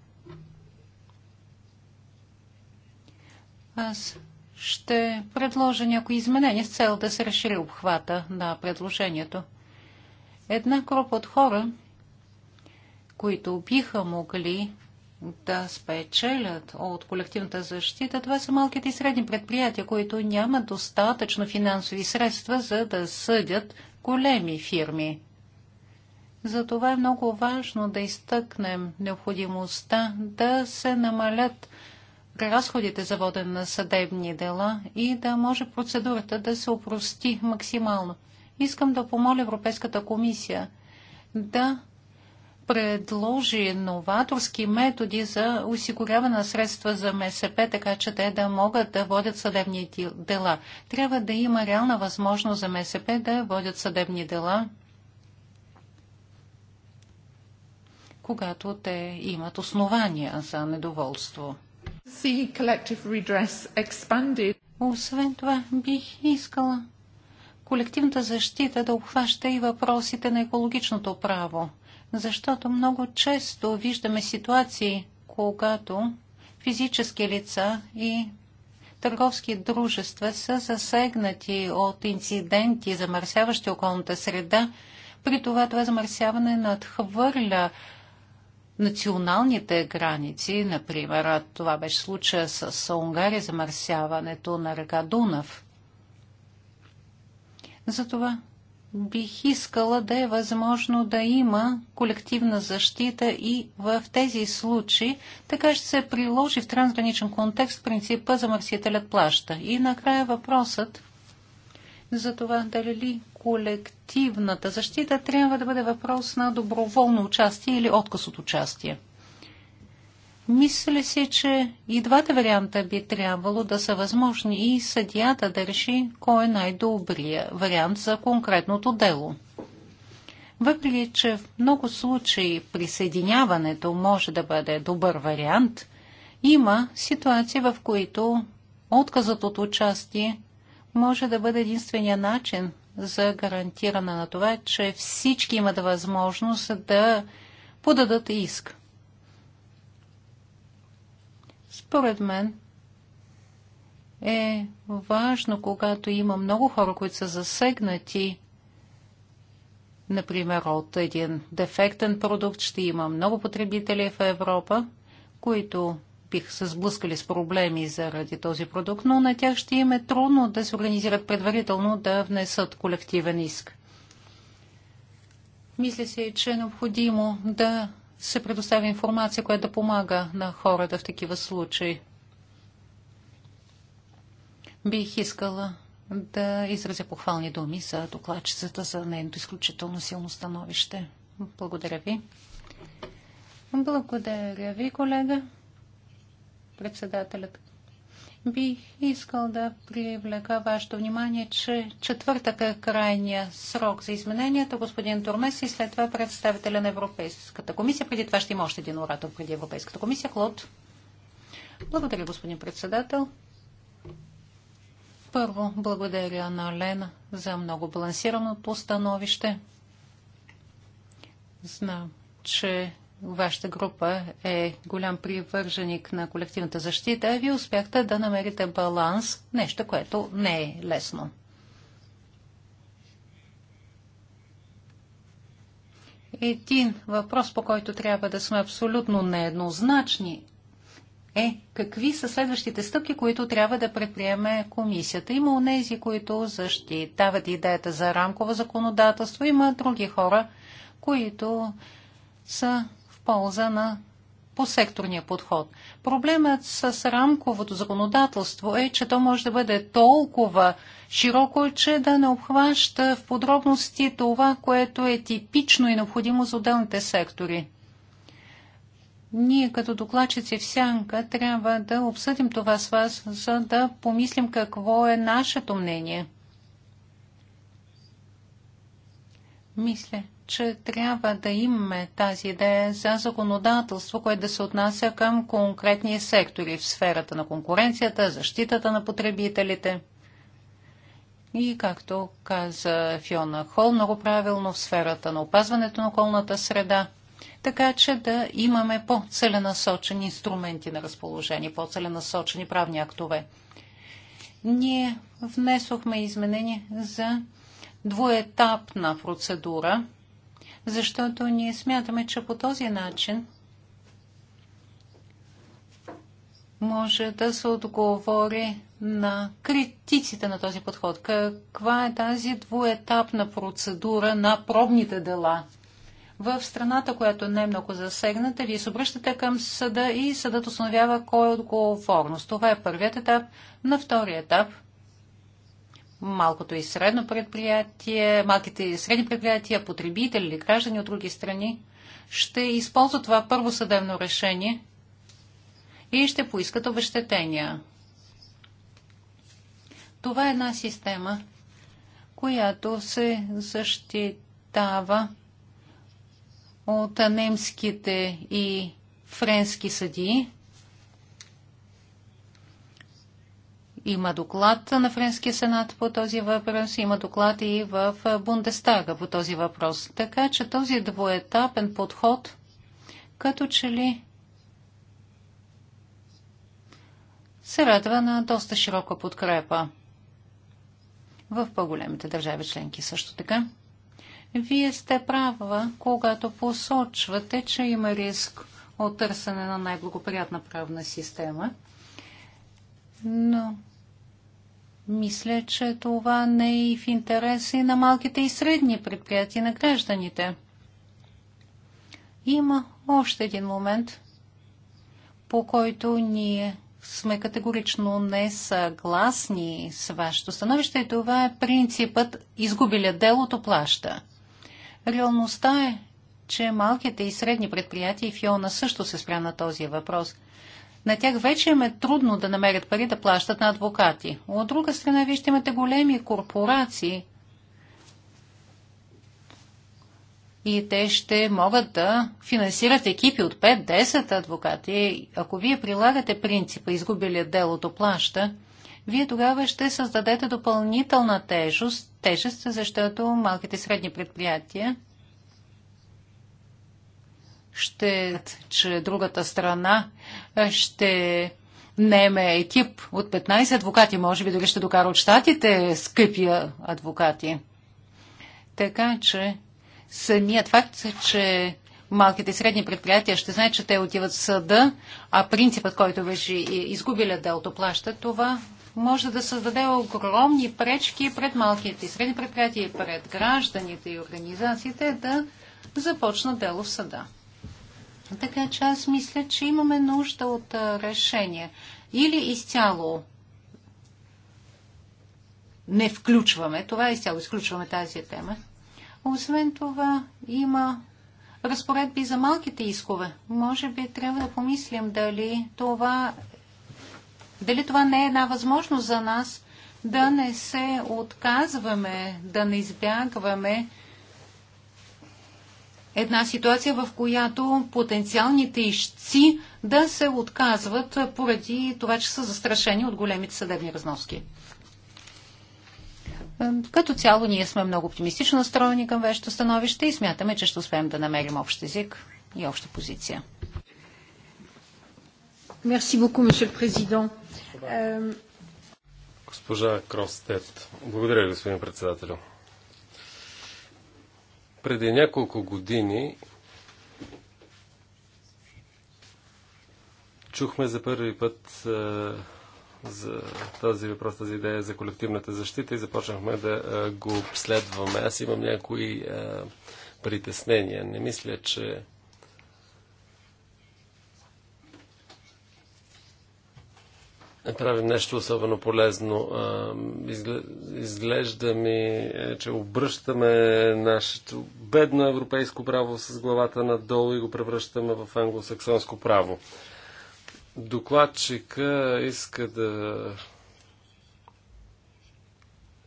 Speaker 3: Аз ще предложа някои изменения с цел да се разшири обхвата на предложението. Една група от хора, които биха могли да спечелят от колективната защита, това са малките и средни предприятия, които нямат достатъчно финансови средства, за да съдят големи фирми. Затова е много важно да изтъкнем необходимостта да се намалят разходите за воден на съдебни дела и да може процедурата да се опрости максимално. Искам да помоля Европейската комисия да предложи новаторски методи за осигуряване на средства за МСП, така че те да могат да водят съдебни дела. Трябва да има реална възможност за МСП да водят съдебни дела, когато те имат основания за недоволство. Освен това, бих искала колективната защита да обхваща и въпросите на екологичното право – защото много често виждаме ситуации, когато физически лица и търговски дружества са засегнати от инциденти, замърсяващи околната среда. При това това замърсяване надхвърля националните граници, например, това беше случая с Унгария, замърсяването на река Дунав. Затова бих искала да е възможно да има колективна защита и в тези случаи, така ще се приложи в трансграничен контекст принципа замърсителят плаща. И накрая въпросът за това дали ли колективната защита трябва да бъде въпрос на доброволно участие или отказ от участие. Мисля си, че и двата варианта би трябвало да са възможни и съдията да реши кой е най-добрият вариант за конкретното дело. Въпреки, че в много случаи присъединяването може да бъде добър вариант, има ситуации, в които отказът от участие може да бъде единствения начин за гарантиране на това, че всички имат възможност да подадат иск. Според мен е важно, когато има много хора, които са засегнати, например, от един дефектен продукт, ще има много потребители в Европа, които бих се сблъскали с проблеми заради този продукт, но на тях ще им е трудно да се организират предварително да внесат колективен иск. Мисля се, че е необходимо да се предоставя информация, която да помага на хората в такива случаи. Бих искала да изразя похвални думи за докладчицата за нейното изключително силно становище. Благодаря ви. Благодаря ви, колега. Председателят бих искал да привлека вашето внимание, че четвъртък е крайния срок за измененията. Господин Турмес и след това представителя на Европейската комисия. Преди това ще има още един оратор преди Европейската комисия. Клод. Благодаря, господин председател. Първо, благодаря на Лена за много балансираното становище. Знам, че вашата група е голям привърженик на колективната защита, вие успяхте да намерите баланс, нещо, което не е лесно. Един въпрос, по който трябва да сме абсолютно нееднозначни, е какви са следващите стъпки, които трябва да предприеме комисията. Има онези, които защитават идеята за рамково законодателство, има други хора, които са полза на по секторния подход. Проблемът с рамковото законодателство е, че то може да бъде толкова широко, че да не обхваща в подробности това, което е типично и необходимо за отделните сектори. Ние като докладчици в Сянка трябва да обсъдим това с вас, за да помислим какво е нашето мнение. Мисля, че трябва да имаме тази идея за законодателство, което да се отнася към конкретни сектори в сферата на конкуренцията, защитата на потребителите. И, както каза Фиона Хол, много правилно в сферата на опазването на околната среда, така че да имаме по-целенасочени инструменти на разположение, по-целенасочени правни актове. Ние внесохме изменения за двуетапна процедура защото ние смятаме, че по този начин може да се отговори на критиците на този подход. Каква е тази двуетапна процедура на пробните дела? В страната, която не е много засегната, вие се обръщате към съда и съдът установява кой е отговорност. Това е първият етап. На втория етап – малкото и средно предприятие, малките и средни предприятия, потребители или граждани от други страни, ще използват това първо съдебно решение и ще поискат обещетения. Това е една система, която се защитава от немските и френски съдии. Има доклад на Френския сенат по този въпрос, има доклад и в Бундестага по този въпрос. Така че този двоетапен подход като че ли се радва на доста широка подкрепа в по-големите държави членки също така. Вие сте права, когато посочвате, че има риск от търсене на най-благоприятна правна система, но мисля, че това не е и в интерес и на малките и средни предприятия на гражданите. Има още един момент, по който ние сме категорично не съгласни с вашето становище и това е принципът изгубиля делото плаща. Реалността е, че малките и средни предприятия и Фиона също се спря на този въпрос – на тях вече им е трудно да намерят пари да плащат на адвокати. От друга страна, вие ще имате големи корпорации и те ще могат да финансират екипи от 5-10 адвокати. Ако вие прилагате принципа изгубили делото плаща, вие тогава ще създадете допълнителна тежест, тежест, защото малките средни предприятия ще, че другата страна е, ще неме екип от 15 адвокати, може би дори ще докара от щатите скъпи адвокати. Така че самият факт, че малките и средни предприятия ще знаят, че те отиват в съда, а принципът, който вече изгубиля делото плаща, това може да създаде огромни пречки пред малките и средни предприятия, пред гражданите и организациите да започнат дело в съда. Така че аз мисля, че имаме нужда от решение. Или изцяло не включваме, това е изцяло изключваме тази тема. Освен това има разпоредби за малките искове. Може би трябва да помислим дали това, дали това не е една възможност за нас да не се отказваме, да не избягваме една ситуация, в която потенциалните ищци да се отказват поради това, че са застрашени от големите съдебни разноски. Като цяло ние сме много оптимистично настроени към вещето становище и смятаме, че ще успеем да намерим общ език и обща позиция. Мерси
Speaker 1: beaucoup, monsieur президент.
Speaker 2: Госпожа Кростет. Благодаря, господин председателю. Преди няколко години чухме за първи път за този въпрос, тази идея за колективната защита и започнахме да го обследваме. Аз имам някои притеснения. Не мисля, че Е правим нещо особено полезно. Изглежда ми, е, че обръщаме нашето бедно европейско право с главата надолу и го превръщаме в англосаксонско право. Докладчика иска да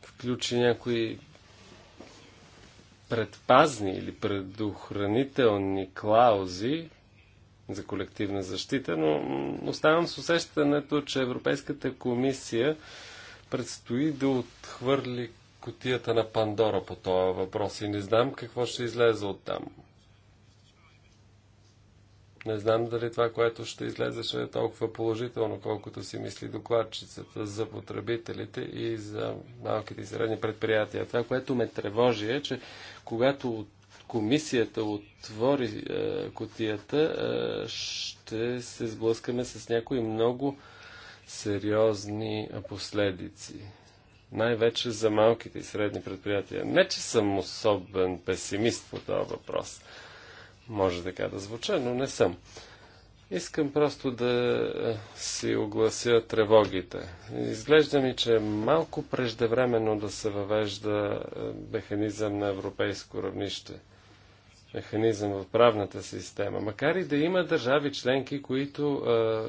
Speaker 2: включи някои предпазни или предохранителни клаузи, за колективна защита, но оставам с усещането, че Европейската комисия предстои да отхвърли котията на Пандора по този въпрос и не знам какво ще излезе от там. Не знам дали това, което ще излезе, ще е толкова положително, колкото си мисли докладчицата за потребителите и за малките и средни предприятия. Това, което ме тревожи е, че когато комисията отвори е, котията, е, ще се сблъскаме с някои много сериозни последици. Най-вече за малките и средни предприятия. Не, че съм особен песимист по този въпрос. Може така да звуча, но не съм. Искам просто да е, си оглася тревогите. Изглежда ми, че е малко преждевременно да се въвежда е, механизъм на европейско равнище – механизъм в правната система. Макар и да има държави членки, които а,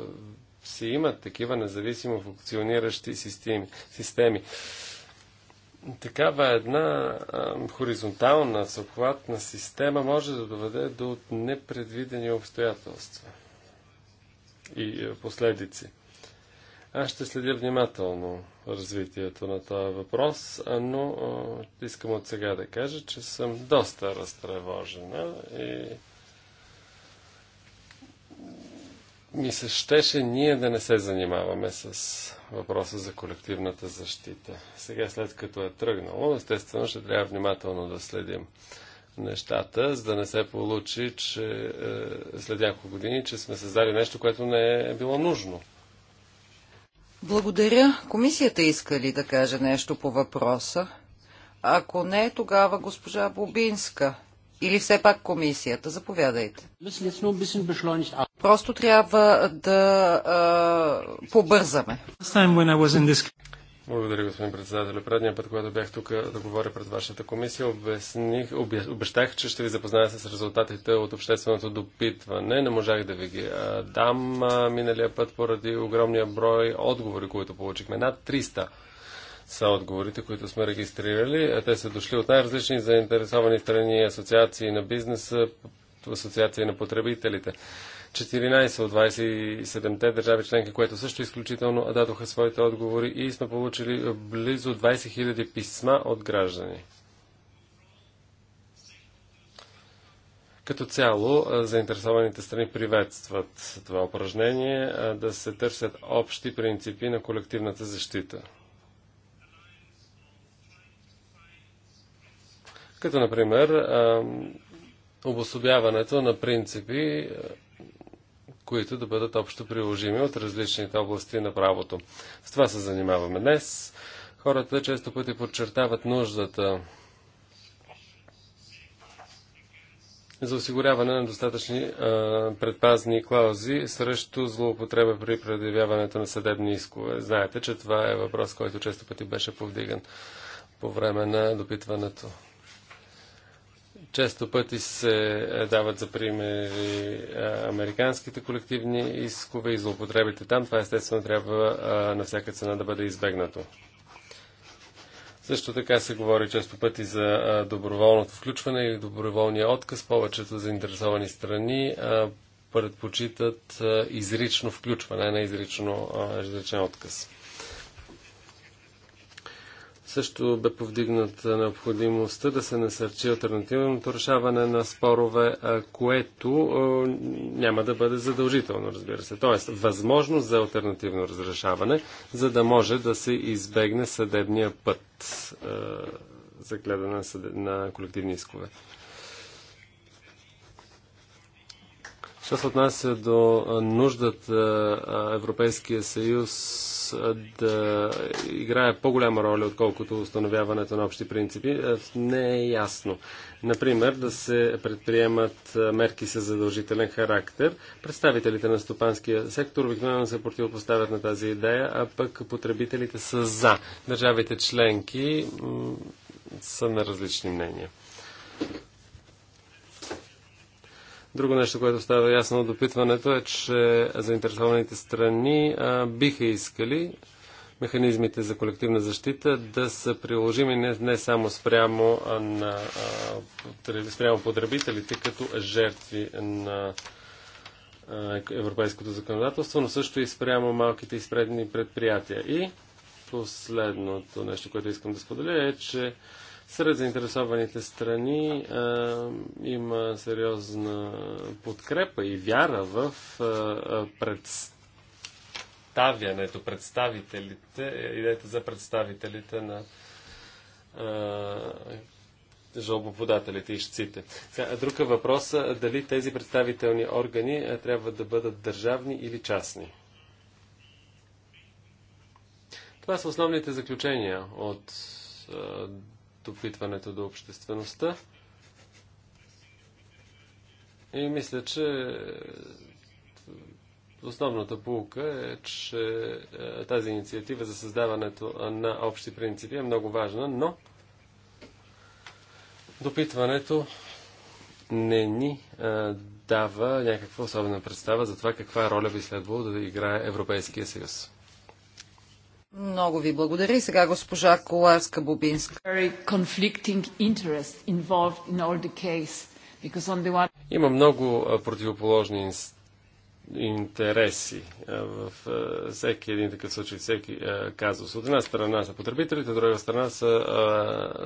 Speaker 2: си имат такива независимо функциониращи системи. системи. Такава една а, хоризонтална, съхватна система може да доведе до непредвидени обстоятелства и последици. Аз ще следя внимателно развитието на този въпрос, но а, искам от сега да кажа, че съм доста разтревожена и ми се щеше ние да не се занимаваме с въпроса за колективната защита. Сега, след като е тръгнало, естествено ще трябва внимателно да следим нещата, за да не се получи, че е, след няколко години, че сме създали нещо, което не е било нужно.
Speaker 1: Благодаря. Комисията иска ли да каже нещо по въпроса? Ако не, тогава госпожа Бобинска. Или все пак комисията. Заповядайте. Просто трябва да а, побързаме.
Speaker 2: Благодаря, господин председател. Предния път, когато бях тук да говоря пред вашата комисия, обясних, обещах, че ще ви запозная с резултатите от общественото допитване. Не можах да ви ги дам миналия път поради огромния брой отговори, които получихме. Над 300 са отговорите, които сме регистрирали. Те са дошли от най-различни заинтересовани страни, асоциации на бизнеса, асоциации на потребителите. 14 от 27-те държави членки, което също е изключително дадоха своите отговори и сме получили близо 20 000 писма от граждани. Като цяло, заинтересованите страни приветстват това упражнение да се търсят общи принципи на колективната защита. Като, например, обособяването на принципи които да бъдат общо приложими от различните области на правото. С това се занимаваме днес. Хората често пъти подчертават нуждата за осигуряване на достатъчни а, предпазни клаузи срещу злоупотреба при предявяването на съдебни искове. Знаете, че това е въпрос, който често пъти беше повдиган по време на допитването. Често пъти се е, дават за примери е, американските колективни искове и злоупотребите там. Това естествено трябва е, на всяка цена да бъде избегнато. Също така се говори често пъти за доброволното включване или доброволния отказ. Повечето заинтересовани страни предпочитат изрично включване, а не изрично, изречен отказ. Също бе повдигната необходимостта да се насърчи альтернативното решаване на спорове, което няма да бъде задължително, разбира се. Тоест, възможност за альтернативно разрешаване, за да може да се избегне съдебния път за гледане на колективни искове. Що се отнася до нуждата Европейския съюз да играе по-голяма роля, отколкото установяването на общи принципи, не е ясно. Например, да се предприемат мерки с задължителен характер. Представителите на стопанския сектор обикновено се противопоставят на тази идея, а пък потребителите са за. Държавите членки са на различни мнения. Друго нещо, което става ясно от допитването е, че заинтересованите страни биха искали механизмите за колективна защита да са приложими не, не само спрямо, на, а, спрямо потребителите като жертви на европейското законодателство, но също и спрямо малките и спредни предприятия. И последното нещо, което искам да споделя е, че сред заинтересованите страни а, има сериозна подкрепа и вяра в а, представянето, представителите, идеята за представителите на а, жалбоподателите и щците. Сега, друг е дали тези представителни органи трябва да бъдат държавни или частни. Това са основните заключения от допитването до обществеността. И мисля, че основната полука е, че е, тази инициатива за създаването на общи принципи е много важна, но допитването не ни а, е, дава някаква особена представа за това каква роля би следвало да играе Европейския съюз.
Speaker 1: Много ви благодаря. И сега госпожа Коларска-Бубинска.
Speaker 2: Има много противоположни интереси в всеки един такъв случай, всеки казус. От една страна са потребителите, от друга страна са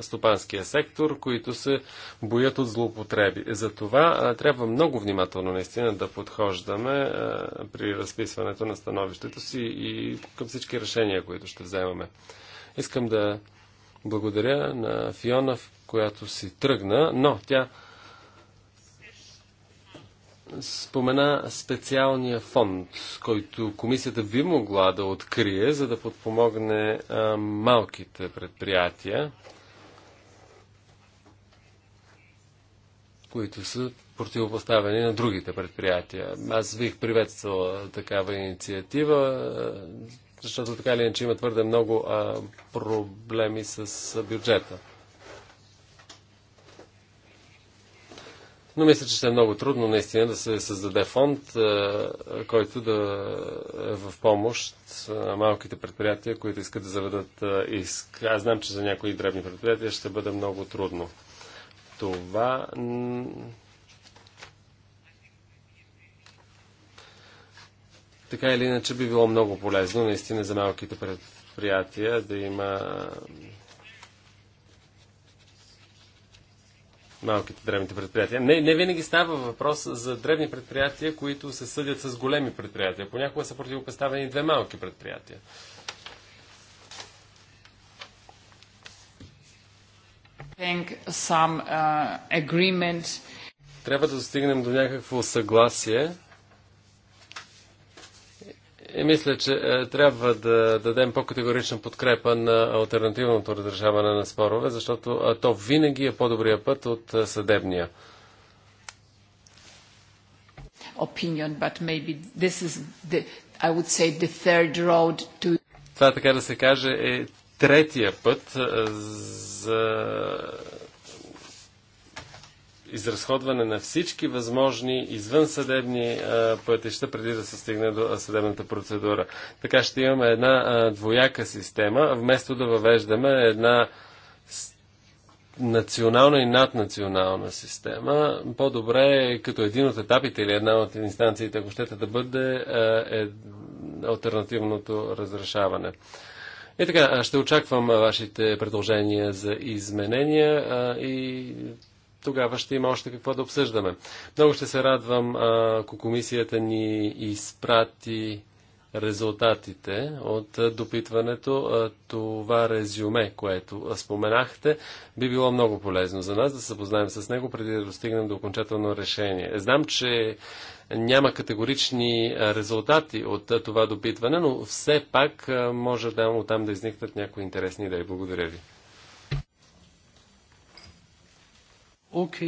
Speaker 2: стопанския сектор, които се боят от злоупотреби. Затова трябва много внимателно наистина да подхождаме при разписването на становището си и към всички решения, които ще вземаме. Искам да благодаря на Фиона, която си тръгна, но тя спомена специалния фонд, който комисията би могла да открие, за да подпомогне а, малките предприятия, които са противопоставени на другите предприятия. Аз бих приветствал такава инициатива, защото така или иначе има твърде много а, проблеми с бюджета. Но мисля, че ще е много трудно наистина да се създаде фонд, е, който да е в помощ на е, малките предприятия, които искат да заведат е, иск. Аз знам, че за някои дребни предприятия ще бъде много трудно. Това така или иначе би било много полезно наистина за малките предприятия да има малките древните предприятия. Не, не винаги става въпрос за древни предприятия, които се съдят с големи предприятия. Понякога са противопоставени две малки предприятия. Some, uh, Трябва да достигнем до някакво съгласие и мисля, че е, трябва да дадем по-категорична подкрепа на альтернативното разрешаване на спорове, защото е, то винаги е по-добрия път от е, съдебния.
Speaker 3: Opinion, but maybe this is the, I would say the
Speaker 1: third road to...
Speaker 2: Това така да се каже е третия път за изразходване на всички възможни извънсъдебни пътища преди да се стигне до съдебната процедура. Така ще имаме една двояка система, вместо да въвеждаме една национална и наднационална система. По-добре е като един от етапите или една от инстанциите, ако щете да бъде а, е альтернативното разрешаване. И така, ще очаквам вашите предложения за изменения и тогава ще има още какво да обсъждаме. Много ще се радвам, ако комисията ни изпрати резултатите от допитването, това резюме, което споменахте, би било много полезно за нас да се познаем с него преди да достигнем до окончателно решение. Знам, че няма категорични резултати от това допитване, но все пак може да оттам да изникнат някои интересни идеи. Благодаря ви. Okay.